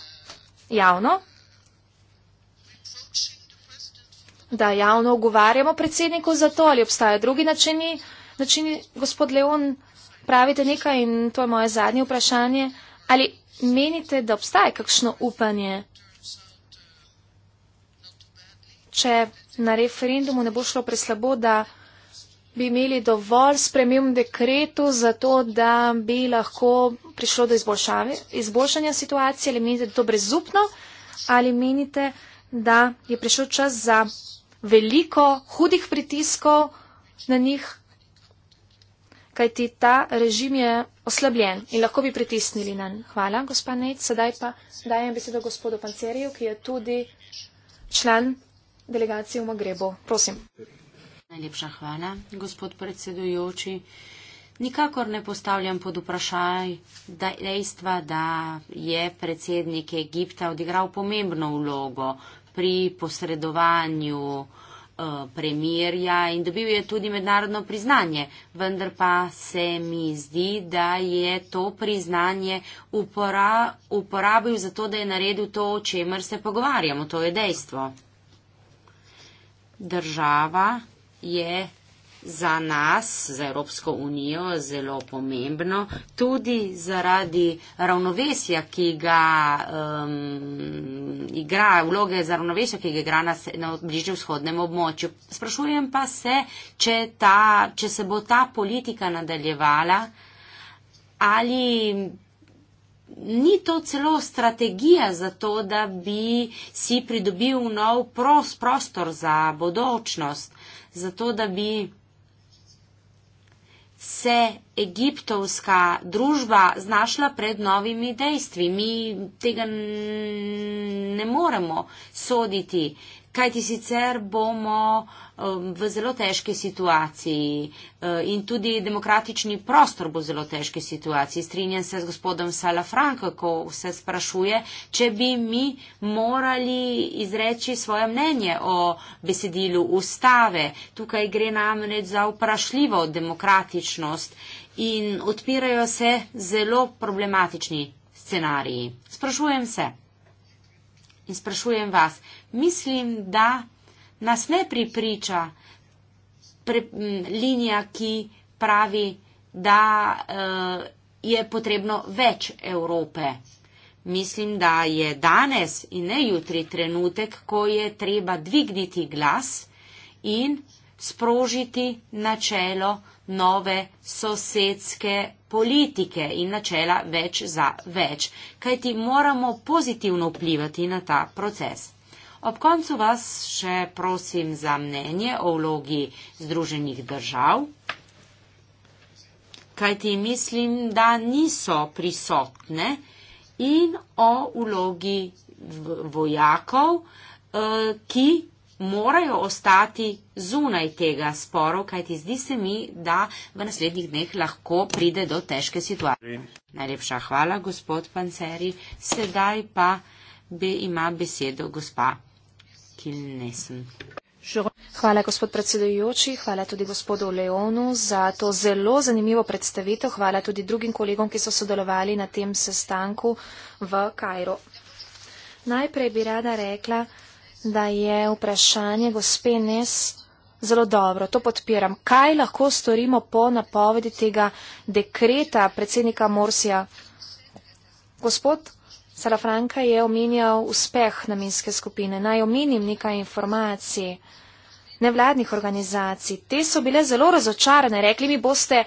Speaker 1: Javno? Da javno ogovarjamo predsedniku za to ali obstajajo drugi načini? Načini, gospod Leon, pravite nekaj in to je moje zadnje vprašanje. Ali menite, da obstaja kakšno upanje, če na referendumu ne bo šlo preslabo, da bi imeli dovolj sprememb dekretu za to, da bi lahko prišlo do izboljšanja situacije, ali menite, da je to brezupno, ali menite, da je prišel čas za veliko hudih pritiskov na njih, kajti ta režim je oslabljen in lahko bi pritisnili na njih. Hvala, gospod Nec. Sedaj pa dajem besedo gospodu Panceriju, ki je tudi član delegacije v Magrebu. Prosim.
Speaker 3: Najlepša hvala, gospod predsedujoči. Nikakor ne postavljam pod vprašaj dejstva, da je predsednik Egipta odigral pomembno vlogo pri posredovanju eh, premirja in dobil je tudi mednarodno priznanje, vendar pa se mi zdi, da je to priznanje upora, uporabil za to, da je naredil to, o čemer se pogovarjamo. To je dejstvo. Država je za nas, za Evropsko unijo, zelo pomembno, tudi zaradi ravnovesja, ki ga um, igra, vloge za ravnovesje, ki ga igra na, na bližnjem vzhodnem območju. Sprašujem pa se, če, ta, če se bo ta politika nadaljevala ali. Ni to celo strategija za to, da bi si pridobil nov prostor za bodočnost, zato da bi se egiptovska družba znašla pred novimi dejstvi. Mi tega ne moremo soditi. Uh, kaj ti sicer bomo um, v zelo težki situaciji uh, in tudi demokratični prostor bo v zelo težki situaciji. Strinjam se z gospodom Salafranko, ko se sprašuje, če bi mi morali izreči svoje mnenje o besedilu ustave. Tukaj gre namreč za vprašljivo demokratičnost in odpirajo se zelo problematični scenariji. Sprašujem se. In sprašujem vas, mislim, da nas ne pripriča pre, m, linija, ki pravi, da uh, je potrebno več Evrope. Mislim, da je danes in ne jutri trenutek, ko je treba dvigniti glas in sprožiti načelo nove sosedske politike in načela več za več, kajti moramo pozitivno vplivati na ta proces. Ob koncu vas še prosim za mnenje o vlogi Združenih držav, kajti mislim, da niso prisotne in o vlogi vojakov, eh, ki morajo ostati zunaj tega sporo, kajti zdi se mi, da v naslednjih dneh lahko pride do težke situacije. Najlepša hvala, gospod Panceri. Sedaj pa bi ima besedo gospa Kilnesen.
Speaker 1: Hvala, gospod predsedujoči, hvala tudi gospodu Leonu za to zelo zanimivo predstavitev. Hvala tudi drugim kolegom, ki so sodelovali na tem sestanku v Kajru. Najprej bi rada rekla, da je vprašanje gospe Nes zelo dobro. To podpiram. Kaj lahko storimo po napovedi tega dekreta predsednika Morsija? Gospod Salafranka je omenjal uspeh namenske skupine. Naj omenim nekaj informacij nevladnih organizacij. Te so bile zelo razočarane. Rekli mi boste,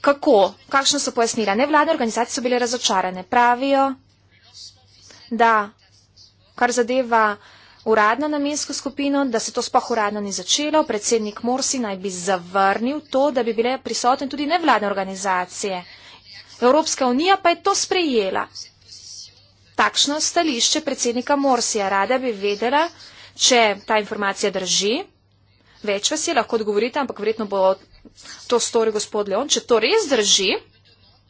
Speaker 1: kako, kakšno so pojasnila. Nevladne organizacije so bile razočarane. Pravijo, da kar zadeva uradno namensko skupino, da se to sploh uradno ni začelo. Predsednik Morsi naj bi zavrnil to, da bi bile prisotne tudi nevladne organizacije. Evropska unija pa je to sprejela. Takšno stališče predsednika Morsija rada bi vedela, če ta informacija drži. Več vas je lahko odgovorite, ampak verjetno bo to storil gospod Leon. Če to res drži,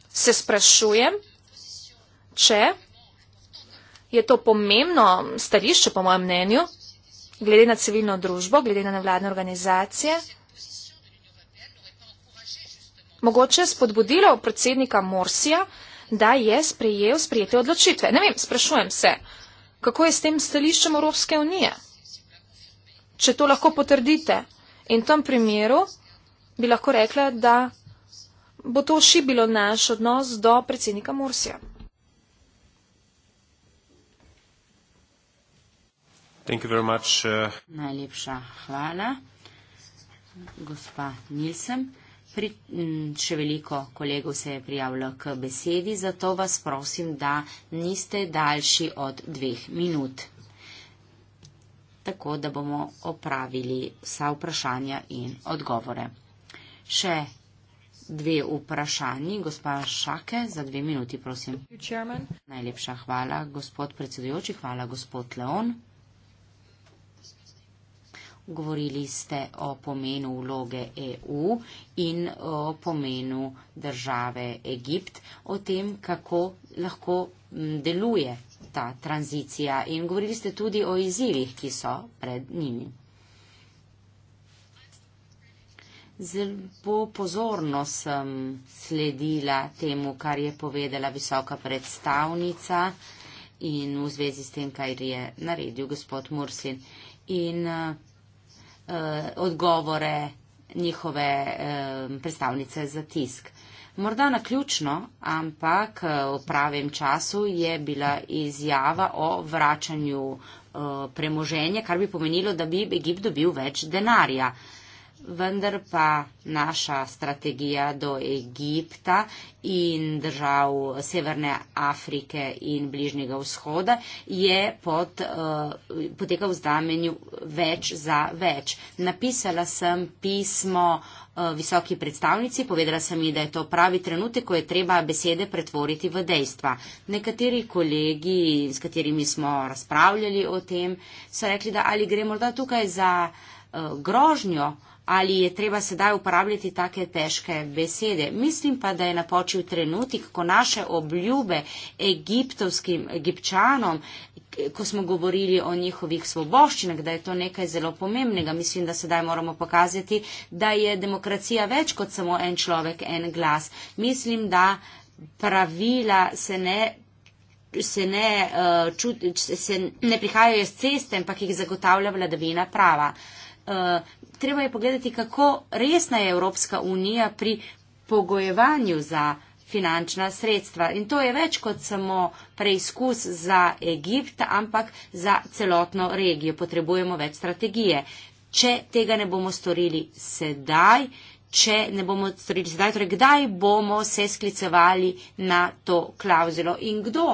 Speaker 1: se sprašujem, če je to pomembno stališče, po mojem mnenju, glede na civilno družbo, glede na nevladne organizacije. Mogoče spodbudilo predsednika Morsija, da je sprejel sprijete odločitve. Ne vem, sprašujem se, kako je s tem stališčem Evropske unije? Če to lahko potrdite. In v tom primeru bi lahko rekla, da bo to šibilo naš odnos do predsednika Morsija.
Speaker 2: Thank you very much. Uh,
Speaker 3: Najlepša hvala, gospa Nilsen. Pri, še veliko kolegov se je prijavilo k besedi, zato vas prosim, da niste daljši od dveh minut, tako da bomo opravili vsa vprašanja in odgovore. Še dve vprašanji, gospa Šake, za dve minuti, prosim. Najlepša hvala, gospod predsedujoči, hvala, gospod Leon govorili ste o pomenu vloge EU in o pomenu države Egipt, o tem, kako lahko deluje ta tranzicija in govorili ste tudi o izzivih, ki so pred njimi. Zelo pozorno sem sledila temu, kar je povedala visoka predstavnica in v zvezi s tem, kar je naredil gospod Mursin. In uh, uh, odgovore njihove uh, predstavnice za tisk. Morda na ključno, ampak eh, v pravem času je bila izjava o vračanju uh, premoženja, kar bi pomenilo, da bi Egipt dobil več denarja. Uh, vendar pa naša strategija do Egipta in držav Severne Afrike in Bližnjega vzhoda je pod, uh, eh, poteka v znamenju več za več. Napisala sem pismo eh, visoki predstavnici, povedala sem ji, da je to pravi trenutek, ko je treba besede pretvoriti v dejstva. Nekateri kolegi, s katerimi smo razpravljali o tem, so rekli, da ali gre morda tukaj za uh, grožnjo ali je treba sedaj uporabljati take težke besede. Mislim pa, da je napočil trenutek, ko naše obljube egiptovskim egipčanom, ko smo govorili o njihovih svoboščinah, da je to nekaj zelo pomembnega. Mislim, da sedaj moramo pokazati, da je demokracija več kot samo en človek, en glas. Mislim, da pravila se ne. Se ne, uh, čut, se ne prihajajo iz ceste, ampak jih zagotavlja vladavina prava. Uh, treba je pogledati, kako resna je Evropska unija pri pogojevanju za finančna sredstva. In to je več kot samo preizkus za Egipt, ampak za celotno regijo. Potrebujemo več strategije. Če tega ne bomo storili sedaj, če ne bomo storili sedaj, torej kdaj bomo se sklicevali na to klauzulo in kdo,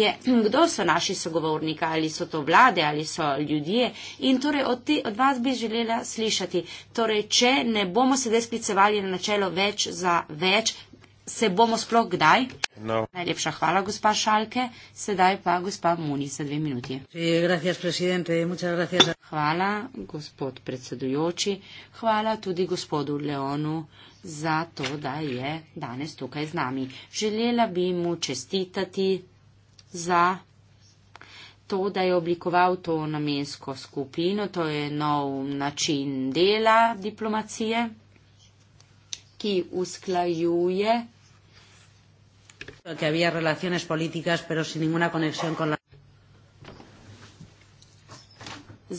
Speaker 3: je, kdo so naši sogovorniki, ali so to vlade, ali so ljudje. In torej od, te, od vas bi želela slišati, torej če ne bomo sedaj sklicevali na načelo več za več, se bomo sploh kdaj?
Speaker 2: No. Najlepša
Speaker 3: hvala, gospa Šalke. Sedaj pa gospa Muni za dve minuti. Hvala, gospod predsedujoči. Hvala tudi gospodu Leonu za to, da je danes tukaj z nami. Želela bi mu čestitati za to, da je oblikoval to namensko skupino. To je nov način dela diplomacije, ki usklajuje que había relaciones políticas, pero sin ninguna conexión con la.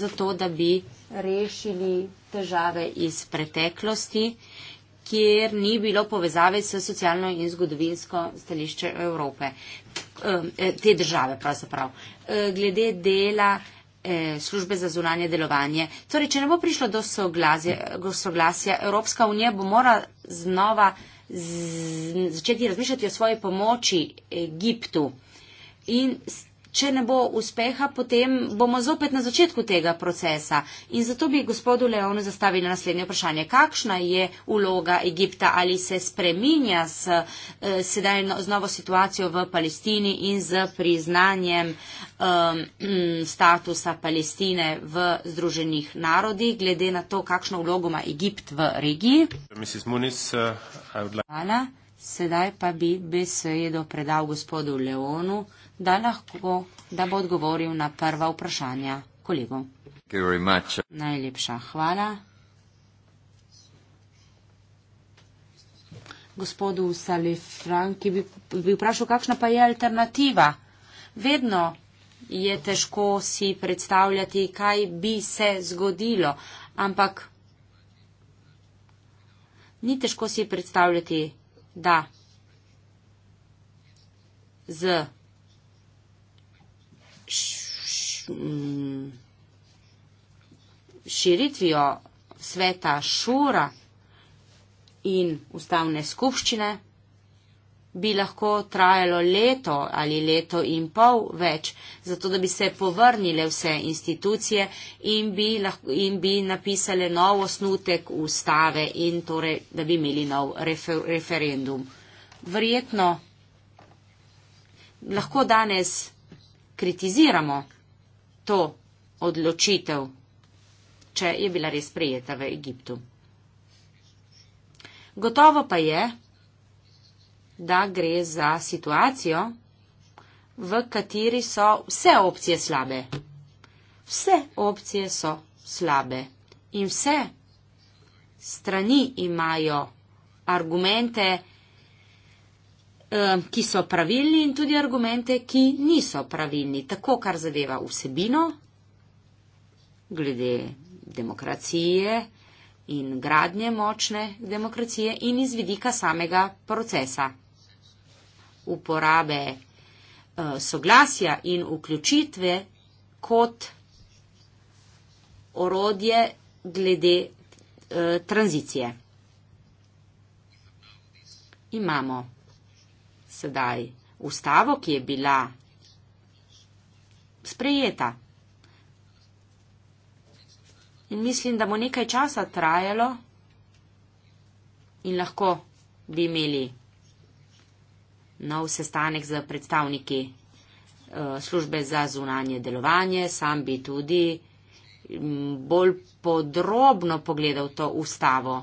Speaker 3: Zato, da bi rešili težave iz preteklosti, kjer ni bilo povezave s socialno in zgodovinsko stališče Evrope, eh, te države pravzaprav. Eh, glede dela eh, službe za zunanje delovanje. Torej, če ne bo prišlo do soglasja, Evropska unija bo morala znova z, začeti razmišljati o svoji pomoči Egiptu in s če ne bo uspeha, potem bomo zopet na začetku tega procesa. In zato bi gospodu Leonu zastavili naslednje vprašanje. Kakšna je uloga Egipta? Ali se spreminja s, eh, sedaj no, z novo situacijo v Palestini in z priznanjem eh, statusa Palestine v Združenih narodih, glede na to, kakšno ulogo ima Egipt v regiji?
Speaker 2: Eh, Hvala.
Speaker 3: Sedaj pa bi besedo predal gospodu Leonu da, lahko, da bo odgovoril na prva vprašanja kolegov. Najlepša hvala. Gospodu Salif Franki bi, bi vprašal, kakšna pa je alternativa. Vedno je težko si predstavljati, kaj bi se zgodilo, ampak ni težko si predstavljati, da z širitvijo sveta šura in ustavne skupščine bi lahko trajalo leto ali leto in pol več, zato da bi se povrnile vse institucije in bi, lahko, in bi napisale nov osnutek ustave in torej, da bi imeli nov refer, referendum. Verjetno lahko danes kritiziramo to odločitev, če je bila res prijeta v Egiptu. Gotovo pa je, da gre za situacijo, v kateri so vse opcije slabe. Vse opcije so slabe in vse strani imajo argumente, Eh, ki so pravilni in tudi argumente, ki niso pravilni, tako kar zadeva vsebino glede demokracije in gradnje močne demokracije in izvedika samega procesa uporabe eh, soglasja in vključitve kot orodje glede eh, tranzicije. Imamo sedaj ustavo, ki je bila sprejeta. In mislim, da bo nekaj časa trajalo in lahko bi imeli nov sestanek z predstavniki eh, službe za zunanje delovanje. Sam bi tudi mm, bolj podrobno pogledal to ustavo.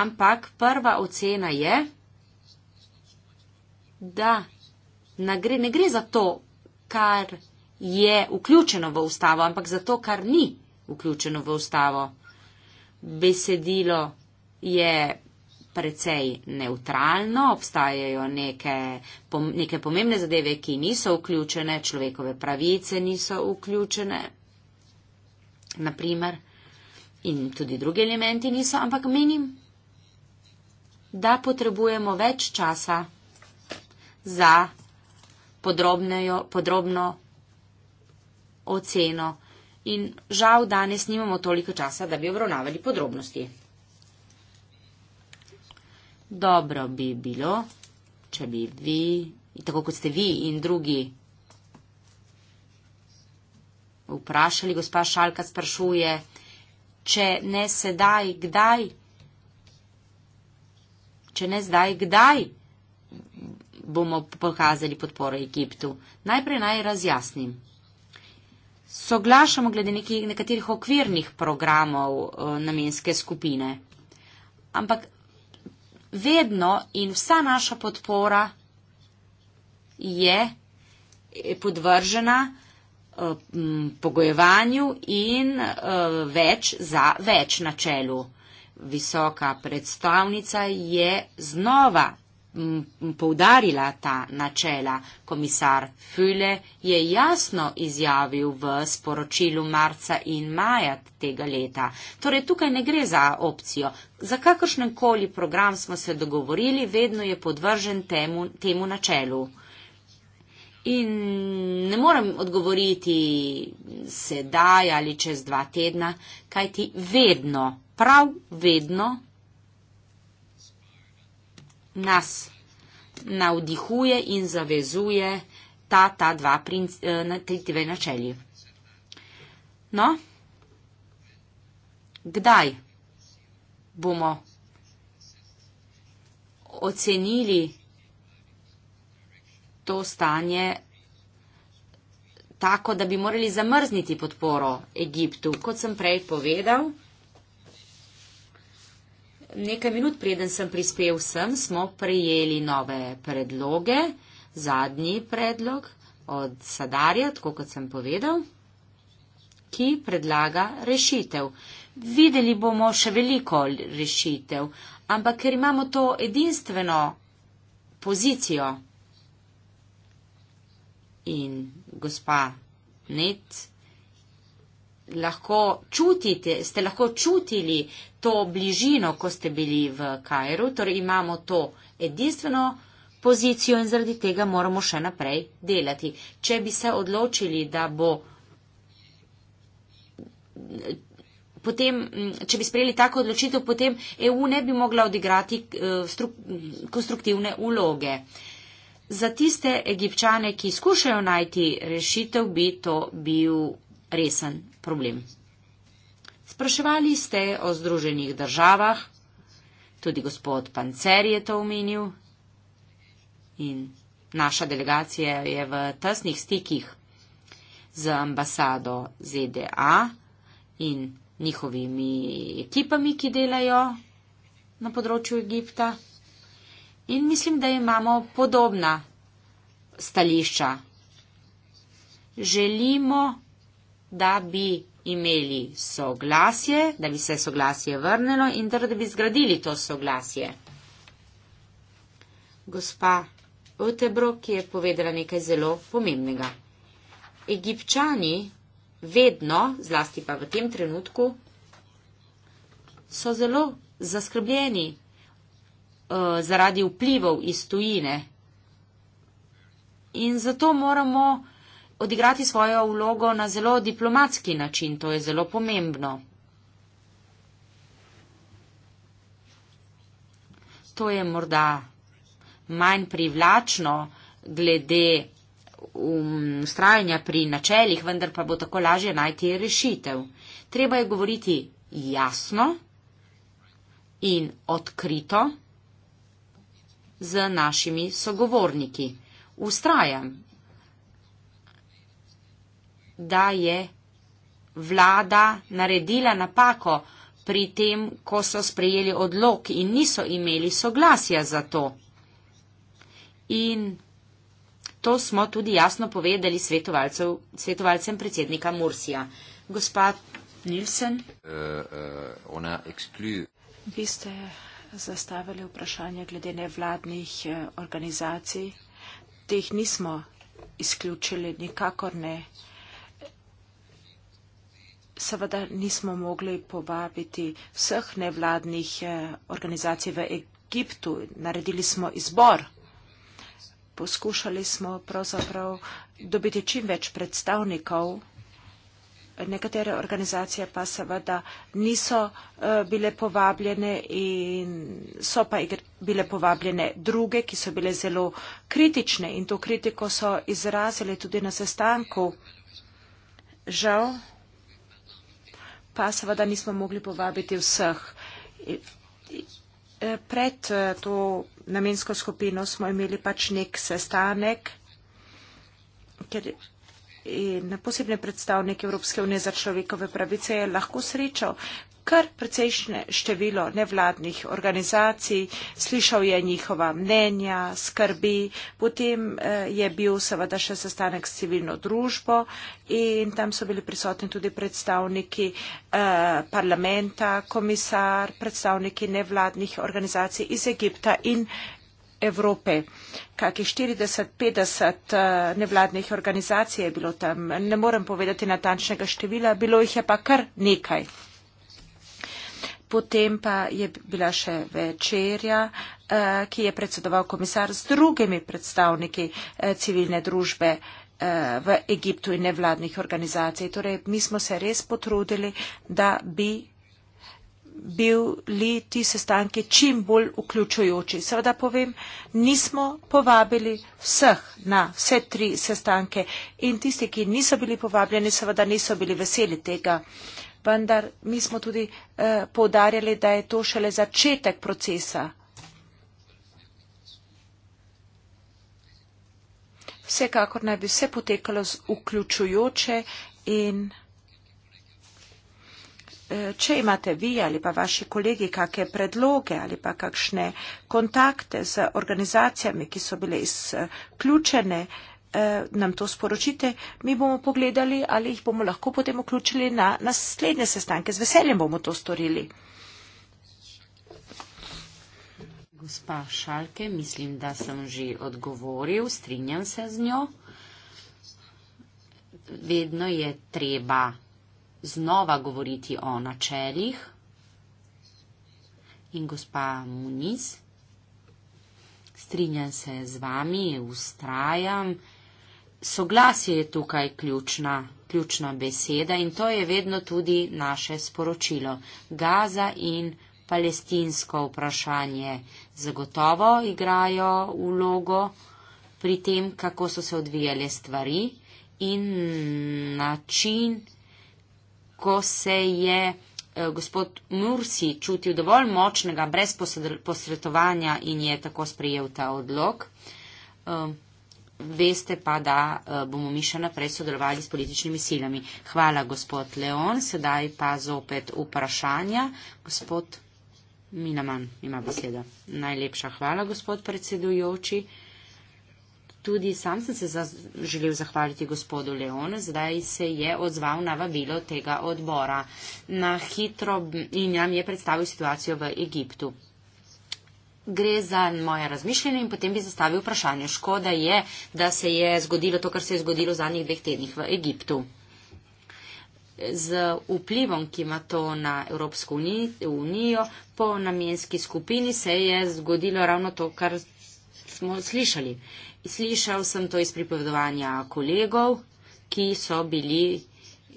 Speaker 3: Ampak prva ocena je, da gre, ne gre za to, kar je vključeno v ustavo, ampak za to, kar ni vključeno v ustavo. Besedilo je precej neutralno, obstajajo neke, pom, neke pomembne zadeve, ki niso vključene, človekove pravice niso vključene, naprimer, in tudi drugi elementi niso, ampak menim, da potrebujemo več časa za podrobno oceno. In žal danes nimamo toliko časa, da bi obravnavali podrobnosti. Dobro bi bilo, če bi vi, tako kot ste vi in drugi, vprašali, gospa Šalka sprašuje, če ne sedaj, kdaj? Če ne zdaj, kdaj? bomo pokazali podporo Egiptu. Najprej naj razjasnim. Soglašamo glede nekih, nekaterih okvirnih programov eh, namenske skupine, ampak vedno in vsa naša podpora je podvržena eh, pogojevanju in eh, več za več na čelu. Visoka predstavnica je znova poudarila ta načela. Komisar Füle je jasno izjavil v sporočilu marca in maja tega leta. Torej, tukaj ne gre za opcijo. Za kakršen koli program smo se dogovorili, vedno je podvržen temu, temu načelu. In ne morem odgovoriti sedaj ali čez dva tedna, kajti vedno, prav vedno nas navdihuje in zavezuje ta, ta dva eh, tretjive načelji. No, kdaj bomo ocenili to stanje tako, da bi morali zamrzniti podporo Egiptu, kot sem prej povedal nekaj minut preden sem prispel sem, smo prejeli nove predloge. Zadnji predlog od Sadarja, tako kot sem povedal, ki predlaga rešitev. Videli bomo še veliko rešitev, ampak ker imamo to edinstveno pozicijo in gospa Net lahko čutite, ste lahko čutili to bližino, ko ste bili v Kajru, torej imamo to edinstveno pozicijo in zaradi tega moramo še naprej delati. Če bi se odločili, da bo potem, če bi sprejeli tako odločitev, potem EU ne bi mogla odigrati eh, konstruktivne uloge. Za tiste egipčane, ki skušajo najti rešitev, bi to bil resen problem. Spraševali ste o Združenih državah, tudi gospod Pancer je to omenil in naša delegacija je v tesnih stikih z ambasado ZDA in njihovimi ekipami, ki delajo na področju Egipta. In mislim, da imamo podobna stališča. Želimo da bi imeli soglasje, da bi se soglasje vrnilo in da, torej, da bi zgradili to soglasje. Gospa Utebro, ki je povedala nekaj zelo pomembnega. Egipčani vedno, zlasti pa v tem trenutku, so zelo zaskrbljeni uh, zaradi vplivov iz tujine. In zato moramo odigrati svojo vlogo na zelo diplomatski način, to je zelo pomembno. To je morda manj privlačno glede ustrajanja um, pri načeljih, vendar pa bo tako lažje najti rešitev. Treba je govoriti jasno in odkrito z našimi sogovorniki. Ustrajam, da je vlada naredila napako pri tem, ko so sprejeli odlog in niso imeli soglasja za to. In to smo tudi jasno povedali svetovalcem predsednika Mursija. Gospa Nilsen,
Speaker 1: eh, eh,
Speaker 3: vi ste zastavili vprašanje glede nevladnih eh,
Speaker 4: organizacij. Teh nismo izključili, nikakor ne seveda nismo mogli povabiti vseh nevladnih eh, organizacij v Egiptu. Naredili smo izbor. Poskušali smo pravzaprav dobiti čim več predstavnikov. Nekatere organizacije pa seveda niso eh, bile povabljene in so pa bile povabljene druge, ki so bile zelo kritične in to kritiko so izrazili tudi na sestanku. Žal, pa seveda nismo mogli povabiti vseh. E, pred e, to namensko skupino smo imeli pač nek sestanek ker in posebne predstavnike Evropske unije za človekove pravice je lahko srečal, kar precejšnje število nevladnih organizacij, slišal je njihova mnenja, skrbi, potem eh, je bil seveda še sestanek s civilno družbo in tam so bili prisotni tudi predstavniki eh, parlamenta, komisar, predstavniki nevladnih organizacij iz Egipta in Evrope. Kakih 40-50 eh, nevladnih organizacij je bilo tam, ne morem povedati natančnega števila, bilo jih je pa kar nekaj potem pa je bila še večerja, eh, ki je predsedoval komisar z drugimi predstavniki eh, civilne družbe eh, v Egiptu in nevladnih organizacij. Torej, mi smo se res potrudili, da bi bili ti sestanki čim bolj vključujoči. Seveda povem, nismo povabili vseh na vse tri sestanke in tisti, ki niso bili povabljeni, seveda niso bili veseli tega. Uh, vendar mi smo tudi eh, povdarjali, da je to šele začetek procesa. Vsekakor naj bi vse potekalo vključujoče in eh, če imate vi ali pa vaši kolegi kakšne predloge ali pa kakšne kontakte z organizacijami, ki so bile izključene, eh, Eh, nam to sporočite, mi bomo pogledali, ali jih bomo lahko potem vključili na naslednje sestanke. Z veseljem bomo to storili.
Speaker 3: Gospa Šalke, mislim, da sem že odgovoril, strinjam se z njo. Vedno je treba znova govoriti o načeljih. In gospa Muniz, strinjam se z vami, ustrajam soglasje je tukaj ključna, ključna beseda in to je vedno tudi naše sporočilo. Gaza in palestinsko vprašanje zagotovo igrajo vlogo pri tem, kako so se odvijale stvari in način, ko se je eh, gospod Mursi čutil dovolj močnega brez posredovanja in je tako sprejel ta odlog. Um, eh, veste pa, da eh, bomo mi še naprej sodelovali s političnimi silami. Hvala, gospod Leon. Sedaj pa zopet vprašanja. Gospod Minaman ima besedo. Najlepša hvala, gospod predsedujoči. Tudi sam sem se za, želel zahvaliti gospodu Leon, zdaj se je odzval na vabilo tega odbora na hitro in nam je predstavil situacijo v Egiptu gre za moje razmišljanje in potem bi zastavil vprašanje. Škoda je, da se je zgodilo to, kar se je zgodilo v zadnjih dveh tednih v Egiptu. Z vplivom, ki ima to na Evropsko unijo, po namenski skupini se je zgodilo ravno to, kar smo slišali. Slišal sem to iz pripovedovanja kolegov, ki so bili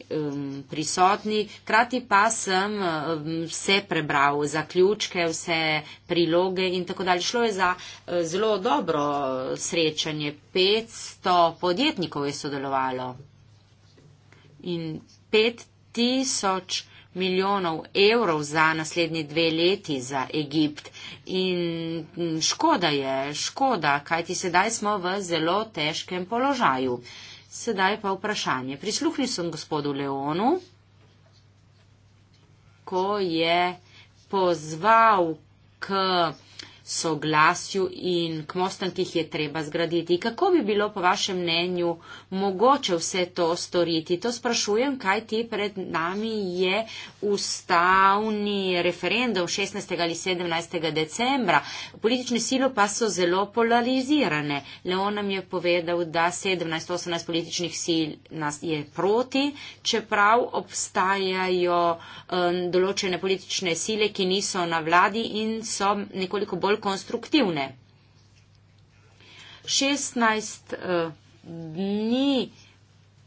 Speaker 3: um, prisotni. Krati pa sem um, vse prebral, zaključke, vse priloge in tako dalje. Šlo je za uh, zelo dobro srečanje. 500 podjetnikov je sodelovalo in 5000 milijonov evrov za naslednji dve leti za Egipt. In mm, škoda je, škoda, kajti sedaj smo v zelo težkem položaju. Uh, Sedaj pa vprašanje. Prisluhnil sem gospodu Leonu, ko je pozval k soglasju in kmostan, ki jih je treba zgraditi. Kako bi bilo po vašem mnenju mogoče vse to storiti? To sprašujem, kaj ti pred nami je ustavni referendum 16. ali 17. decembra. Politične silo pa so zelo polarizirane. Leon nam je povedal, da 17-18 političnih sil nas je proti, čeprav obstajajo um, določene politične sile, ki niso na vladi in so nekoliko bolj konstruktivne. 16 eh, dni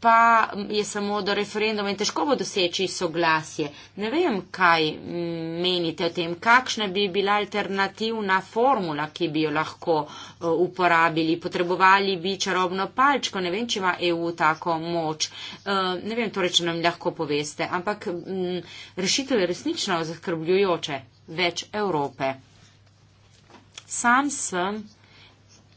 Speaker 3: pa je samo do referenduma in težko bo doseči soglasje. Ne vem, kaj menite o tem, kakšna bi bila alternativna formula, ki bi jo lahko eh, uporabili. Potrebovali bi čarobno palčko, ne vem, če ima EU tako moč. Eh, ne vem, torej, če nam lahko poveste, ampak mm, rešitev je resnično zaskrbljujoče. Več Evrope sam sem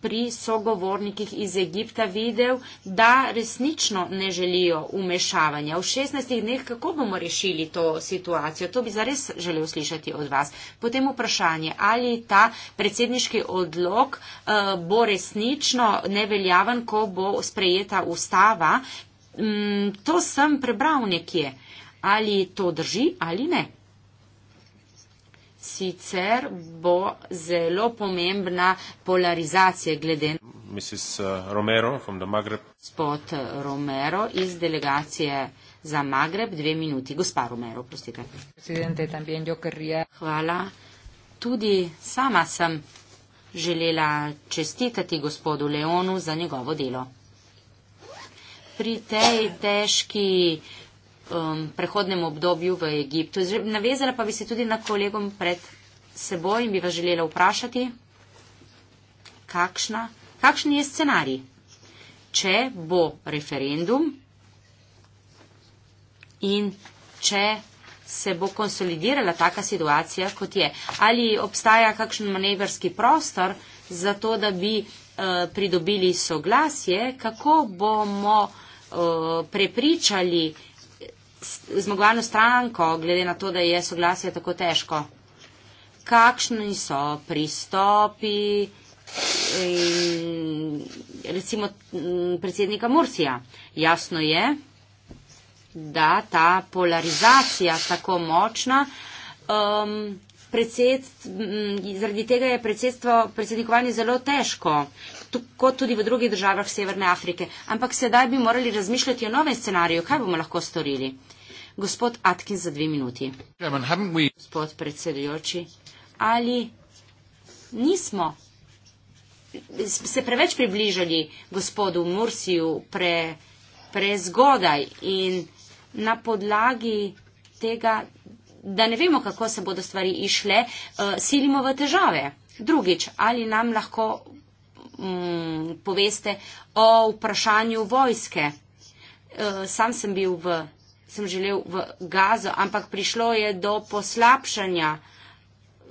Speaker 3: pri sogovornikih iz Egipta videl, da resnično ne želijo umešavanja. V 16 dneh, kako bomo rešili to situacijo? To bi zares želel slišati od vas. Potem vprašanje, ali ta predsedniški odlog uh, eh, bo resnično neveljavan, ko bo sprejeta ustava. Um, to sem prebral nekje. Ali to drži ali ne? sicer bo zelo pomembna polarizacija glede.
Speaker 2: Mrs. Uh, Romero from the Maghreb.
Speaker 3: Spot uh, Romero iz delegacije za Magreb, dve minuti. Gospa Romero, prostite. Hvala. Tudi sama sem želela čestitati gospodu Leonu za njegovo delo. Pri tej težki um, prehodnem obdobju v Egiptu. Navezala pa bi se tudi na kolegom pred seboj in bi vas želela vprašati, kakšna, kakšen je scenarij, če bo referendum in če se bo konsolidirala taka situacija, kot je. Ali obstaja kakšen manevrski prostor za to, da bi uh, pridobili soglasje, kako bomo uh, prepričali uh, zmagovalno stranko, glede na to, da je soglasje tako težko. Kakšni so pristopi in, eh, recimo predsednika Mursija? Jasno je, da ta polarizacija tako močna. Um, predsed, zaradi tega je predsedstvo predsednikovanje zelo težko, kot tudi v drugih državah Severne Afrike. Ampak sedaj bi morali razmišljati o novem scenariju, kaj bomo lahko storili. Gospod Atkins za dve minuti. Gospod predsedujoči, ali nismo se preveč približali gospodu Mursiju pre, prezgodaj in na podlagi tega, da ne vemo, kako se bodo stvari išle, uh, silimo v težave. Drugič, ali nam lahko mm, poveste o vprašanju vojske? Uh, sam sem bil v sem želel v Gazo, ampak prišlo je do poslabšanja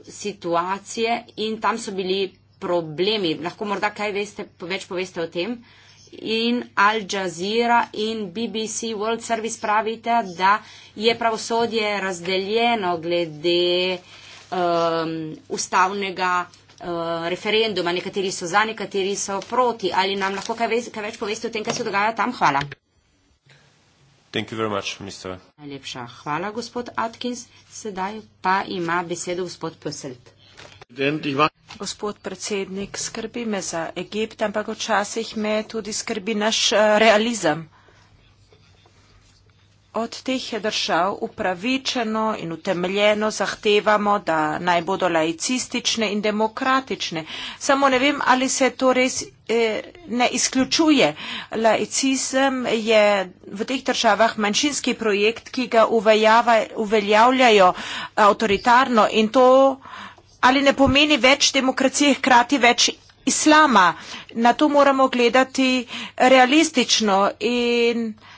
Speaker 3: situacije in tam so bili problemi. Lahko morda kaj veste, več poveste o tem. In Al Jazeera in BBC World Service pravite, da je pravosodje razdeljeno glede um, ustavnega um, referenduma. Nekateri so za, nekateri so proti. Ali nam lahko kaj, ve kaj več poveste o tem, kaj se dogaja tam? Hvala.
Speaker 2: Thank you very much, minister.
Speaker 3: Najlepša hvala, gospod Atkins. Sedaj pa ima besedo
Speaker 4: gospod Pöselt. Gospod predsednik, skrbi me za Egipt, ampak včasih me tudi skrbi naš eh, realizem od teh držav upravičeno in utemljeno zahtevamo, da naj bodo laicistične in demokratične. Samo ne vem, ali se to res eh, ne izključuje. Laicizem je v teh državah manjšinski projekt, ki ga uveljavljajo avtoritarno in to ali ne pomeni več demokracije, hkrati več islama. Na to moramo gledati realistično in realistično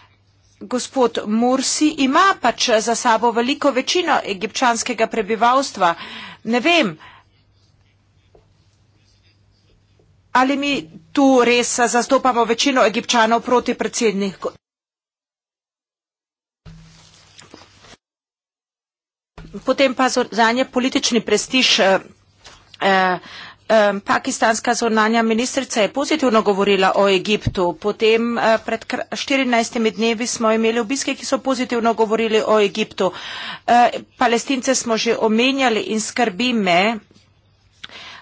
Speaker 4: gospod Mursi ima pač za sabo veliko večino egipčanskega prebivalstva. Ne vem, ali mi tu res zastopamo večino egipčanov proti predsedniku. Potem pa zanje politični prestiž eh, eh, eh, pakistanska zornanja ministrica je pozitivno govorila o Egiptu. Potem eh, pred 14 dnevi smo imeli obiske, ki so pozitivno govorili o Egiptu. Eh, palestince smo že omenjali in skrbi me,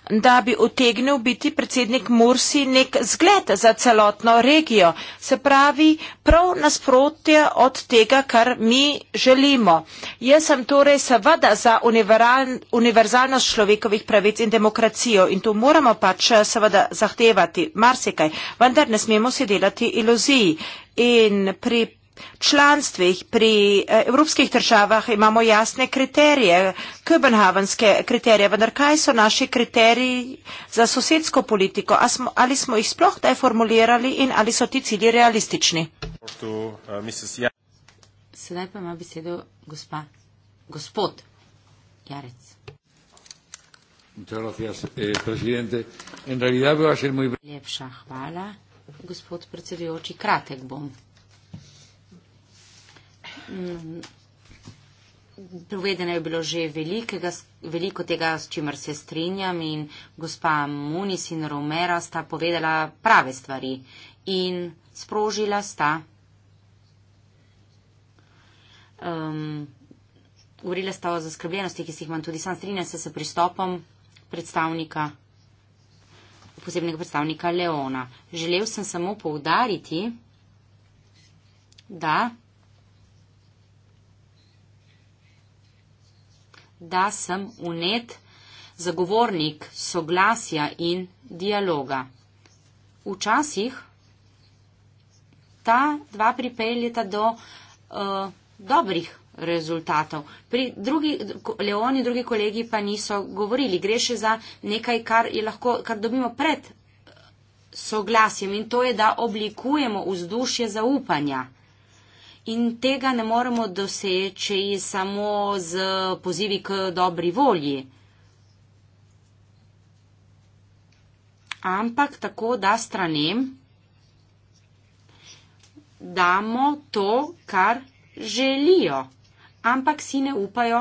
Speaker 4: da bi utegnil biti predsednik Mursi nek zgled za celotno regijo. Se pravi, prav nasprotje od tega, kar mi želimo. Jaz sem torej seveda za univerzalnost človekovih pravic in demokracijo in to moramo pač seveda zahtevati marsikaj, vendar ne smemo si delati iluziji. In pri Članstvih pri eh, evropskih državah imamo jasne kriterije, kopenhavenske kriterije, vendar kaj so naši kriteriji za sosedsko politiko? Ali smo jih sploh kdaj formulirali in ali so ti cilji realistični?
Speaker 3: Sedaj pa ima besedo gospa. gospod Jarec.
Speaker 2: Eh, Lepša
Speaker 3: hvala, gospod predsedujoči. Kratek bom. Povedano je bilo že velikega, veliko tega, s čimer se strinjam in gospa Munis in Romera sta povedala prave stvari in sprožila sta. Um, govorila sta o zaskrbljenosti, ki si jih imam tudi sam strinjam se s pristopom predstavnika, posebnega predstavnika Leona. Želel sem samo poudariti, da. da sem unet zagovornik soglasja in dialoga. Včasih ta dva pripeljeta do uh, dobrih rezultatov. Pri drugi, Leoni, drugi kolegi pa niso govorili. Gre še za nekaj, kar, lahko, kar dobimo pred eh, soglasjem in to je, da oblikujemo vzdušje zaupanja. In tega ne moremo doseči samo z pozivi k dobri volji, ampak tako, da stranem damo to, kar želijo, ampak si ne upajo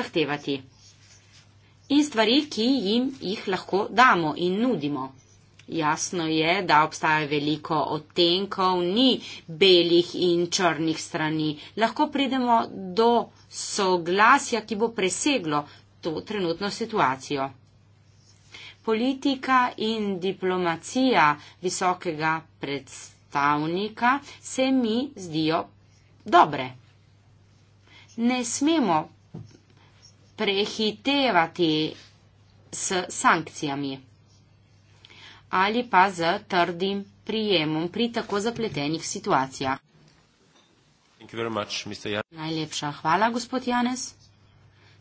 Speaker 3: zahtevati. In stvari, ki jim jih lahko damo in nudimo. Jasno je, da obstaja veliko odtenkov, ni belih in črnih strani. Lahko pridemo do soglasja, ki bo preseglo to trenutno situacijo. Politika in diplomacija visokega predstavnika se mi zdijo dobre. Ne smemo prehitevati s sankcijami ali pa z trdim prijemom pri tako zapletenih situacijah. Much, Najlepša hvala, gospod Janez.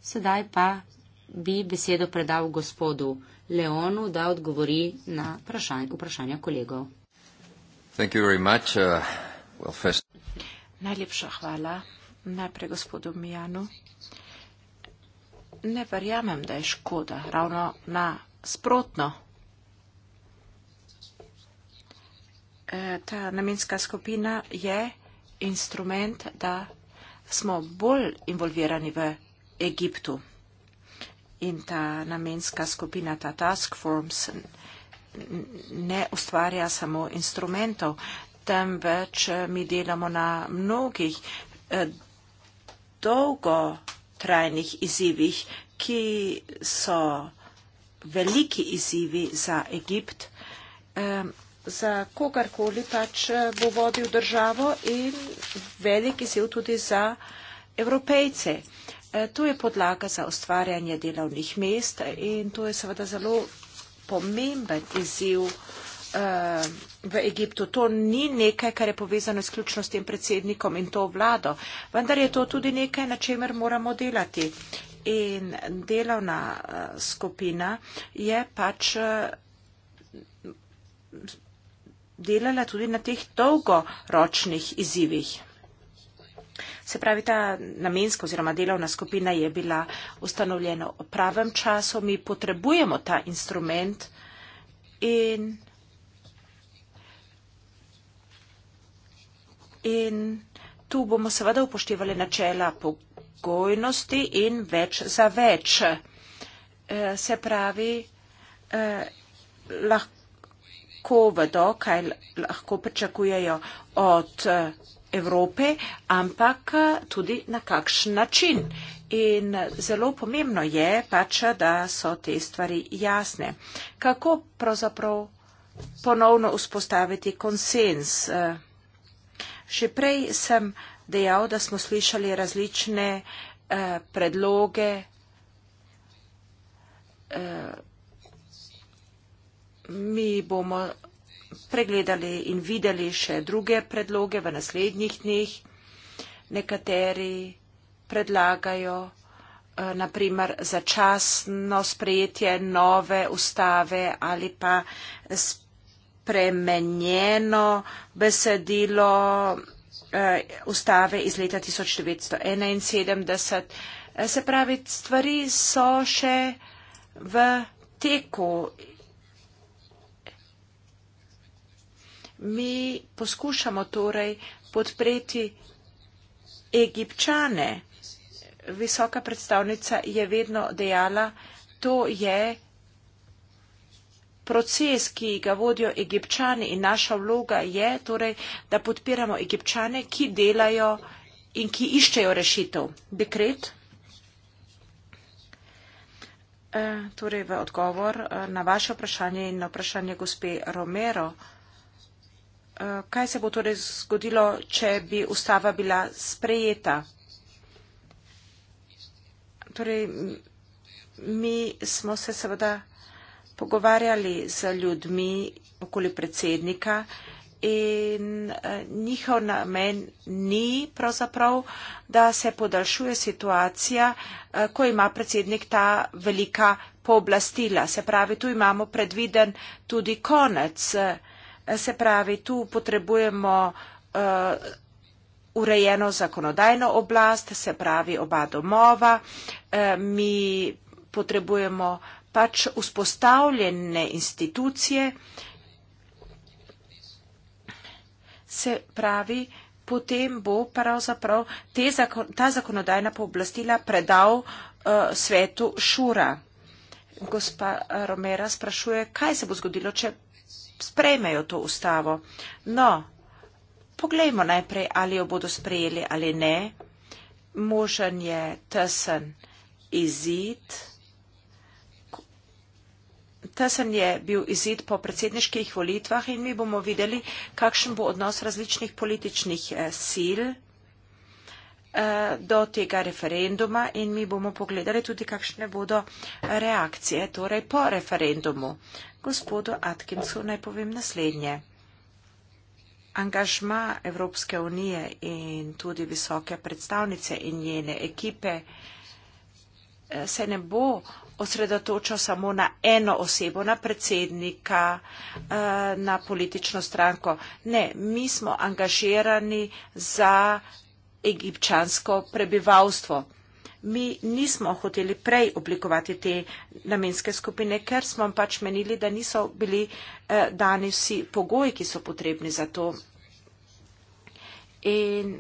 Speaker 3: Sedaj pa bi besedo predal gospodu Leonu, da odgovori na vprašanja, vprašanja kolegov. Uh, well, first... Najlepša
Speaker 4: hvala najprej gospodu Mijanu. Ne verjamem, da je škoda ravno na sprotno Eh, ta namenska skupina je instrument, da smo bolj involvirani v Egiptu. In ta namenska skupina, ta task force, ne ustvarja samo instrumentov, temveč eh, mi delamo na mnogih eh, dolgotrajnih izzivih, ki so veliki izzivi za Egipt za kogarkoli pač eh, bo vodil državo in velik izjiv tudi za evropejce. Eh, to je podlaga za ustvarjanje delovnih mest in to je seveda zelo pomemben izjiv eh, v Egiptu. To ni nekaj, kar je povezano izključno s tem predsednikom in to vlado, vendar je to tudi nekaj, na čemer moramo delati. In delovna skupina je pač delala tudi na teh dolgoročnih izzivih. Se pravi, ta namenska oziroma delovna skupina je bila ustanovljena v pravem času. Mi potrebujemo ta instrument in, in tu bomo seveda upoštevali načela pogojnosti in več za več. Eh, se pravi, eh, lahko lahko vedo, kaj lahko pričakujejo od eh, Evrope, ampak eh, tudi na kakšen način. In eh, zelo pomembno je pač, da so te stvari jasne. Kako pravzaprav ponovno vzpostaviti konsens? Še prej sem dejal, da smo slišali različne predloge Mi bomo pregledali in videli še druge predloge v naslednjih dneh. Nekateri predlagajo eh, naprimer začasno sprejetje nove ustave ali pa spremenjeno besedilo eh, ustave iz leta 1971. Eh, se pravi, stvari so še v teku Mi poskušamo torej podpreti Egipčane. Visoka predstavnica je vedno dejala, to je proces, ki ga vodijo Egipčani in naša vloga je torej, da podpiramo Egipčane, ki delajo in ki iščejo rešitev. Dekret. Eh, torej, v odgovor eh, na vaše vprašanje in na vprašanje gospe Romero. Eh, kaj se bo torej zgodilo, če bi ustava bila sprejeta? Torej, mi smo se seveda pogovarjali z ljudmi okoli predsednika in eh, njihov namen ni pravzaprav, da se podaljšuje situacija, eh, ko ima predsednik ta velika pooblastila. Se pravi, tu imamo predviden tudi konec. Se pravi, tu potrebujemo uh, urejeno zakonodajno oblast, se pravi oba domova. Uh, mi potrebujemo pač vzpostavljene institucije. Se pravi, potem bo pravzaprav te, ta zakonodajna pooblastila predal uh, svetu Šura. Gospa Romera sprašuje, kaj se bo zgodilo, če sprejmejo to ustavo. No, poglejmo najprej, ali jo bodo sprejeli ali ne. Možen je tesen izid. Tesen je bil izid po predsedniških volitvah in mi bomo videli, kakšen bo odnos različnih političnih eh, sil. Eh, do tega referenduma in mi bomo pogledali tudi, kakšne bodo reakcije torej po referendumu. Gospodu Atkinsu naj povem naslednje. Angažma Evropske unije in tudi visoke predstavnice in njene ekipe eh, se ne bo osredotočal samo na eno osebo, na predsednika, eh, na politično stranko. Ne, mi smo angažirani za egipčansko prebivalstvo. Mi nismo hoteli prej oblikovati te namenske skupine, ker smo pač menili, da niso bili eh, dani vsi pogoji, ki so potrebni za to. In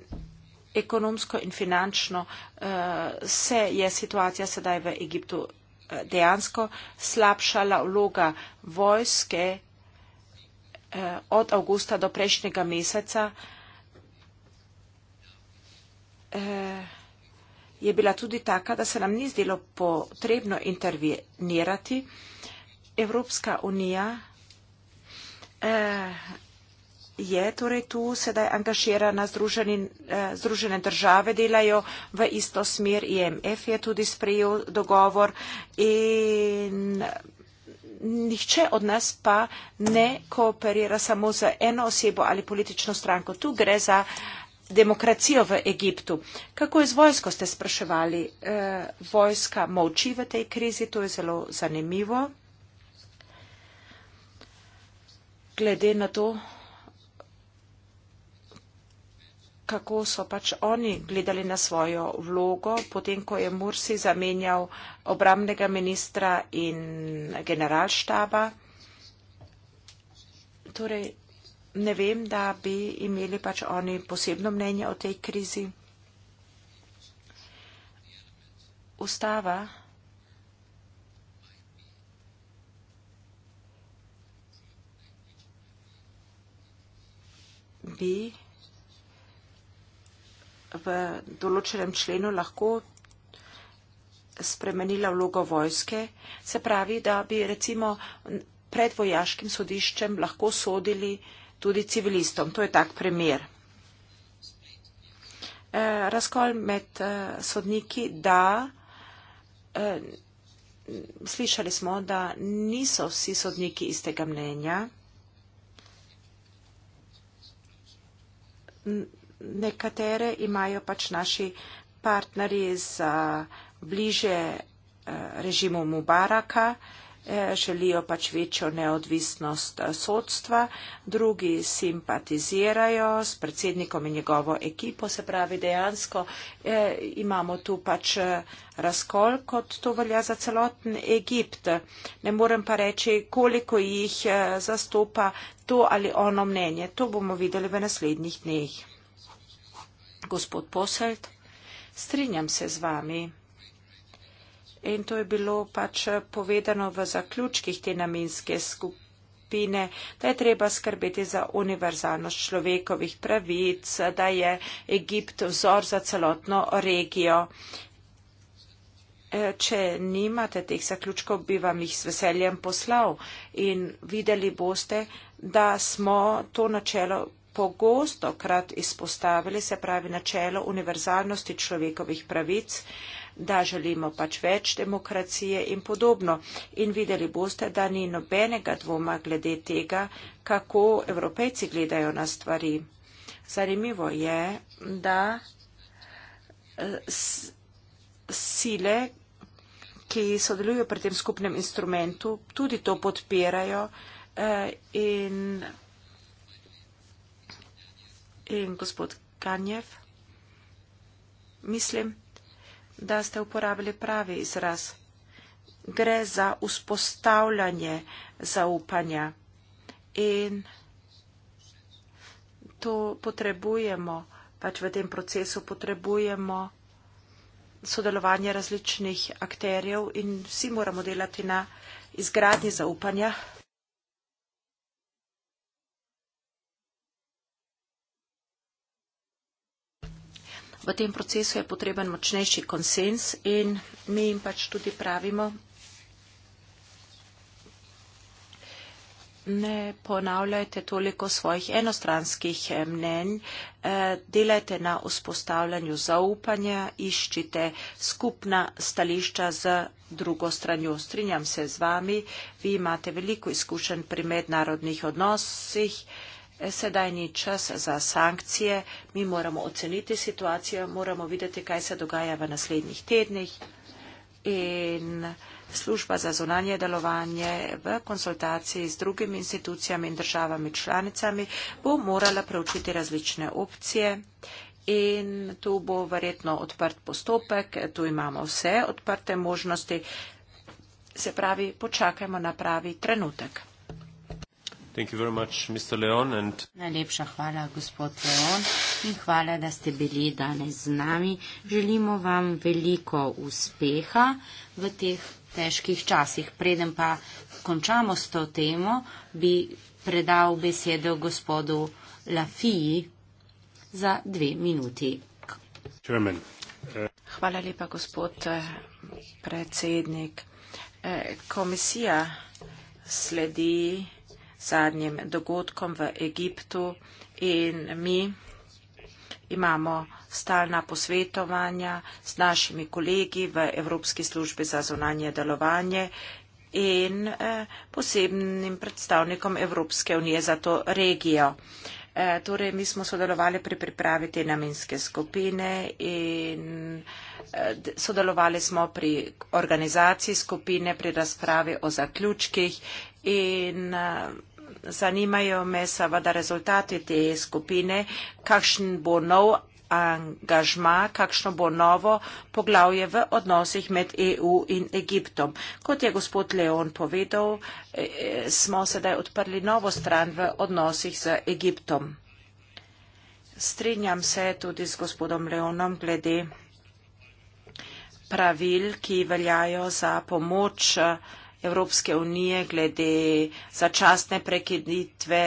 Speaker 4: ekonomsko in finančno eh, se je situacija sedaj v Egiptu eh, dejansko slabšala vloga vojske od avgusta do prejšnjega meseca je bila tudi taka, da se nam ni zdelo potrebno intervenirati. Evropska unija eh, je torej tu sedaj angažirana, združeni, eh, združene države delajo v isto smer, IMF je tudi sprejel dogovor in nihče od nas pa ne kooperira samo z eno osebo ali politično stranko. Tu gre za eh, demokracijo v Egiptu. Kako je z vojsko, ste spraševali? E, vojska moči v tej krizi, to je zelo zanimivo. Glede na to, kako so pač oni gledali na svojo vlogo, potem ko je Mursi zamenjal obramnega ministra in generalštaba. Torej, ne vem, da bi imeli pač oni posebno mnenje o tej krizi. Ustava bi v določenem členu lahko spremenila vlogo vojske. Se pravi, da bi recimo pred vojaškim sodiščem lahko sodili uh, tudi civilistom. To je tak primer. Eh, razkol med eh, sodniki, da eh, slišali smo, da niso vsi sodniki istega mnenja. Nekatere imajo pač naši partnerji za bliže režimu Mubaraka. Eh, želijo pač večjo neodvisnost eh, sodstva, drugi simpatizirajo s predsednikom in njegovo ekipo, se pravi dejansko eh, imamo tu pač eh, razkol, kot to velja za celoten Egipt. Ne morem pa reči, koliko jih zastopa to ali ono mnenje. To bomo videli v naslednjih dneh. Gospod Poselt, strinjam se z vami in to je bilo pač povedano v zaključkih te namenske skupine da je treba skrbeti za univerzalnost človekovih pravic, da je Egipt vzor za celotno regijo. E, če nimate teh zaključkov, bi vam jih s veseljem poslal in videli boste, da smo to načelo pogosto krat izpostavili, se pravi načelo univerzalnosti človekovih pravic da želimo pač več demokracije in podobno. In videli boste, da ni nobenega dvoma glede tega, kako evropejci gledajo na stvari. Zanimivo je, da eh, sile, ki sodelujo pri tem skupnem instrumentu, tudi to podpirajo eh, in, in gospod Kanjev, mislim, da ste uporabili pravi izraz. Gre za vzpostavljanje zaupanja in to potrebujemo, pač v tem procesu potrebujemo sodelovanje različnih akterjev in vsi moramo delati na izgradnji zaupanja. V tem procesu je potreben močnejši konsens in mi jim pač tudi pravimo, ne ponavljajte toliko svojih enostranskih eh, mnenj, eh, delajte na vzpostavljanju zaupanja, iščite skupna stališča z drugo stranjo. Strinjam se z vami, vi imate veliko izkušenj pri mednarodnih odnosih. Eh, sedaj ni čas za sankcije, mi moramo oceniti situacijo, moramo videti, kaj se dogaja v naslednjih tednih in služba za zunanje delovanje v konsultaciji z drugimi institucijami in državami članicami bo morala preučiti različne opcije in tu bo verjetno odprt postopek, tu imamo vse odprte možnosti,
Speaker 3: se pravi, počakajmo na pravi trenutek. Najlepša hvala, gospod Leon, in hvala, da ste bili danes z nami. Želimo vam veliko uspeha v teh težkih časih. Preden pa končamo s to temo, bi predal besedo gospodu Lafiji za dve minuti. Hvala lepa, gospod eh, predsednik.
Speaker 4: Eh, komisija sledi zadnjim dogodkom v Egiptu in mi imamo stalna posvetovanja s našimi kolegi v Evropski službi za zonanje delovanje in eh, posebnim predstavnikom Evropske unije za to regijo. Eh, torej, mi smo sodelovali pri pripravi te namenske skupine in eh, sodelovali smo pri organizaciji skupine, pri razpravi o zaključkih in zanimajo me seveda rezultati te skupine, kakšen bo nov angažma, kakšno bo novo poglavje v odnosih med EU in Egiptom. Kot je gospod Leon povedal, e, smo sedaj odprli novo stran v odnosih z Egiptom. Strinjam se tudi z gospodom Leonom glede pravil, ki veljajo za pomoč Evropske unije glede začasne prekinitve.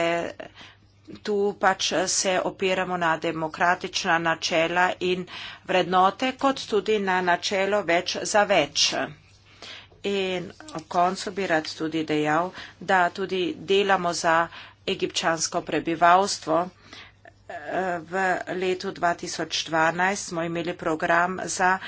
Speaker 4: Tu pač se opiramo na demokratična načela in vrednote, kot tudi na načelo več za več. In v koncu bi rad tudi dejal, da tudi delamo za egipčansko prebivalstvo v letu 2012 smo imeli program za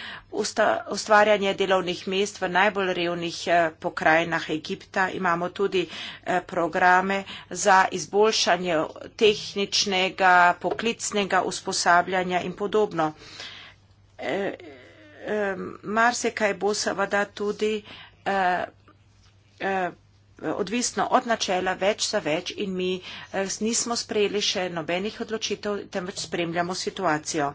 Speaker 4: ustvarjanje delovnih mest v najbolj revnih eh, pokrajinah Egipta. Imamo tudi eh, programe za izboljšanje tehničnega, poklicnega usposabljanja in podobno. Eh, marsikaj bo seveda tudi odvisno od načela več za več in mi eh, nismo sprejeli še nobenih odločitev, temveč spremljamo situacijo.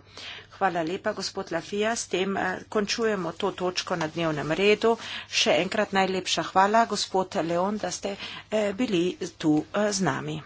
Speaker 4: Hvala lepa, gospod Lafija. S tem eh, končujemo to točko na dnevnem redu. Še enkrat najlepša hvala, gospod Leon, da ste eh, bili tu z nami.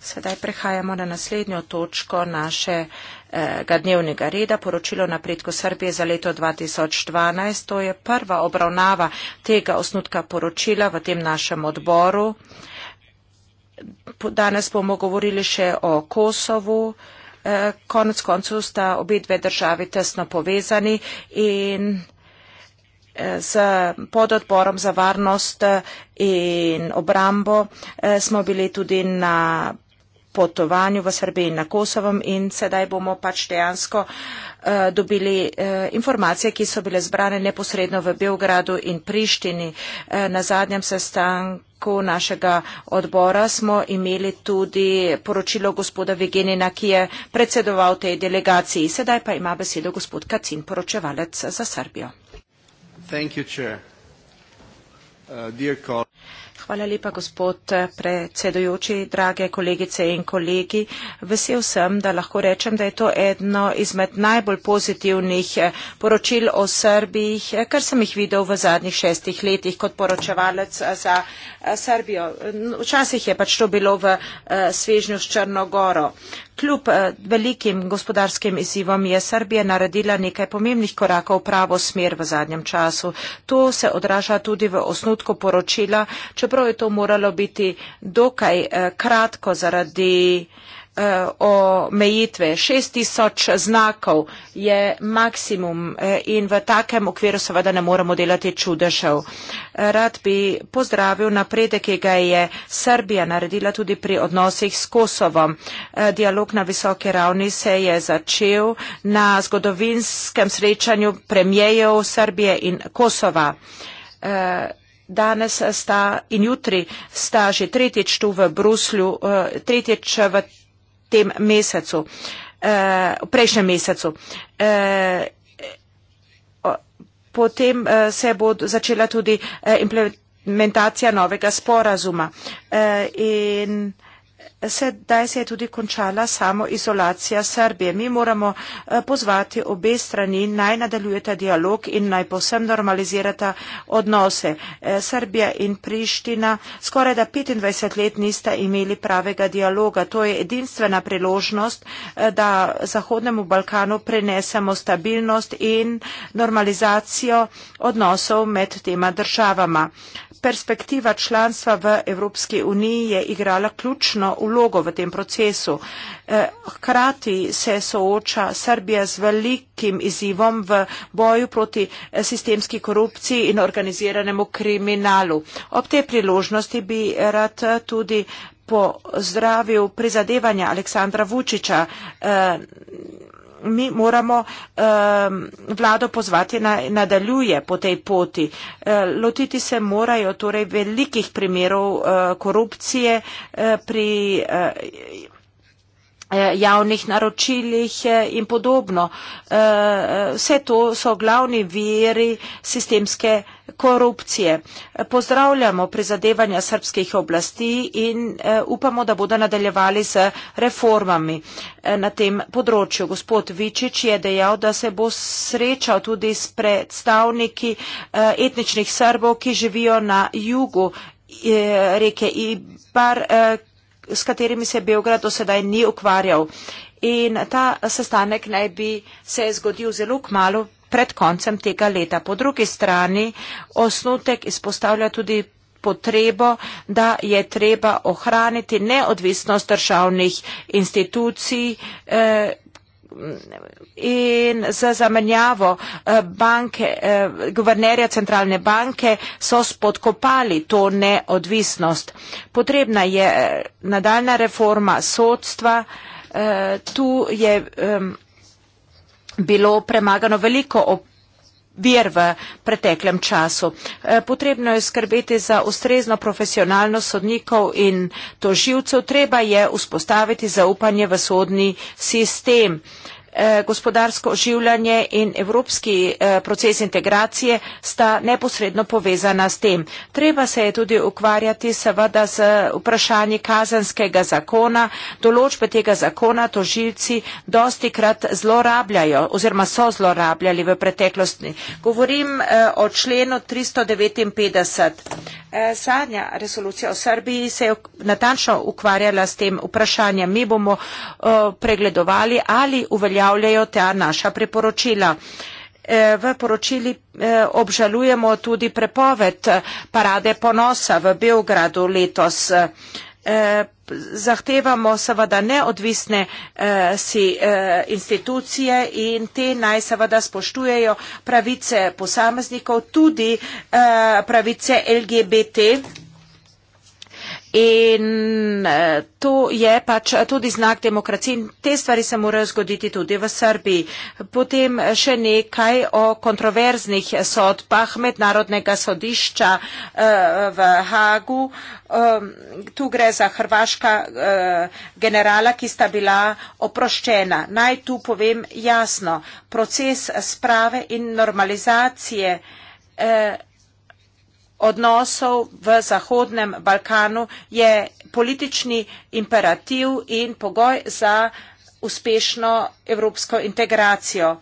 Speaker 4: Sedaj prehajamo na naslednjo točko našega dnevnega reda, poročilo o napredku Srbije za leto 2012. To je prva obravnava tega osnutka poročila v tem našem odboru. Danes bomo govorili še o Kosovu. Eh, konec koncu sta obe dve državi tesno povezani in s pododborom za varnost eh, in obrambo eh, smo bili tudi na potovanju v Srbiji in na Kosovom in sedaj bomo pač dejansko eh, dobili informacije, ki so bile zbrane neposredno v Belgradu in Prištini. Na zadnjem sestanku našega odbora smo imeli tudi poročilo gospoda Vigenina, ki je predsedoval tej delegaciji. Sedaj pa ima besedo gospod Kacin, poročevalec za Srbijo.
Speaker 3: Uh,
Speaker 4: Hvala lepa, gospod predsedujoči, drage kolegice in kolegi. Vesel sem, da lahko rečem, da je to eno izmed najbolj pozitivnih eh, poročil o Srbiji, eh, kar sem jih videl v zadnjih šestih letih kot poročevalec eh, za Srbijo. Včasih je pač to bilo v svežnju s Črnogoro. Kljub eh, velikim gospodarskim izzivom je Srbija naredila nekaj pomembnih korakov v pravo smer v zadnjem času. To se odraža tudi v osnutku poročila, čeprav je to moralo biti dokaj eh, kratko zaradi Eh, omejitve. 6000 znakov je maksimum eh, in v takem okviru seveda ne moremo delati čudežev. Rad bi pozdravil napredek, ki ga je Srbija naredila tudi pri odnosih s Kosovom. Eh, dialog na visoki ravni se je začel na zgodovinskem srečanju premijejev Srbije in Kosova. Danes sta in jutri sta že tretjič tu v Bruslju, tretjič v tem mesecu, eh, v prejšnjem mesecu. Eh, potem eh, se bo začela tudi implementacija novega sporazuma. In Sedaj se je tudi končala samo izolacija Srbije. Mi moramo eh, pozvati obe strani, naj nadaljujete dialog in naj posem normalizirata odnose. Eh, Srbija in Priština skoraj da 25 let nista imeli pravega dialoga. To je edinstvena priložnost, eh, da Zahodnemu Balkanu prenesemo stabilnost in normalizacijo odnosov med tema državama. Perspektiva članstva v Evropski uniji je igrala ključno vlogo v tem procesu. Eh, hkrati se sooča Srbija z velikim izzivom v boju proti eh, sistemski korupciji in organiziranemu kriminalu. Ob te priložnosti bi rad eh, tudi pozdravil prizadevanja Aleksandra Vučiča. Eh, mi moramo um, vlado pozvati na, nadaljuje po tej poti. Uh, lotiti se morajo torej velikih primerov uh, korupcije uh, pri. Uh, Eh, javnih naročilih eh, in podobno. Eh, vse to so glavni viri sistemske korupcije. Pozdravljamo prizadevanja srpskih oblasti in upamo, da bodo nadaljevali z reformami na tem področju. Gospod Vičič je dejal, da se bo srečal tudi s predstavniki etničnih srbov, ki živijo na jugu reke Ibar, s katerimi se Beograd do sedaj ni ukvarjal. In ta sestanek naj bi se zgodil zelo kmalo pred koncem tega leta. Po drugi strani osnutek izpostavlja tudi potrebo, da je treba ohraniti neodvisnost državnih institucij, eh, in za zamenjavo eh, banke, eh, guvernerja centralne banke so spodkopali to neodvisnost. Potrebna je eh, nadaljna reforma sodstva. Tu je bilo premagano veliko opravljanje vir v preteklem času. E, potrebno je skrbeti za ustrezno profesionalno sodnikov in toživcev, treba je vzpostaviti zaupanje v sodni sistem. Eh, gospodarsko oživljanje in evropski eh, proces integracije sta neposredno povezana s tem. Treba se je tudi ukvarjati seveda z vprašanji kazanskega zakona. Določbe tega zakona tožilci dosti krat zlorabljajo oziroma so zlorabljali v preteklosti. Govorim eh, o členu 359. Eh, zadnja resolucija o Srbiji se je natančno ukvarjala s tem vprašanjem. Mi bomo eh, pregledovali, ali uveljavljajo ta naša priporočila. Eh, v poročili obžalujemo tudi prepoved parade ponosa v Beogradu letos. Eh, zahtevamo seveda neodvisne eh, si eh, institucije in te naj seveda spoštujejo pravice posameznikov, tudi pravice LGBT. In uh, to je pač tudi znak demokracije in te stvari se morajo zgoditi tudi v Srbiji. Potem še nekaj o kontroverznih sodbah mednarodnega sodišča uh, v Hagu. Um, tu gre za hrvaška uh, generala, ki sta bila oproščena. Naj tu povem jasno, proces sprave in normalizacije. Uh, odnosov v Zahodnem Balkanu je politični imperativ in pogoj za uspešno evropsko integracijo.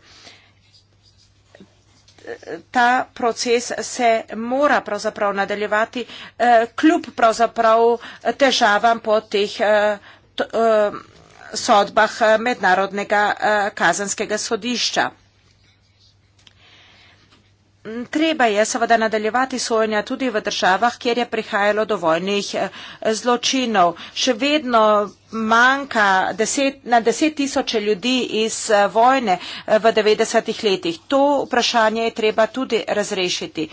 Speaker 4: Ta proces se mora pravzaprav nadaljevati eh, kljub pravzaprav težavam po teh eh, eh, sodbah mednarodnega kazanskega sodišča treba je seveda nadaljevati sojenja tudi v državah, kjer je prihajalo do vojnih eh, zločinov. Še vedno manjka deset, na deset tisoče ljudi iz eh, vojne eh, v 90-ih letih. To vprašanje je treba tudi razrešiti.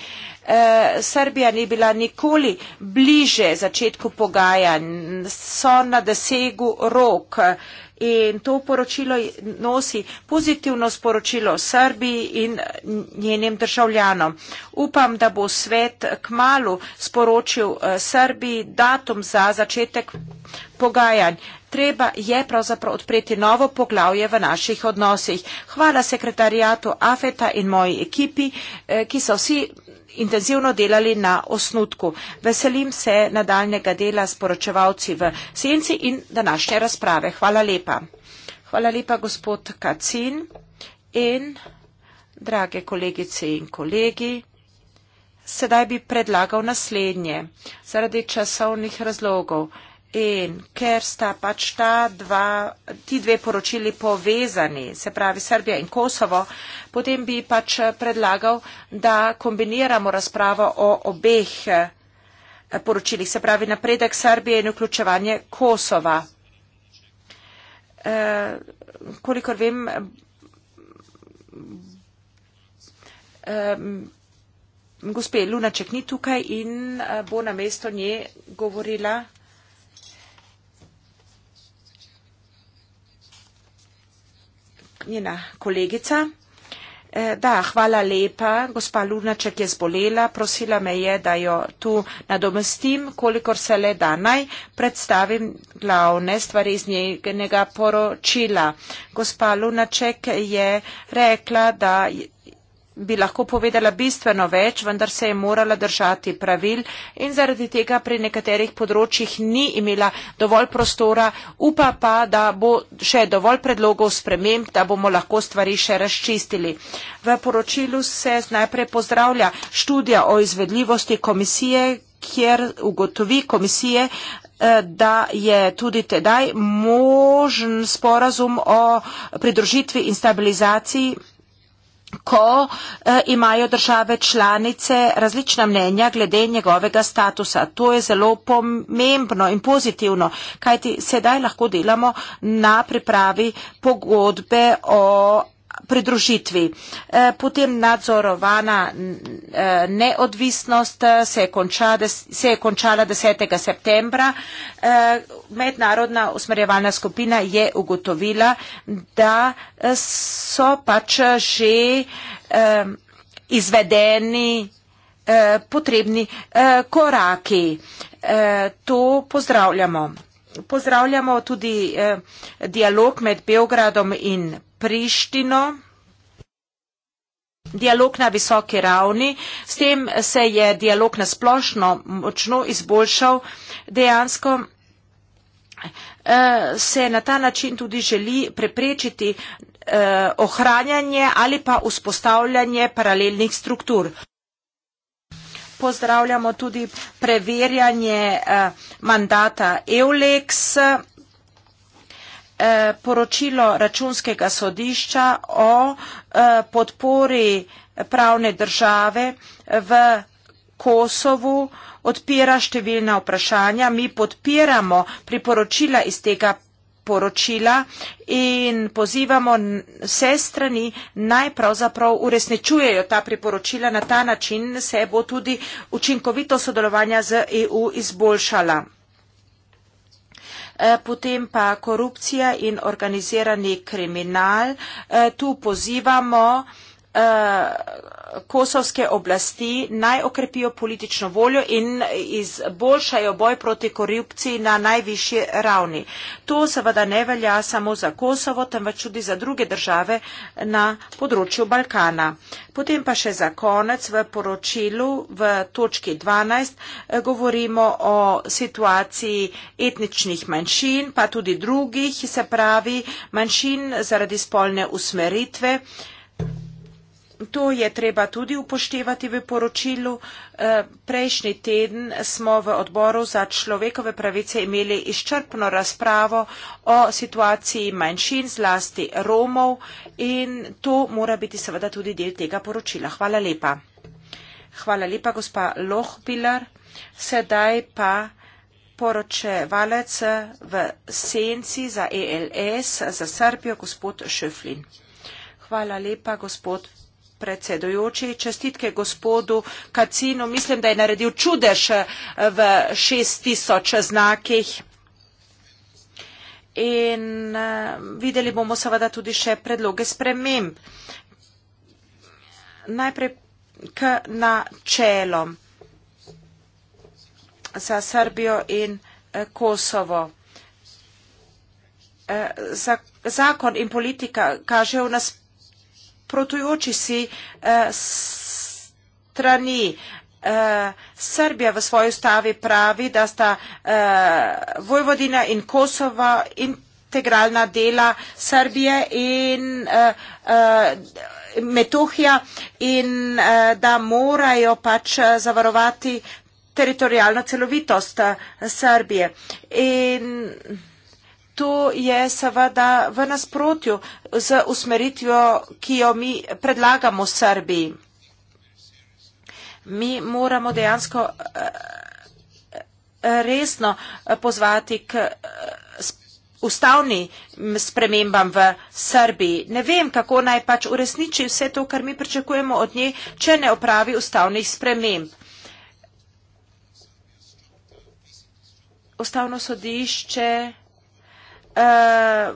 Speaker 4: Srbija ni bila nikoli bliže začetku pogajanj, so na dosegu rok in to poročilo nosi pozitivno sporočilo Srbiji in njenim državljanom. Upam, da bo svet k malu sporočil eh, Srbiji datum za začetek pogajanj. Treba je pravzaprav odpreti novo poglavje v naših odnosih. Hvala sekretarijatu Afeta in moji ekipi, eh, ki so vsi intenzivno delali na osnutku. Veselim se nadaljnega dela s poročevalci v senci in današnje razprave. Hvala lepa. Hvala lepa, gospod Kacin in drage kolegice in kolegi. Sedaj bi predlagal naslednje, zaradi časovnih razlogov. In ker sta pač ta dva, ti dve poročili povezani, se pravi Srbija in Kosovo, potem bi pač predlagal, da kombiniramo razpravo o obeh eh, poročilih, se pravi napredek Srbije in vključevanje Kosova. E, kolikor vem, e, gospe Lunaček ni tukaj in eh, bo na mesto nje govorila. njena kolegica. Eh, da, hvala lepa. Gospa Lunaček je zbolela, prosila me je, da jo tu nadomestim, kolikor se le da. Naj predstavim glavne stvari iz njenega poročila. Gospa Lunaček je rekla, da bi lahko povedala bistveno več, vendar se je morala držati pravil in zaradi tega pri nekaterih področjih ni imela dovolj prostora, upa pa, da bo še dovolj predlogov sprememb, da bomo lahko stvari še razčistili. V poročilu se najprej pozdravlja študija o izvedljivosti komisije, kjer ugotovi komisije, eh, da je tudi tedaj možen sporazum o pridružitvi in stabilizaciji ko eh, imajo države članice različna mnenja glede njegovega statusa. To je zelo pomembno in pozitivno, kajti sedaj lahko delamo na pripravi pogodbe o pridružitvi. Eh, potem nadzorovana eh, neodvisnost eh, se je, konča, se je končala 10. septembra. Mednarodna usmerjevalna skupina je ugotovila, da so pač že izvedeni potrebni koraki. To pozdravljamo. Pozdravljamo tudi dialog med Beogradom in Prištino. Dialog na visoki ravni, s tem se je dialog na splošno močno izboljšal, dejansko eh, se na ta način tudi želi preprečiti eh, ohranjanje ali pa vzpostavljanje paralelnih struktur. Pozdravljamo tudi preverjanje eh, mandata EULEX. Eh, poročilo računskega sodišča o eh, podpori pravne države v Kosovu odpira številna vprašanja. Mi podpiramo priporočila iz tega poročila in pozivamo vse strani naj pravzaprav uresničujejo ta priporočila. Na ta način se bo tudi učinkovito sodelovanja z EU izboljšala. Eh, potem pa korupcija in organizirani kriminal. Eh, tu pozivamo Eh, kosovske oblasti naj okrepijo politično voljo in izboljšajo boj proti korupciji na najvišji ravni. To seveda ne velja samo za Kosovo, temveč tudi za druge države na področju Balkana. Potem pa še za konec v poročilu v točki 12 eh, govorimo o situaciji etničnih manjšin, pa tudi drugih, se pravi manjšin zaradi spolne usmeritve. Uh, to je treba tudi upoštevati v poročilu. Eh, prejšnji teden smo v odboru za človekove pravice imeli izčrpno razpravo o situaciji manjšin, zlasti Romov in to mora biti seveda tudi del tega poročila. Hvala lepa. Hvala lepa, gospa Lohbiler. Sedaj pa poročevalec v senci za ELS za Srbijo, gospod Šeflin. Hvala lepa, gospod predsedujoči. Čestitke gospodu Kacinu. Mislim, da je naredil čudež eh, v šest tisoč znakih. In eh, videli bomo seveda tudi še predloge sprememb. Najprej k načelom za Srbijo in eh, Kosovo. Zakon in politika kažejo nas nasprotujoči si eh, strani. Eh, Srbija v svoji ustavi pravi, da sta eh, Vojvodina in Kosovo integralna dela Srbije in Metohija in da morajo pač zavarovati teritorijalno celovitost Srbije. In To je seveda v nasprotju z usmeritvijo, ki jo mi predlagamo Srbiji. Mi moramo dejansko eh, resno eh, pozvati k eh, ustavnim spremembam v Srbiji. Ne vem, kako naj pač uresniči vse to, kar mi pričakujemo od nje, če ne opravi ustavnih sprememb. Ustavno sodišče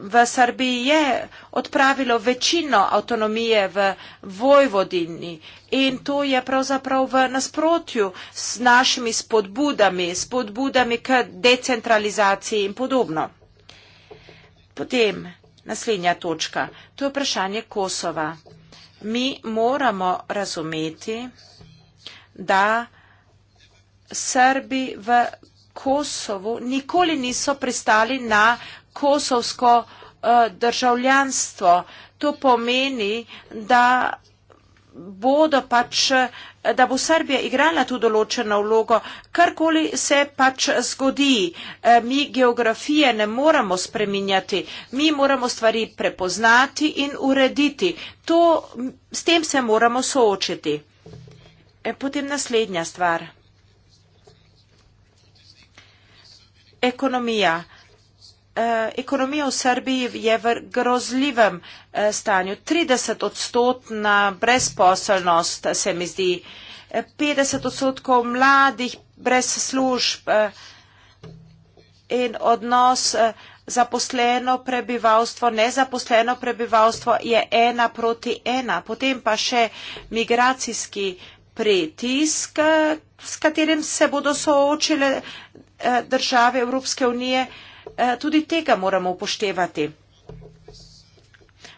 Speaker 4: v Srbiji je odpravilo večino avtonomije v Vojvodini in to je pravzaprav v nasprotju s našimi spodbudami, spodbudami k decentralizaciji in podobno. Potem naslednja točka, to je vprašanje Kosova. Mi moramo razumeti, da Srbi v Kosovo nikoli niso pristali na kosovsko eh, državljanstvo. To pomeni, da bodo pač, eh, da bo Srbija igrala tu določeno vlogo, karkoli se pač zgodi. Eh, mi geografije ne moramo spreminjati, mi moramo stvari prepoznati in urediti. To, s tem se moramo soočiti. E, potem naslednja stvar. Ekonomija. Eh, ekonomija v Srbiji je v grozljivem eh, stanju. 30 odstotna brezposelnost se mi zdi, 50 eh, odstotkov mladih brez služb in odnos zaposleno prebivalstvo, nezaposleno prebivalstvo je ena proti ena. Potem pa še migracijski pritisk, s katerim se bodo soočile države Evropske unije. Eh, tudi tega moramo upoštevati.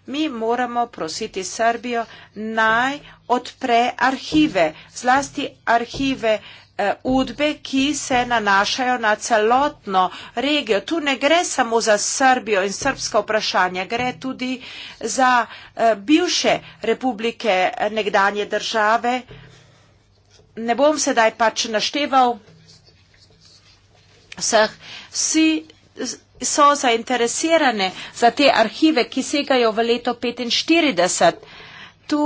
Speaker 4: Mi moramo prositi Srbijo naj odpre arhive, zlasti arhive eh, udbe, ki se nanašajo na celotno regijo. Tu ne gre samo za Srbijo in srbska vprašanja, gre tudi za eh, bivše republike nekdanje države. Ne bom sedaj pač našteval vseh. Vsi so zainteresirane za te arhive, ki segajo v leto 1945. Tu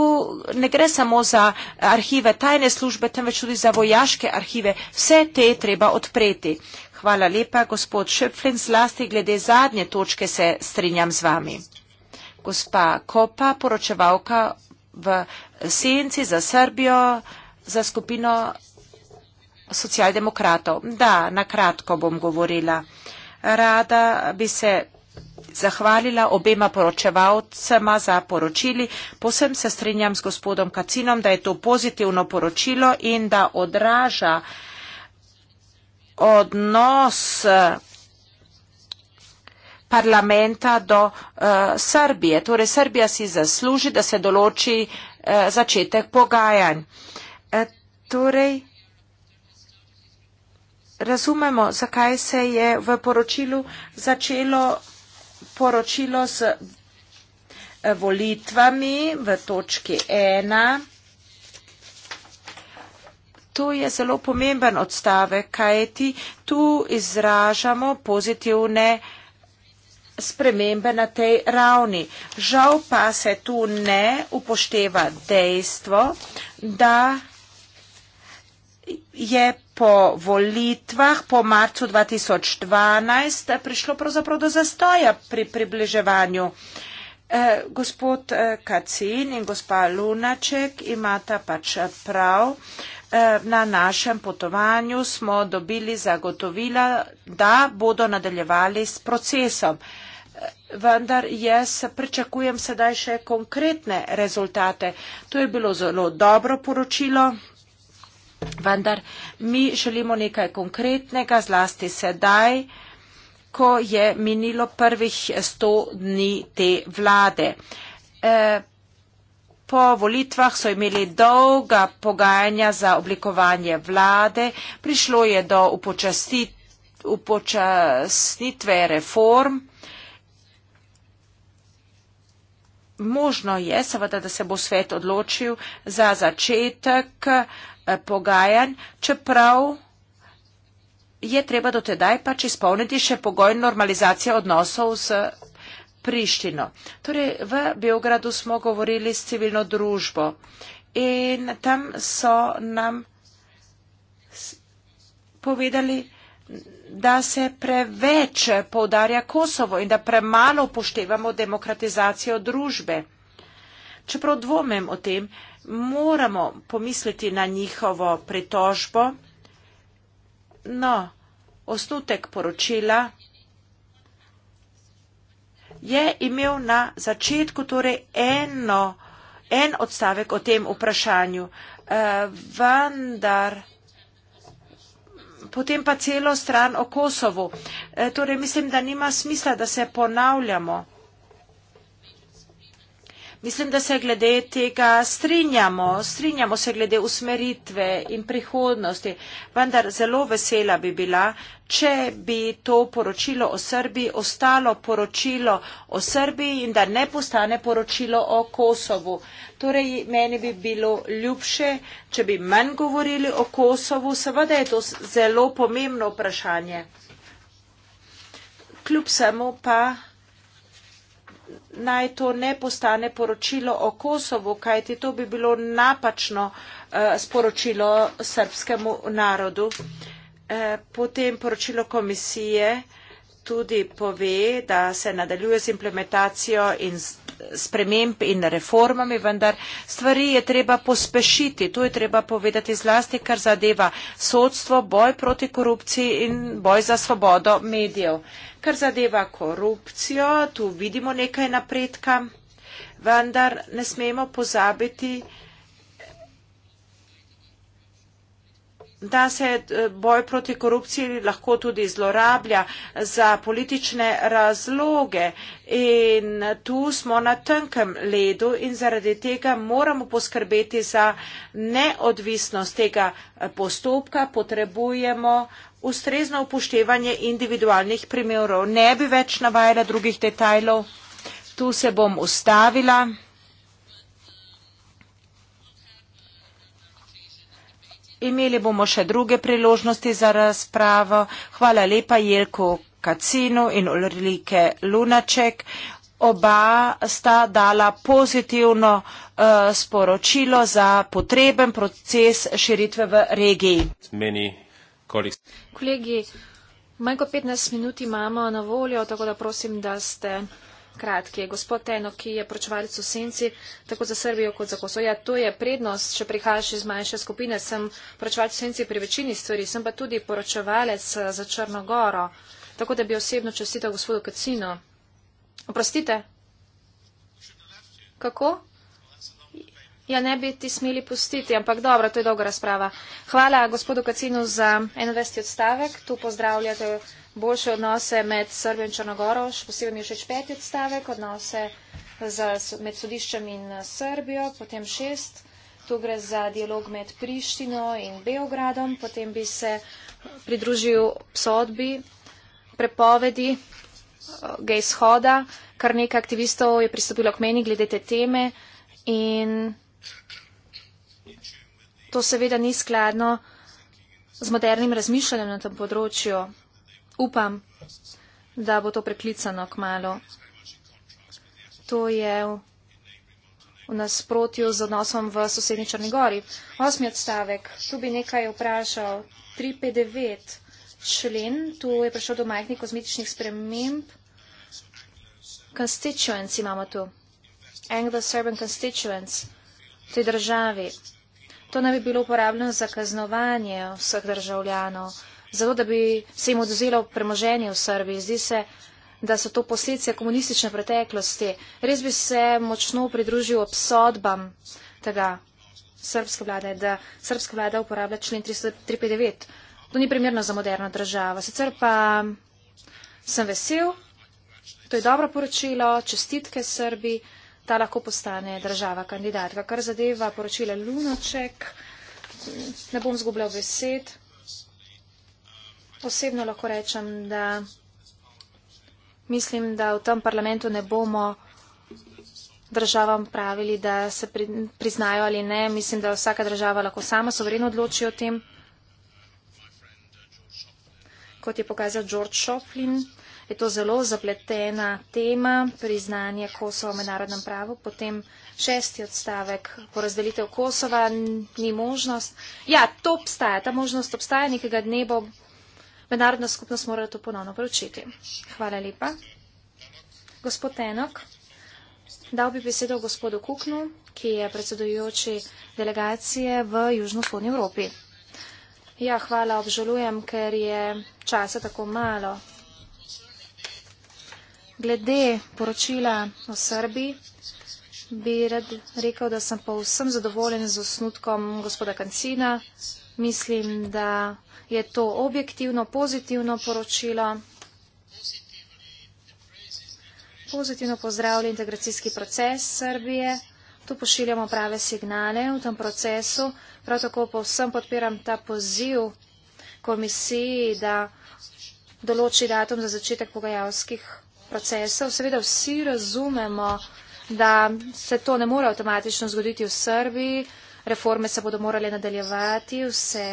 Speaker 4: ne gre samo za arhive tajne službe, temveč tudi za vojaške arhive. Vse te treba odpreti. Hvala lepa, gospod Šepflin, zlasti glede zadnje točke se strinjam z vami. Gospa Kopa, poročevalka v Senci za Srbijo, za skupino socialdemokratov. Da, na kratko bom govorila. Uh, rada bi se zahvalila obema poročevalcema za poročili. Posem se strinjam z gospodom Kacinom, da je to pozitivno poročilo in da odraža odnos parlamenta do uh, Srbije. Torej, Srbija si zasluži, da se določi uh, začetek pogajanj. E, torej, razumemo, zakaj se je v poročilu začelo poročilo s eh, volitvami v točki ena. To je zelo pomemben odstavek, kajti tu izražamo pozitivne spremembe na tej ravni. Žal pa se tu ne upošteva dejstvo, da je po volitvah po marcu 2012 prišlo pravzaprav do zastoja pri približevanju. Eh, gospod eh, Kacin in gospa Lunaček imata pač eh, prav. Na našem potovanju smo dobili zagotovila, da bodo nadaljevali s procesom. Vendar jaz pričakujem sedaj še konkretne rezultate. To je bilo zelo dobro poročilo. Vendar mi želimo nekaj konkretnega, zlasti sedaj, ko je minilo prvih sto dni te vlade. E, po volitvah so imeli dolga pogajanja za oblikovanje vlade, prišlo je do upočasnitve reform. Možno je seveda, da se bo svet odločil za začetek Eh, pogajanj, čeprav je treba dotedaj pač izpolniti še pogoj normalizacije odnosov s Prištino. Torej, v Beogradu smo govorili s civilno družbo in tam so nam povedali, da se preveč poudarja Kosovo in da premalo upoštevamo demokratizacijo družbe. Čeprav dvomem o tem, moramo pomisliti na njihovo pritožbo. No, osnutek poročila je imel na začetku torej eno, en odstavek o tem vprašanju, uh, vendar potem pa celo stran o Kosovu. Uh, torej mislim, da nima smisla, da se ponavljamo. Mislim, da se glede tega strinjamo, strinjamo se glede usmeritve in prihodnosti, vendar zelo vesela bi bila, če bi to poročilo o Srbiji ostalo poročilo o Srbiji in da ne postane poročilo o Kosovu. Torej, meni bi bilo ljubše, če bi manj govorili o Kosovu, seveda je to zelo pomembno vprašanje. Kljub samo pa naj to ne postane poročilo o Kosovu, kajti to bi bilo napačno eh, sporočilo srpskemu narodu. Eh, potem poročilo komisije tudi pove, da se nadaljuje z implementacijo in sprememb in reformami, vendar stvari je treba pospešiti. To je treba povedati zlasti, kar zadeva sodstvo, boj proti korupciji in boj za svobodo medijev. Kar zadeva korupcijo, tu vidimo nekaj napredka, vendar ne smemo pozabiti, da se eh, boj proti korupciji lahko tudi zlorablja za politične razloge in tu smo na tankem ledu in zaradi tega moramo poskrbeti za neodvisnost tega eh, postopka, potrebujemo ustrezno upoštevanje individualnih primerov. Ne bi več navajala drugih detajlov, tu se bom ustavila. Imeli bomo še druge priložnosti za razpravo. Hvala lepa Jelko Kacinu in Ulrike Lunaček. Oba sta dala pozitivno uh, sporočilo za potreben proces širitve v regiji.
Speaker 1: Kolegi, manj kot 15 minut imamo na voljo, tako da prosim, da ste kratki. Gospod Teno, ki je pročevalec v Senci, tako za Srbijo kot za Kosovo. Ja, to je prednost, če prihajaš iz manjše skupine, sem pročevalec v Senci pri večini stvari, sem pa tudi poročevalec eh, za Črnogoro. Tako da bi osebno čestital gospodu Kacino. Oprostite? Kako? Ja, ne bi ti smeli pustiti, ampak dobro, to je dolga razprava. Hvala gospodu Kacinu za 21. odstavek. Tu pozdravljate boljše odnose med Srbijo in Črnogoro, še posebej mi je všeč peti odstavek, odnose za, med sodiščem in eh, Srbijo, potem šest, tu gre za dialog med Prištino in Beogradom, potem bi se eh, pridružil sodbi, prepovedi eh, gej shoda, kar nekaj aktivistov je pristopilo k meni glede te teme in to seveda ni skladno z modernim razmišljanjem na tem področju. Upam, da bo to preklicano k malo. To je v nasprotju z odnosom v sosednji Črnigori. Osmi odstavek, tu bi nekaj vprašal. 359 člen, tu je prišel do majhnih kozmičnih sprememb. Constituents imamo tu. Anglo-Serbian constituents v tej državi. To ne bi bilo uporabljeno za kaznovanje vseh državljanov zato da bi se jim oduzelo premoženje v Srbiji. Zdi se, da so to posledice komunistične preteklosti. Res bi se močno pridružil obsodbam tega srpske vlade, da srpska vlada uporablja člen 359. To ni primerno za moderno državo. Sicer pa sem vesel, to je dobro poročilo, čestitke Srbi, ta lahko postane država kandidatka. Kar zadeva poročile Lunoček, ne bom zgubljal besed osebno lahko rečem, da mislim, da v tem parlamentu ne bomo državam pravili, da se priznajo ali ne. Mislim, da vsaka država lahko sama sovereno odloči o tem. Kot je pokazal George Shoflin, je to zelo zapletena tema priznanje Kosova v mednarodnem pravu. Potem šesti odstavek porazdelitev Kosova ni možnost. Ja, to obstaja, ta možnost obstaja, nekega dne bo Mednarodna skupnost mora to ponovno preučiti. Hvala lepa. Gospod Enok, dal bi besedo gospodu Kuknu, ki je predsedujoči delegacije v Južno-Vzhodni Evropi. Ja, hvala, obžalujem, ker je časa tako malo. Glede poročila o Srbiji, bi rad rekel, da sem povsem zadovoljen z osnutkom gospoda Kancina. Mislim, da je to objektivno, pozitivno poročilo. Pozitivno pozdravlja integracijski proces Srbije. Tu pošiljamo prave signale v tem procesu. Prav tako povsem podpiram ta poziv komisiji, da določi datum za začetek pogajalskih procesov. Seveda vsi razumemo, da se to ne more avtomatično zgoditi v Srbiji. Reforme se bodo morali nadaljevati, vse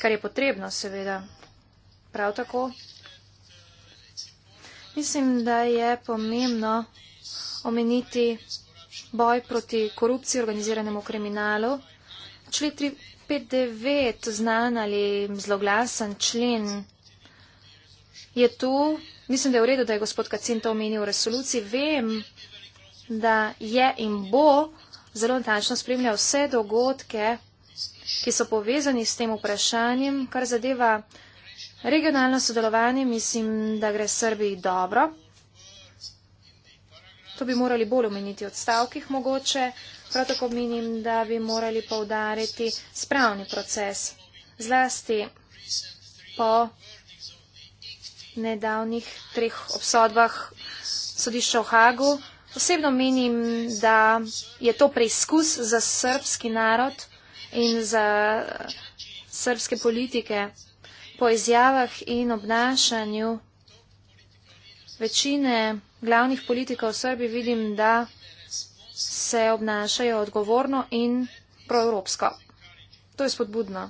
Speaker 1: kar je potrebno, seveda. Prav tako. Mislim, da je pomembno omeniti boj proti korupciji, organiziranemu kriminalu. Člen 359, znan ali zloglasen člen, je tu. Mislim, da je v redu, da je gospod Kacin to omenil v resoluciji. Vem, da je in bo zelo natančno spremljal vse dogodke ki so povezani s tem vprašanjem, kar zadeva regionalno sodelovanje, mislim, da gre Srbiji dobro. To bi morali bolj omeniti od stavkih mogoče. Prav tako menim, da bi morali povdariti spravni proces, zlasti po nedavnih treh obsodbah sodišča v Hagu. Osebno menim, da je to preizkus za srpski narod in za srpske politike po izjavah in obnašanju večine glavnih politikov v Srbiji vidim, da se obnašajo odgovorno in proevropsko. To je spodbudno.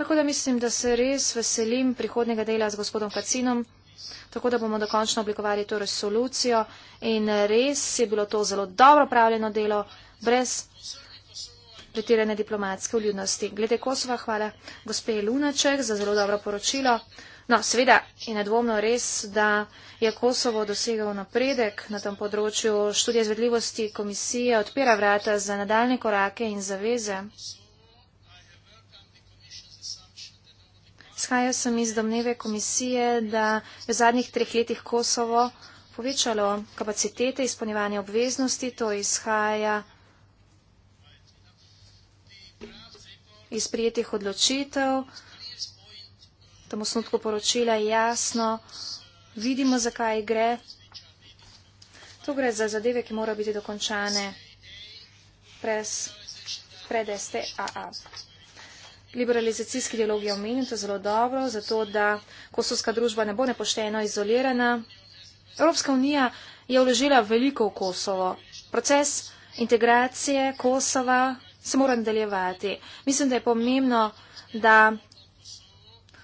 Speaker 1: Tako da mislim, da se res veselim prihodnega dela z gospodom Kacinom, tako da bomo dokončno oblikovali to resolucijo in res je bilo to zelo dobro pravljeno delo brez pretirane diplomatske vljudnosti. Glede Kosova, hvala gospe Lunaček za zelo dobro poročilo. No, seveda je nedvomno res, da je Kosovo dosegal napredek na tem področju. Študija izvedljivosti komisije odpira vrata za nadaljne korake in zaveze. Skajal sem iz domneve komisije, da je v zadnjih treh letih Kosovo povečalo kapacitete izpolnjevanja obveznosti, to izhaja. iz prijetih odločitev. V tem osnutku poročila je jasno, vidimo, zakaj gre. To gre za zadeve, ki morajo biti dokončane prez, pred STAA. Liberalizacijski dialog je omenjen, to je zelo dobro, zato da kosovska družba ne bo nepošteno izolirana. Evropska unija je vložila veliko v Kosovo. Proces integracije Kosova se mora nadaljevati. Mislim, da je pomembno, da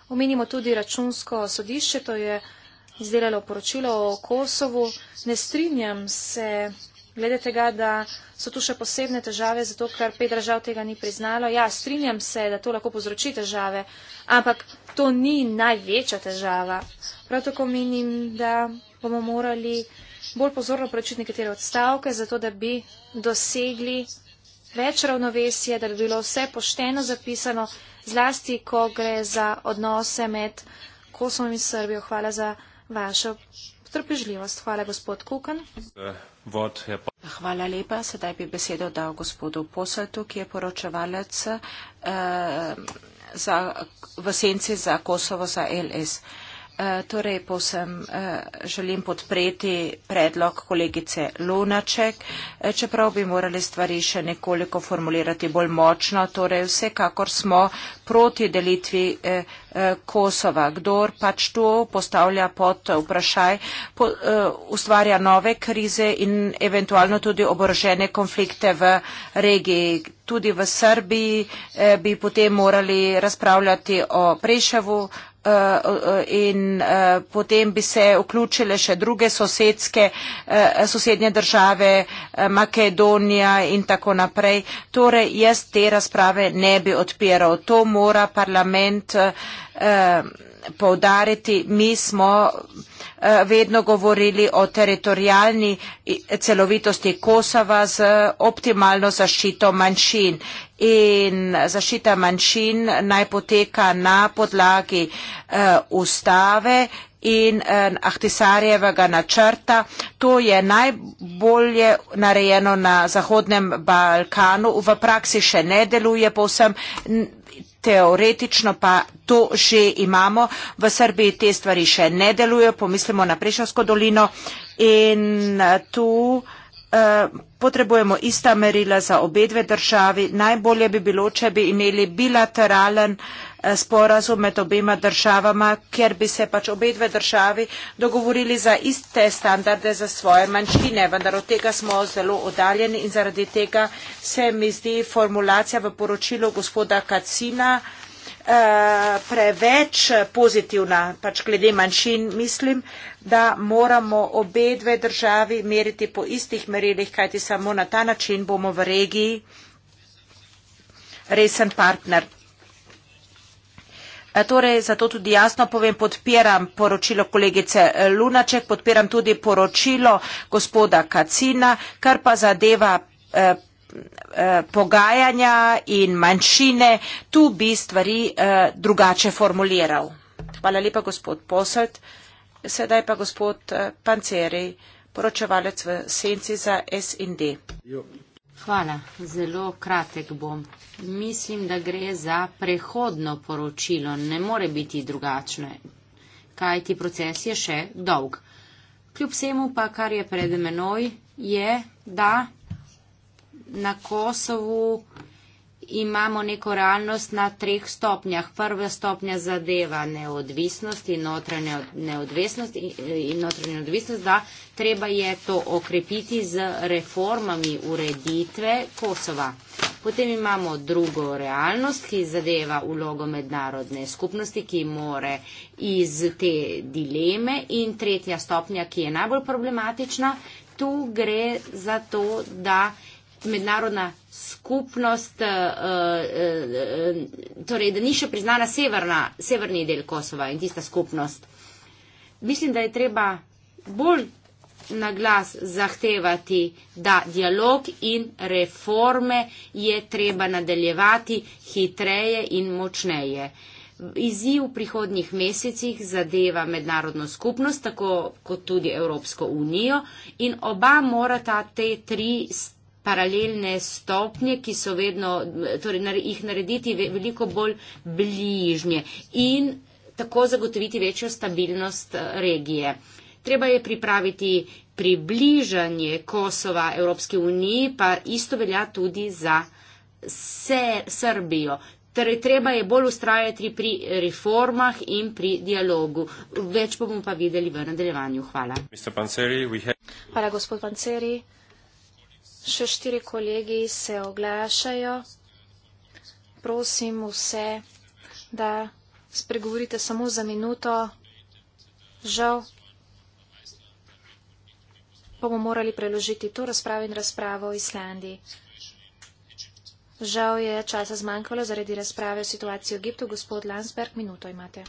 Speaker 1: omenimo tudi računsko sodišče, to je izdelalo poročilo o Kosovu. Ne strinjam se glede tega, da so tu še posebne težave, zato ker pet držav tega ni priznalo. Ja, strinjam se, da to lahko povzroči težave, ampak to ni največja težava. Prav tako menim, da bomo morali bolj pozorno preučiti nekatere odstavke, zato da bi dosegli več ravnovesje, da bi bilo vse pošteno zapisano, zlasti, ko gre za odnose med Kosovom in Srbijo. Hvala za vašo trpežljivost. Hvala, gospod Kukan. Hvala lepa. Sedaj bi besedo
Speaker 4: dal gospodu Posatu, ki je poročevalec eh, za, v senci za Kosovo za LS. Eh, Eh, torej, posem eh, želim podpreti predlog kolegice Lunaček, eh, čeprav bi morali stvari še nekoliko formulirati bolj močno, torej vsekakor smo proti delitvi Kosova. Kdor pač to postavlja pod vprašaj, ustvarja nove krize in eventualno tudi oborožene konflikte v regiji. Tudi v Srbiji bi potem morali razpravljati o Preševu, in eh, potem bi se vključile še druge sosedske, eh, sosednje države, eh, Makedonija in tako naprej. Torej, jaz te razprave ne bi odpiral. To mora parlament povdariti. Mi smo vedno govorili o teritorijalni celovitosti Kosova z optimalno zaščito manjšin in zaščita manjšin naj poteka na podlagi uh, ustave in uh, Ahtisarjevega načrta. To je najbolje narejeno na Zahodnem Balkanu, v praksi še ne deluje povsem. Teoretično pa to že imamo. V Srbiji te stvari še ne delujejo, pomislimo na Prešavsko dolino in eh, tu potrebujemo ista merila za obe dve državi. Najbolje bi bilo, če bi imeli bilateralen eh, sporazum med obema državama, ker bi se pač obe dve državi dogovorili za iste standarde za svoje manjšine, vendar od tega smo zelo oddaljeni in zaradi tega se mi zdi formulacija v poročilu gospoda Kacina, Eh, preveč pozitivna, pač glede manjšin, mislim, da moramo obe dve državi meriti po istih merilih, kajti samo na ta način bomo v regiji resen partner. Eh, torej, zato tudi jasno povem, podpiram poročilo kolegice Lunaček, podpiram tudi poročilo gospoda Kacina, kar pa zadeva eh, Eh, pogajanja in manjšine, tu bi stvari eh, drugače formuliral. Hvala lepa, gospod Posled. Sedaj pa gospod eh,
Speaker 3: Panceri, poročevalec v senci za SND. Hvala, zelo kratek bom. Mislim, da gre za prehodno poročilo, ne more biti drugačno, kaj ti proces je še dolg. Kljub vsemu pa, kar je pred menoj, je, da na Kosovu imamo neko realnost na treh stopnjah. Prva stopnja zadeva neodvisnost in notranje neodvisnost in notranje odvisnost, da treba je to okrepiti z reformami ureditve Kosova. Potem imamo drugo realnost, ki zadeva ulogo mednarodne skupnosti, ki more iz te dileme in tretja stopnja, ki je najbolj problematična, tu gre za to, da mednarodna skupnost, eh, eh, eh, torej, da ni še priznana severna, severni del Kosova in tista skupnost. Mislim, da je treba bolj na glas zahtevati, da dialog in reforme je treba nadaljevati hitreje in močneje. Izziv v prihodnjih mesecih zadeva mednarodno skupnost, tako kot tudi Evropsko unijo in oba morata te tri stvari paralelne stopnje, ki so vedno, torej jih narediti veliko bolj bližnje in tako zagotoviti večjo stabilnost eh, regije. Treba je pripraviti približanje Kosova Evropske unije, pa isto velja tudi za ser, Srbijo. Torej, treba je bolj ustrajati pri reformah in pri dialogu. Več bomo pa videli v nadaljevanju. Hvala.
Speaker 1: Hvala, gospod Panceri. Še štiri kolegi se oglašajo. Prosim vse, da spregovorite samo za minuto. Žal bomo morali preložiti to razpravo in razpravo o Islandiji. Žal je časa zmanjkalo zaradi razprave o situaciji v Egiptu. Gospod Landsberg, minuto imate.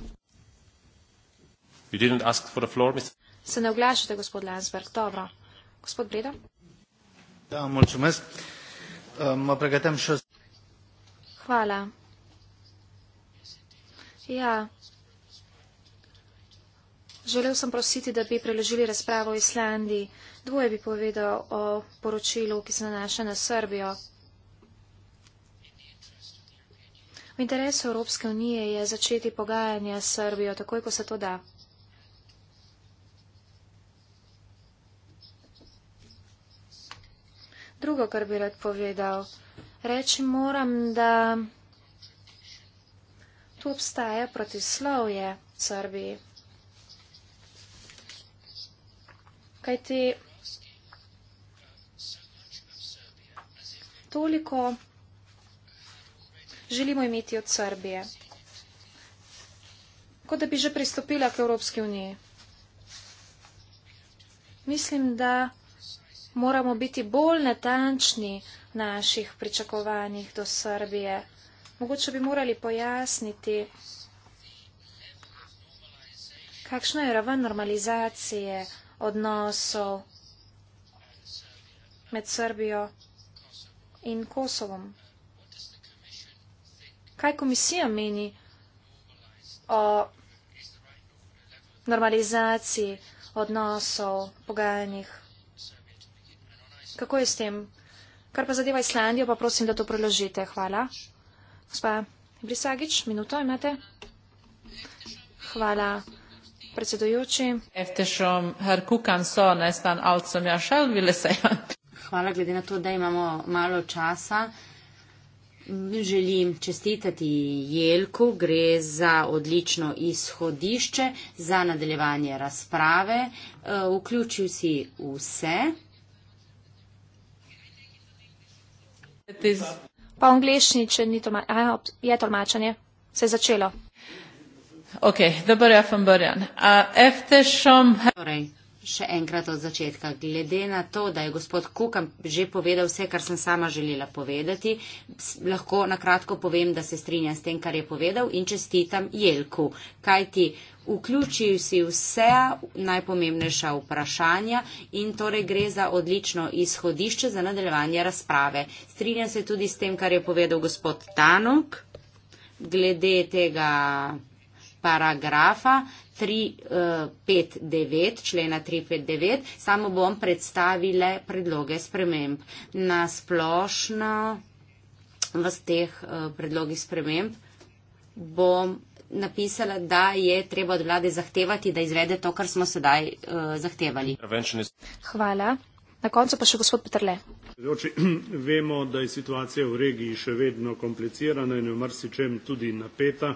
Speaker 1: Floor, Se ne oglašate, gospod Landsberg. Dobro. Gospod Breda?
Speaker 2: Da, mulțumesc.
Speaker 1: Uh, mă pregăteam și o să... Hvala. Ja. Želel sem prositi, da bi preložili razpravo o Islandiji. Dvoje bi povedal o poročilu, ki se nanaša na Srbijo. V interesu Evropske unije je začeti pogajanja s Srbijo, takoj ko se to da. drugo, kar bi rad povedal. Reči moram, da tu obstaja protislovje v Srbiji. Kaj ti toliko želimo imeti od Srbije? Kot da bi že pristopila k Evropski uniji. Mislim, da moramo biti bolj natančni naših pričakovanjih do Srbije. Mogoče bi morali pojasniti, kakšna je raven normalizacije odnosov med Srbijo in Kosovom. Kaj komisija meni o normalizaciji odnosov, pogajanjih Kako je s tem? Kar pa zadeva Islandijo, pa prosim, da to preložite. Hvala. Gospa Brisagič, minuto imate. Hvala. Predsedujoči.
Speaker 3: Hvala, glede na to, da imamo malo časa. Želim čestitati Jelku, gre za odlično izhodišče za nadaljevanje razprave. Eh, vključil si vse.
Speaker 1: It is. Pa v angliščini, če ni to ma, je tolmačenje, se je začelo.
Speaker 2: Ok, dobro, ja sem Brjan.
Speaker 3: Eftešom. Torej, še enkrat od začetka. Glede na to, da je gospod Kukam že povedal vse, kar sem sama želela povedati, lahko nakratko povem, da se strinjam s tem, kar je povedal in čestitam Jelku. Kaj ti vključil si vse najpomembnejša vprašanja in torej gre za odlično izhodišče za nadaljevanje razprave. Strinjam se tudi s tem, kar je povedal gospod Tanok glede tega paragrafa 359, eh, člena 359, samo bom predstavile predloge sprememb. Na splošno v teh eh, predlogih sprememb bom napisala, da je treba od vlade zahtevati, da izvede to, kar smo sedaj uh, zahtevali.
Speaker 1: Hvala. Na koncu pa še gospod Petrle.
Speaker 2: Vemo, da je situacija v regiji še vedno komplicirana in v marsičem tudi napeta.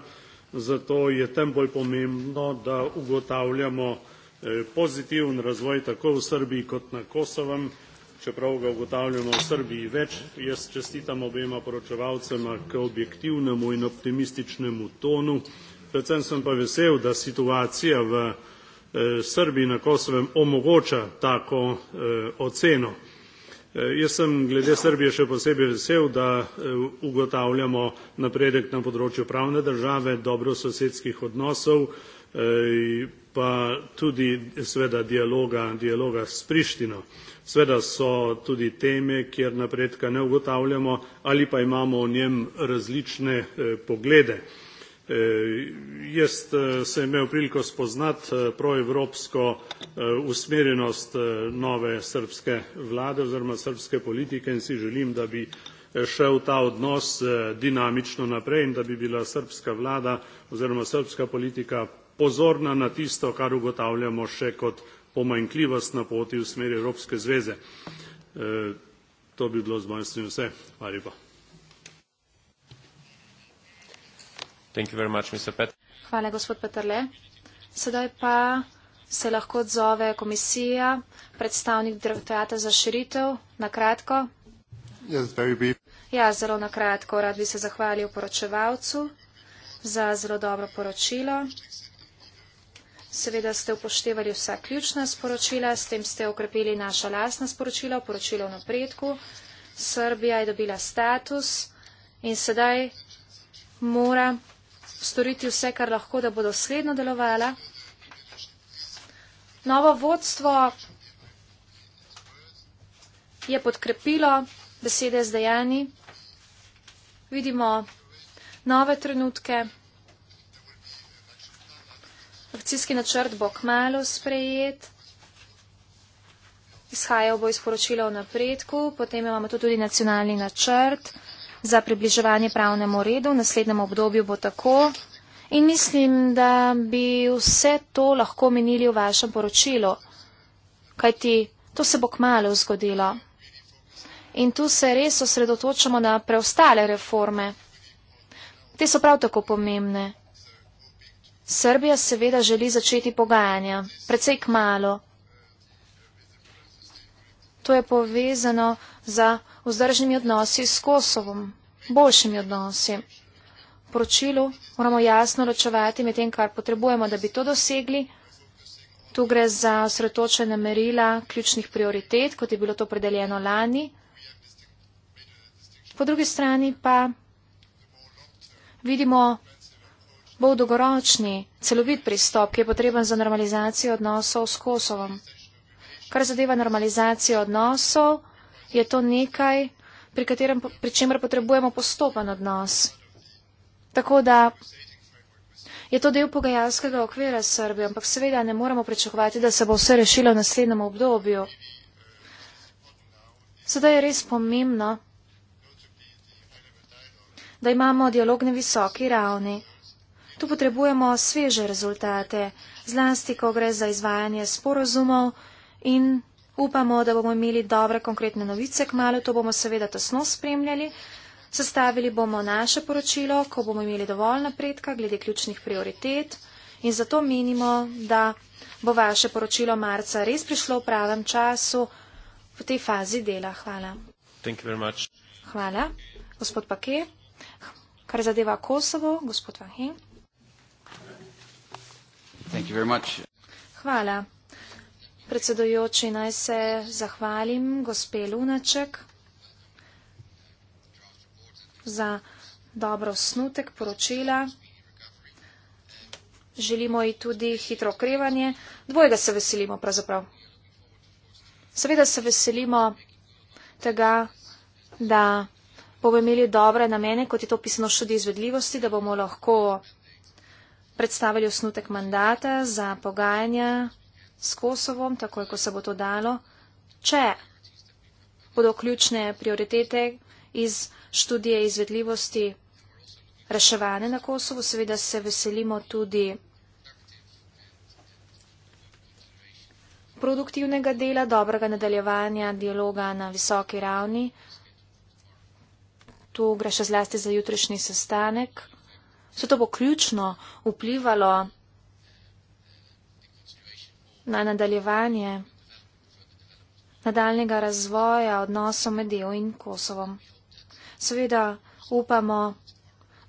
Speaker 2: Zato je tem bolj pomembno, da ugotavljamo eh, pozitiven razvoj tako v Srbiji kot na Kosovem čeprav ga ugotavljamo v Srbiji več. Jaz čestitam obema poročevalcema k objektivnemu in optimističnemu tonu. Predvsem sem pa vesel, da situacija v eh, Srbiji na Kosovem omogoča tako eh, oceno. Eh, jaz sem glede Srbije še posebej vesel, da ugotavljamo napredek na področju pravne države, dobrososedskih odnosov, pa tudi sveda dialoga, dialoga s Prištino. Sveda so tudi teme, kjer napredka ne ugotavljamo ali pa imamo o njem različne eh, poglede. Eh, jaz eh, sem imel priliko spoznati proevropsko usmerjenost nove srpske vlade oziroma srpske politike in si želim, da bi šel ta odnos dinamično naprej in da bi bila srpska vlada oziroma srpska politika pozorna na tisto, kar ugotavljamo še kot pomanjkljivost na poti v smeri Evropske zveze. E, to bi bilo z mojim strani vse. Hvala lepa.
Speaker 1: Hvala, gospod Petrle. Sedaj pa se lahko odzove komisija, predstavnik direktorata za širitev, na kratko. Yes, ja, zelo na kratko. Rad bi se zahvalil poročevalcu za zelo dobro poročilo. Seveda ste upoštevali vsa ključna sporočila, s tem ste okrepili naša lasna sporočila, poročilo o napredku. Srbija je dobila status in sedaj mora storiti vse, kar lahko, da bo dosledno delovala. Novo vodstvo je podkrepilo besede z dejani. Vidimo nove trenutke. Akcijski načrt bo kmalo sprejet. Izhajal bo izporočilo o napredku, potem imamo tu tudi nacionalni načrt za približevanje pravnemu redu. V naslednjem obdobju bo tako. In mislim, da bi vse to lahko menili v vašem poročilu, kajti to se bo kmalo zgodilo. In tu se res osredotočamo na preostale reforme. Te so prav tako pomembne. Srbija seveda želi začeti pogajanja, precej k malo. To je povezano za vzdržnimi odnosi s Kosovom, boljšimi odnosi. V poročilu moramo jasno ločevati med tem, kar potrebujemo, da bi to dosegli. Tu gre za osredotočena merila ključnih prioritet, kot je bilo to predeljeno lani. Po drugi strani pa vidimo bolj dolgoročni, celovit pristop, ki je potreben za normalizacijo odnosov s Kosovom. Kar zadeva normalizacijo odnosov, je to nekaj, pri, katerem, pri čemer potrebujemo postopen odnos. Tako da je to del pogajalskega okvira s Srbijo, ampak seveda ne moremo pričakovati, da se bo vse rešilo v naslednjem obdobju. Sedaj je res pomembno, da imamo dialog na visoki ravni. Tu potrebujemo sveže rezultate, zlasti, ko gre za izvajanje sporozumov in upamo, da bomo imeli dobre konkretne novice k malu, to bomo seveda tesno spremljali. Sestavili bomo naše poročilo, ko bomo imeli dovolj napredka glede ključnih prioritet in zato menimo, da bo vaše poročilo marca res prišlo v pravem času v tej fazi dela. Hvala. Hvala. Gospod Pake, kar zadeva Kosovo, gospod Vahin. Hvala. Predsedojoči, naj se zahvalim gospe Lunaček za dobro snutek poročila. Želimo ji tudi hitro okrevanje. Dvojega se veselimo pravzaprav. Seveda se veselimo tega, da bomo imeli dobre namene, kot je to pisano v študiji izvedljivosti, da bomo lahko predstavili osnutek mandata za pogajanja s Kosovom, takoj ko se bo to dalo, če bodo ključne prioritete iz študije izvedljivosti reševane na Kosovu. Seveda se veselimo tudi produktivnega dela, dobrega nadaljevanja dialoga na visoki ravni. Tu gre še zlasti za jutrišnji sestanek. Vse to bo ključno vplivalo na nadaljevanje nadaljnega razvoja odnosov med EU in Kosovom. Seveda upamo,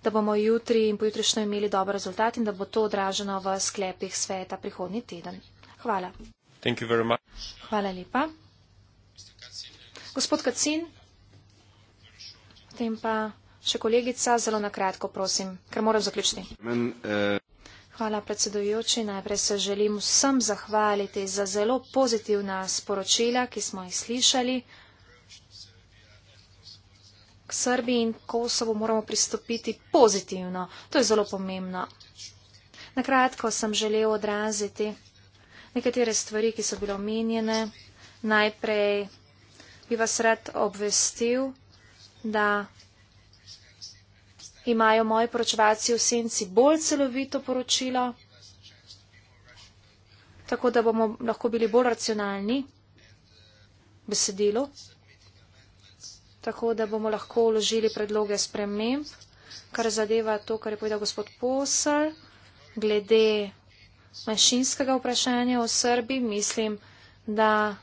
Speaker 1: da bomo jutri in pojutrišnjo imeli dober rezultat in da bo to odraženo v sklepih sveta prihodnji teden. Hvala. Hvala lepa. Gospod Kacin, potem pa. Če kolegica, zelo nakratko, prosim, ker moram zaključiti.
Speaker 2: Men, eh...
Speaker 1: Hvala, predsedujoči. Najprej se želim vsem zahvaliti za zelo pozitivna sporočila, ki smo jih slišali. K Srbiji in Kosovo moramo pristopiti pozitivno. To je zelo pomembno. Nakratko sem želel odraziti nekatere stvari, ki so bile omenjene. Najprej bi vas rad obvestil, da imajo moji poročevalci v senci bolj celovito poročilo, tako da bomo lahko bili bolj racionalni v besedilu, tako da bomo lahko vložili predloge sprememb, kar zadeva to, kar je povedal gospod Posel glede manjšinskega vprašanja o Srbiji. Mislim, da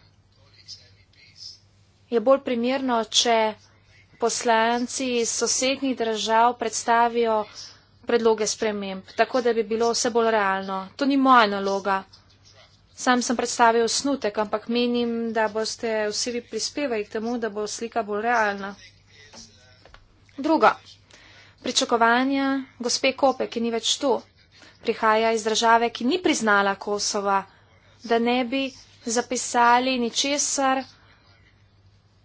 Speaker 1: je bolj primerno, če poslanci iz sosednjih držav predstavijo predloge sprememb, tako da bi bilo vse bolj realno. To ni moja naloga. Sam sem predstavil snutek, ampak menim, da boste vsi vi prispevali k temu, da bo slika bolj realna. Druga. Pričakovanja gospe Kope, ki ni več tu, prihaja iz države, ki ni priznala Kosova, da ne bi zapisali ničesar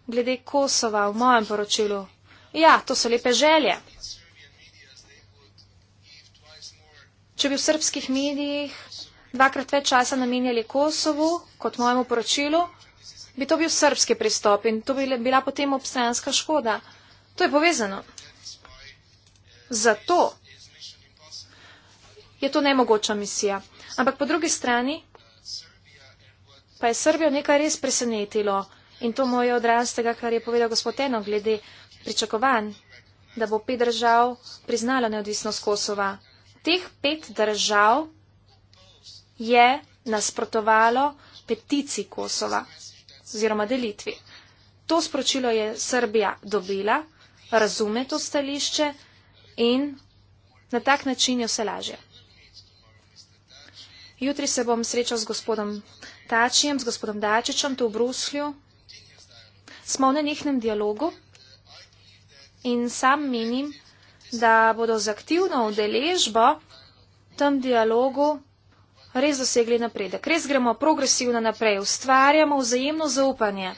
Speaker 1: glede Kosova v mojem poročilu. Ja, to so lepe želje. Če bi v srpskih medijih dvakrat več časa namenjali Kosovu kot mojemu poročilu, bi to bil srpski pristop in to bi bila potem obstajanska škoda. To je povezano. Zato je to nemogoča misija. Ampak po drugi strani pa je Srbijo nekaj res presenetilo. In to mu je odraz tega, kar je povedal gospod Eno glede pričakovanj, da bo pet držav priznalo neodvisnost Kosova. Teh pet držav je nasprotovalo petici Kosova oziroma delitvi. To sporočilo je Srbija dobila, razume to stališče in na tak način jo se laže. Jutri se bom srečal z gospodom Tačijem, z gospodom Dačičem tu v Bruslju smo v nenehnem dialogu in sam menim, da bodo z aktivno udeležbo v tem dialogu res dosegli napredek. Res gremo progresivno naprej, ustvarjamo vzajemno zaupanje.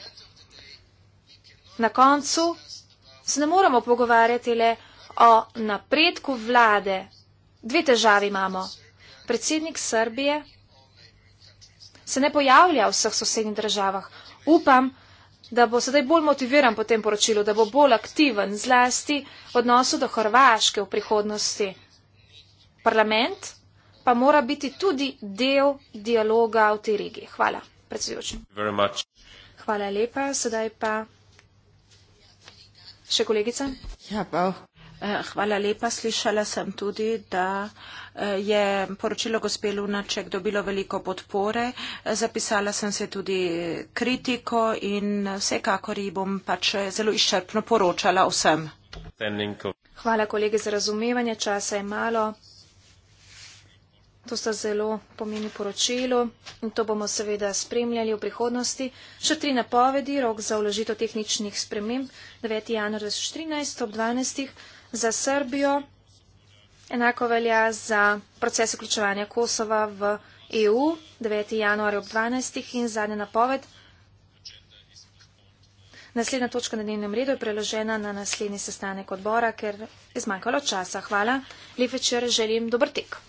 Speaker 1: Na koncu se ne moramo pogovarjati le o napredku vlade. Dve težavi imamo. Predsednik Srbije se ne pojavlja v vseh sosednjih državah. Upam, da bo sedaj bolj motiviran po tem poročilu, da bo bolj aktiven zlasti v odnosu do Hrvaške v prihodnosti. Parlament pa mora biti tudi del dialoga v tej regiji. Hvala, predsedujoči. Hvala lepa. Sedaj pa še kolegica.
Speaker 2: Ja, pa.
Speaker 4: Eh, hvala lepa. Slišala sem tudi, da je poročilo gospe Lunaček dobilo veliko podpore. Zapisala sem se tudi kritiko in vsekakor ji bom pač zelo izčrpno poročala vsem.
Speaker 1: Hvala kolegi za razumevanje, časa je malo. To sta zelo pomeni poročilo in to bomo seveda spremljali v prihodnosti. Še tri napovedi, rok za vložitev tehničnih sprememb 9. januar 2014 ob 12. za Srbijo. Enako velja za proces vključevanja Kosova v EU 9. januar ob 12. in zadnja napoved. Naslednja točka na dnevnem redu je preložena na naslednji sestanek odbora, ker je zmanjkalo časa. Hvala. Lep večer želim. Dobr tek.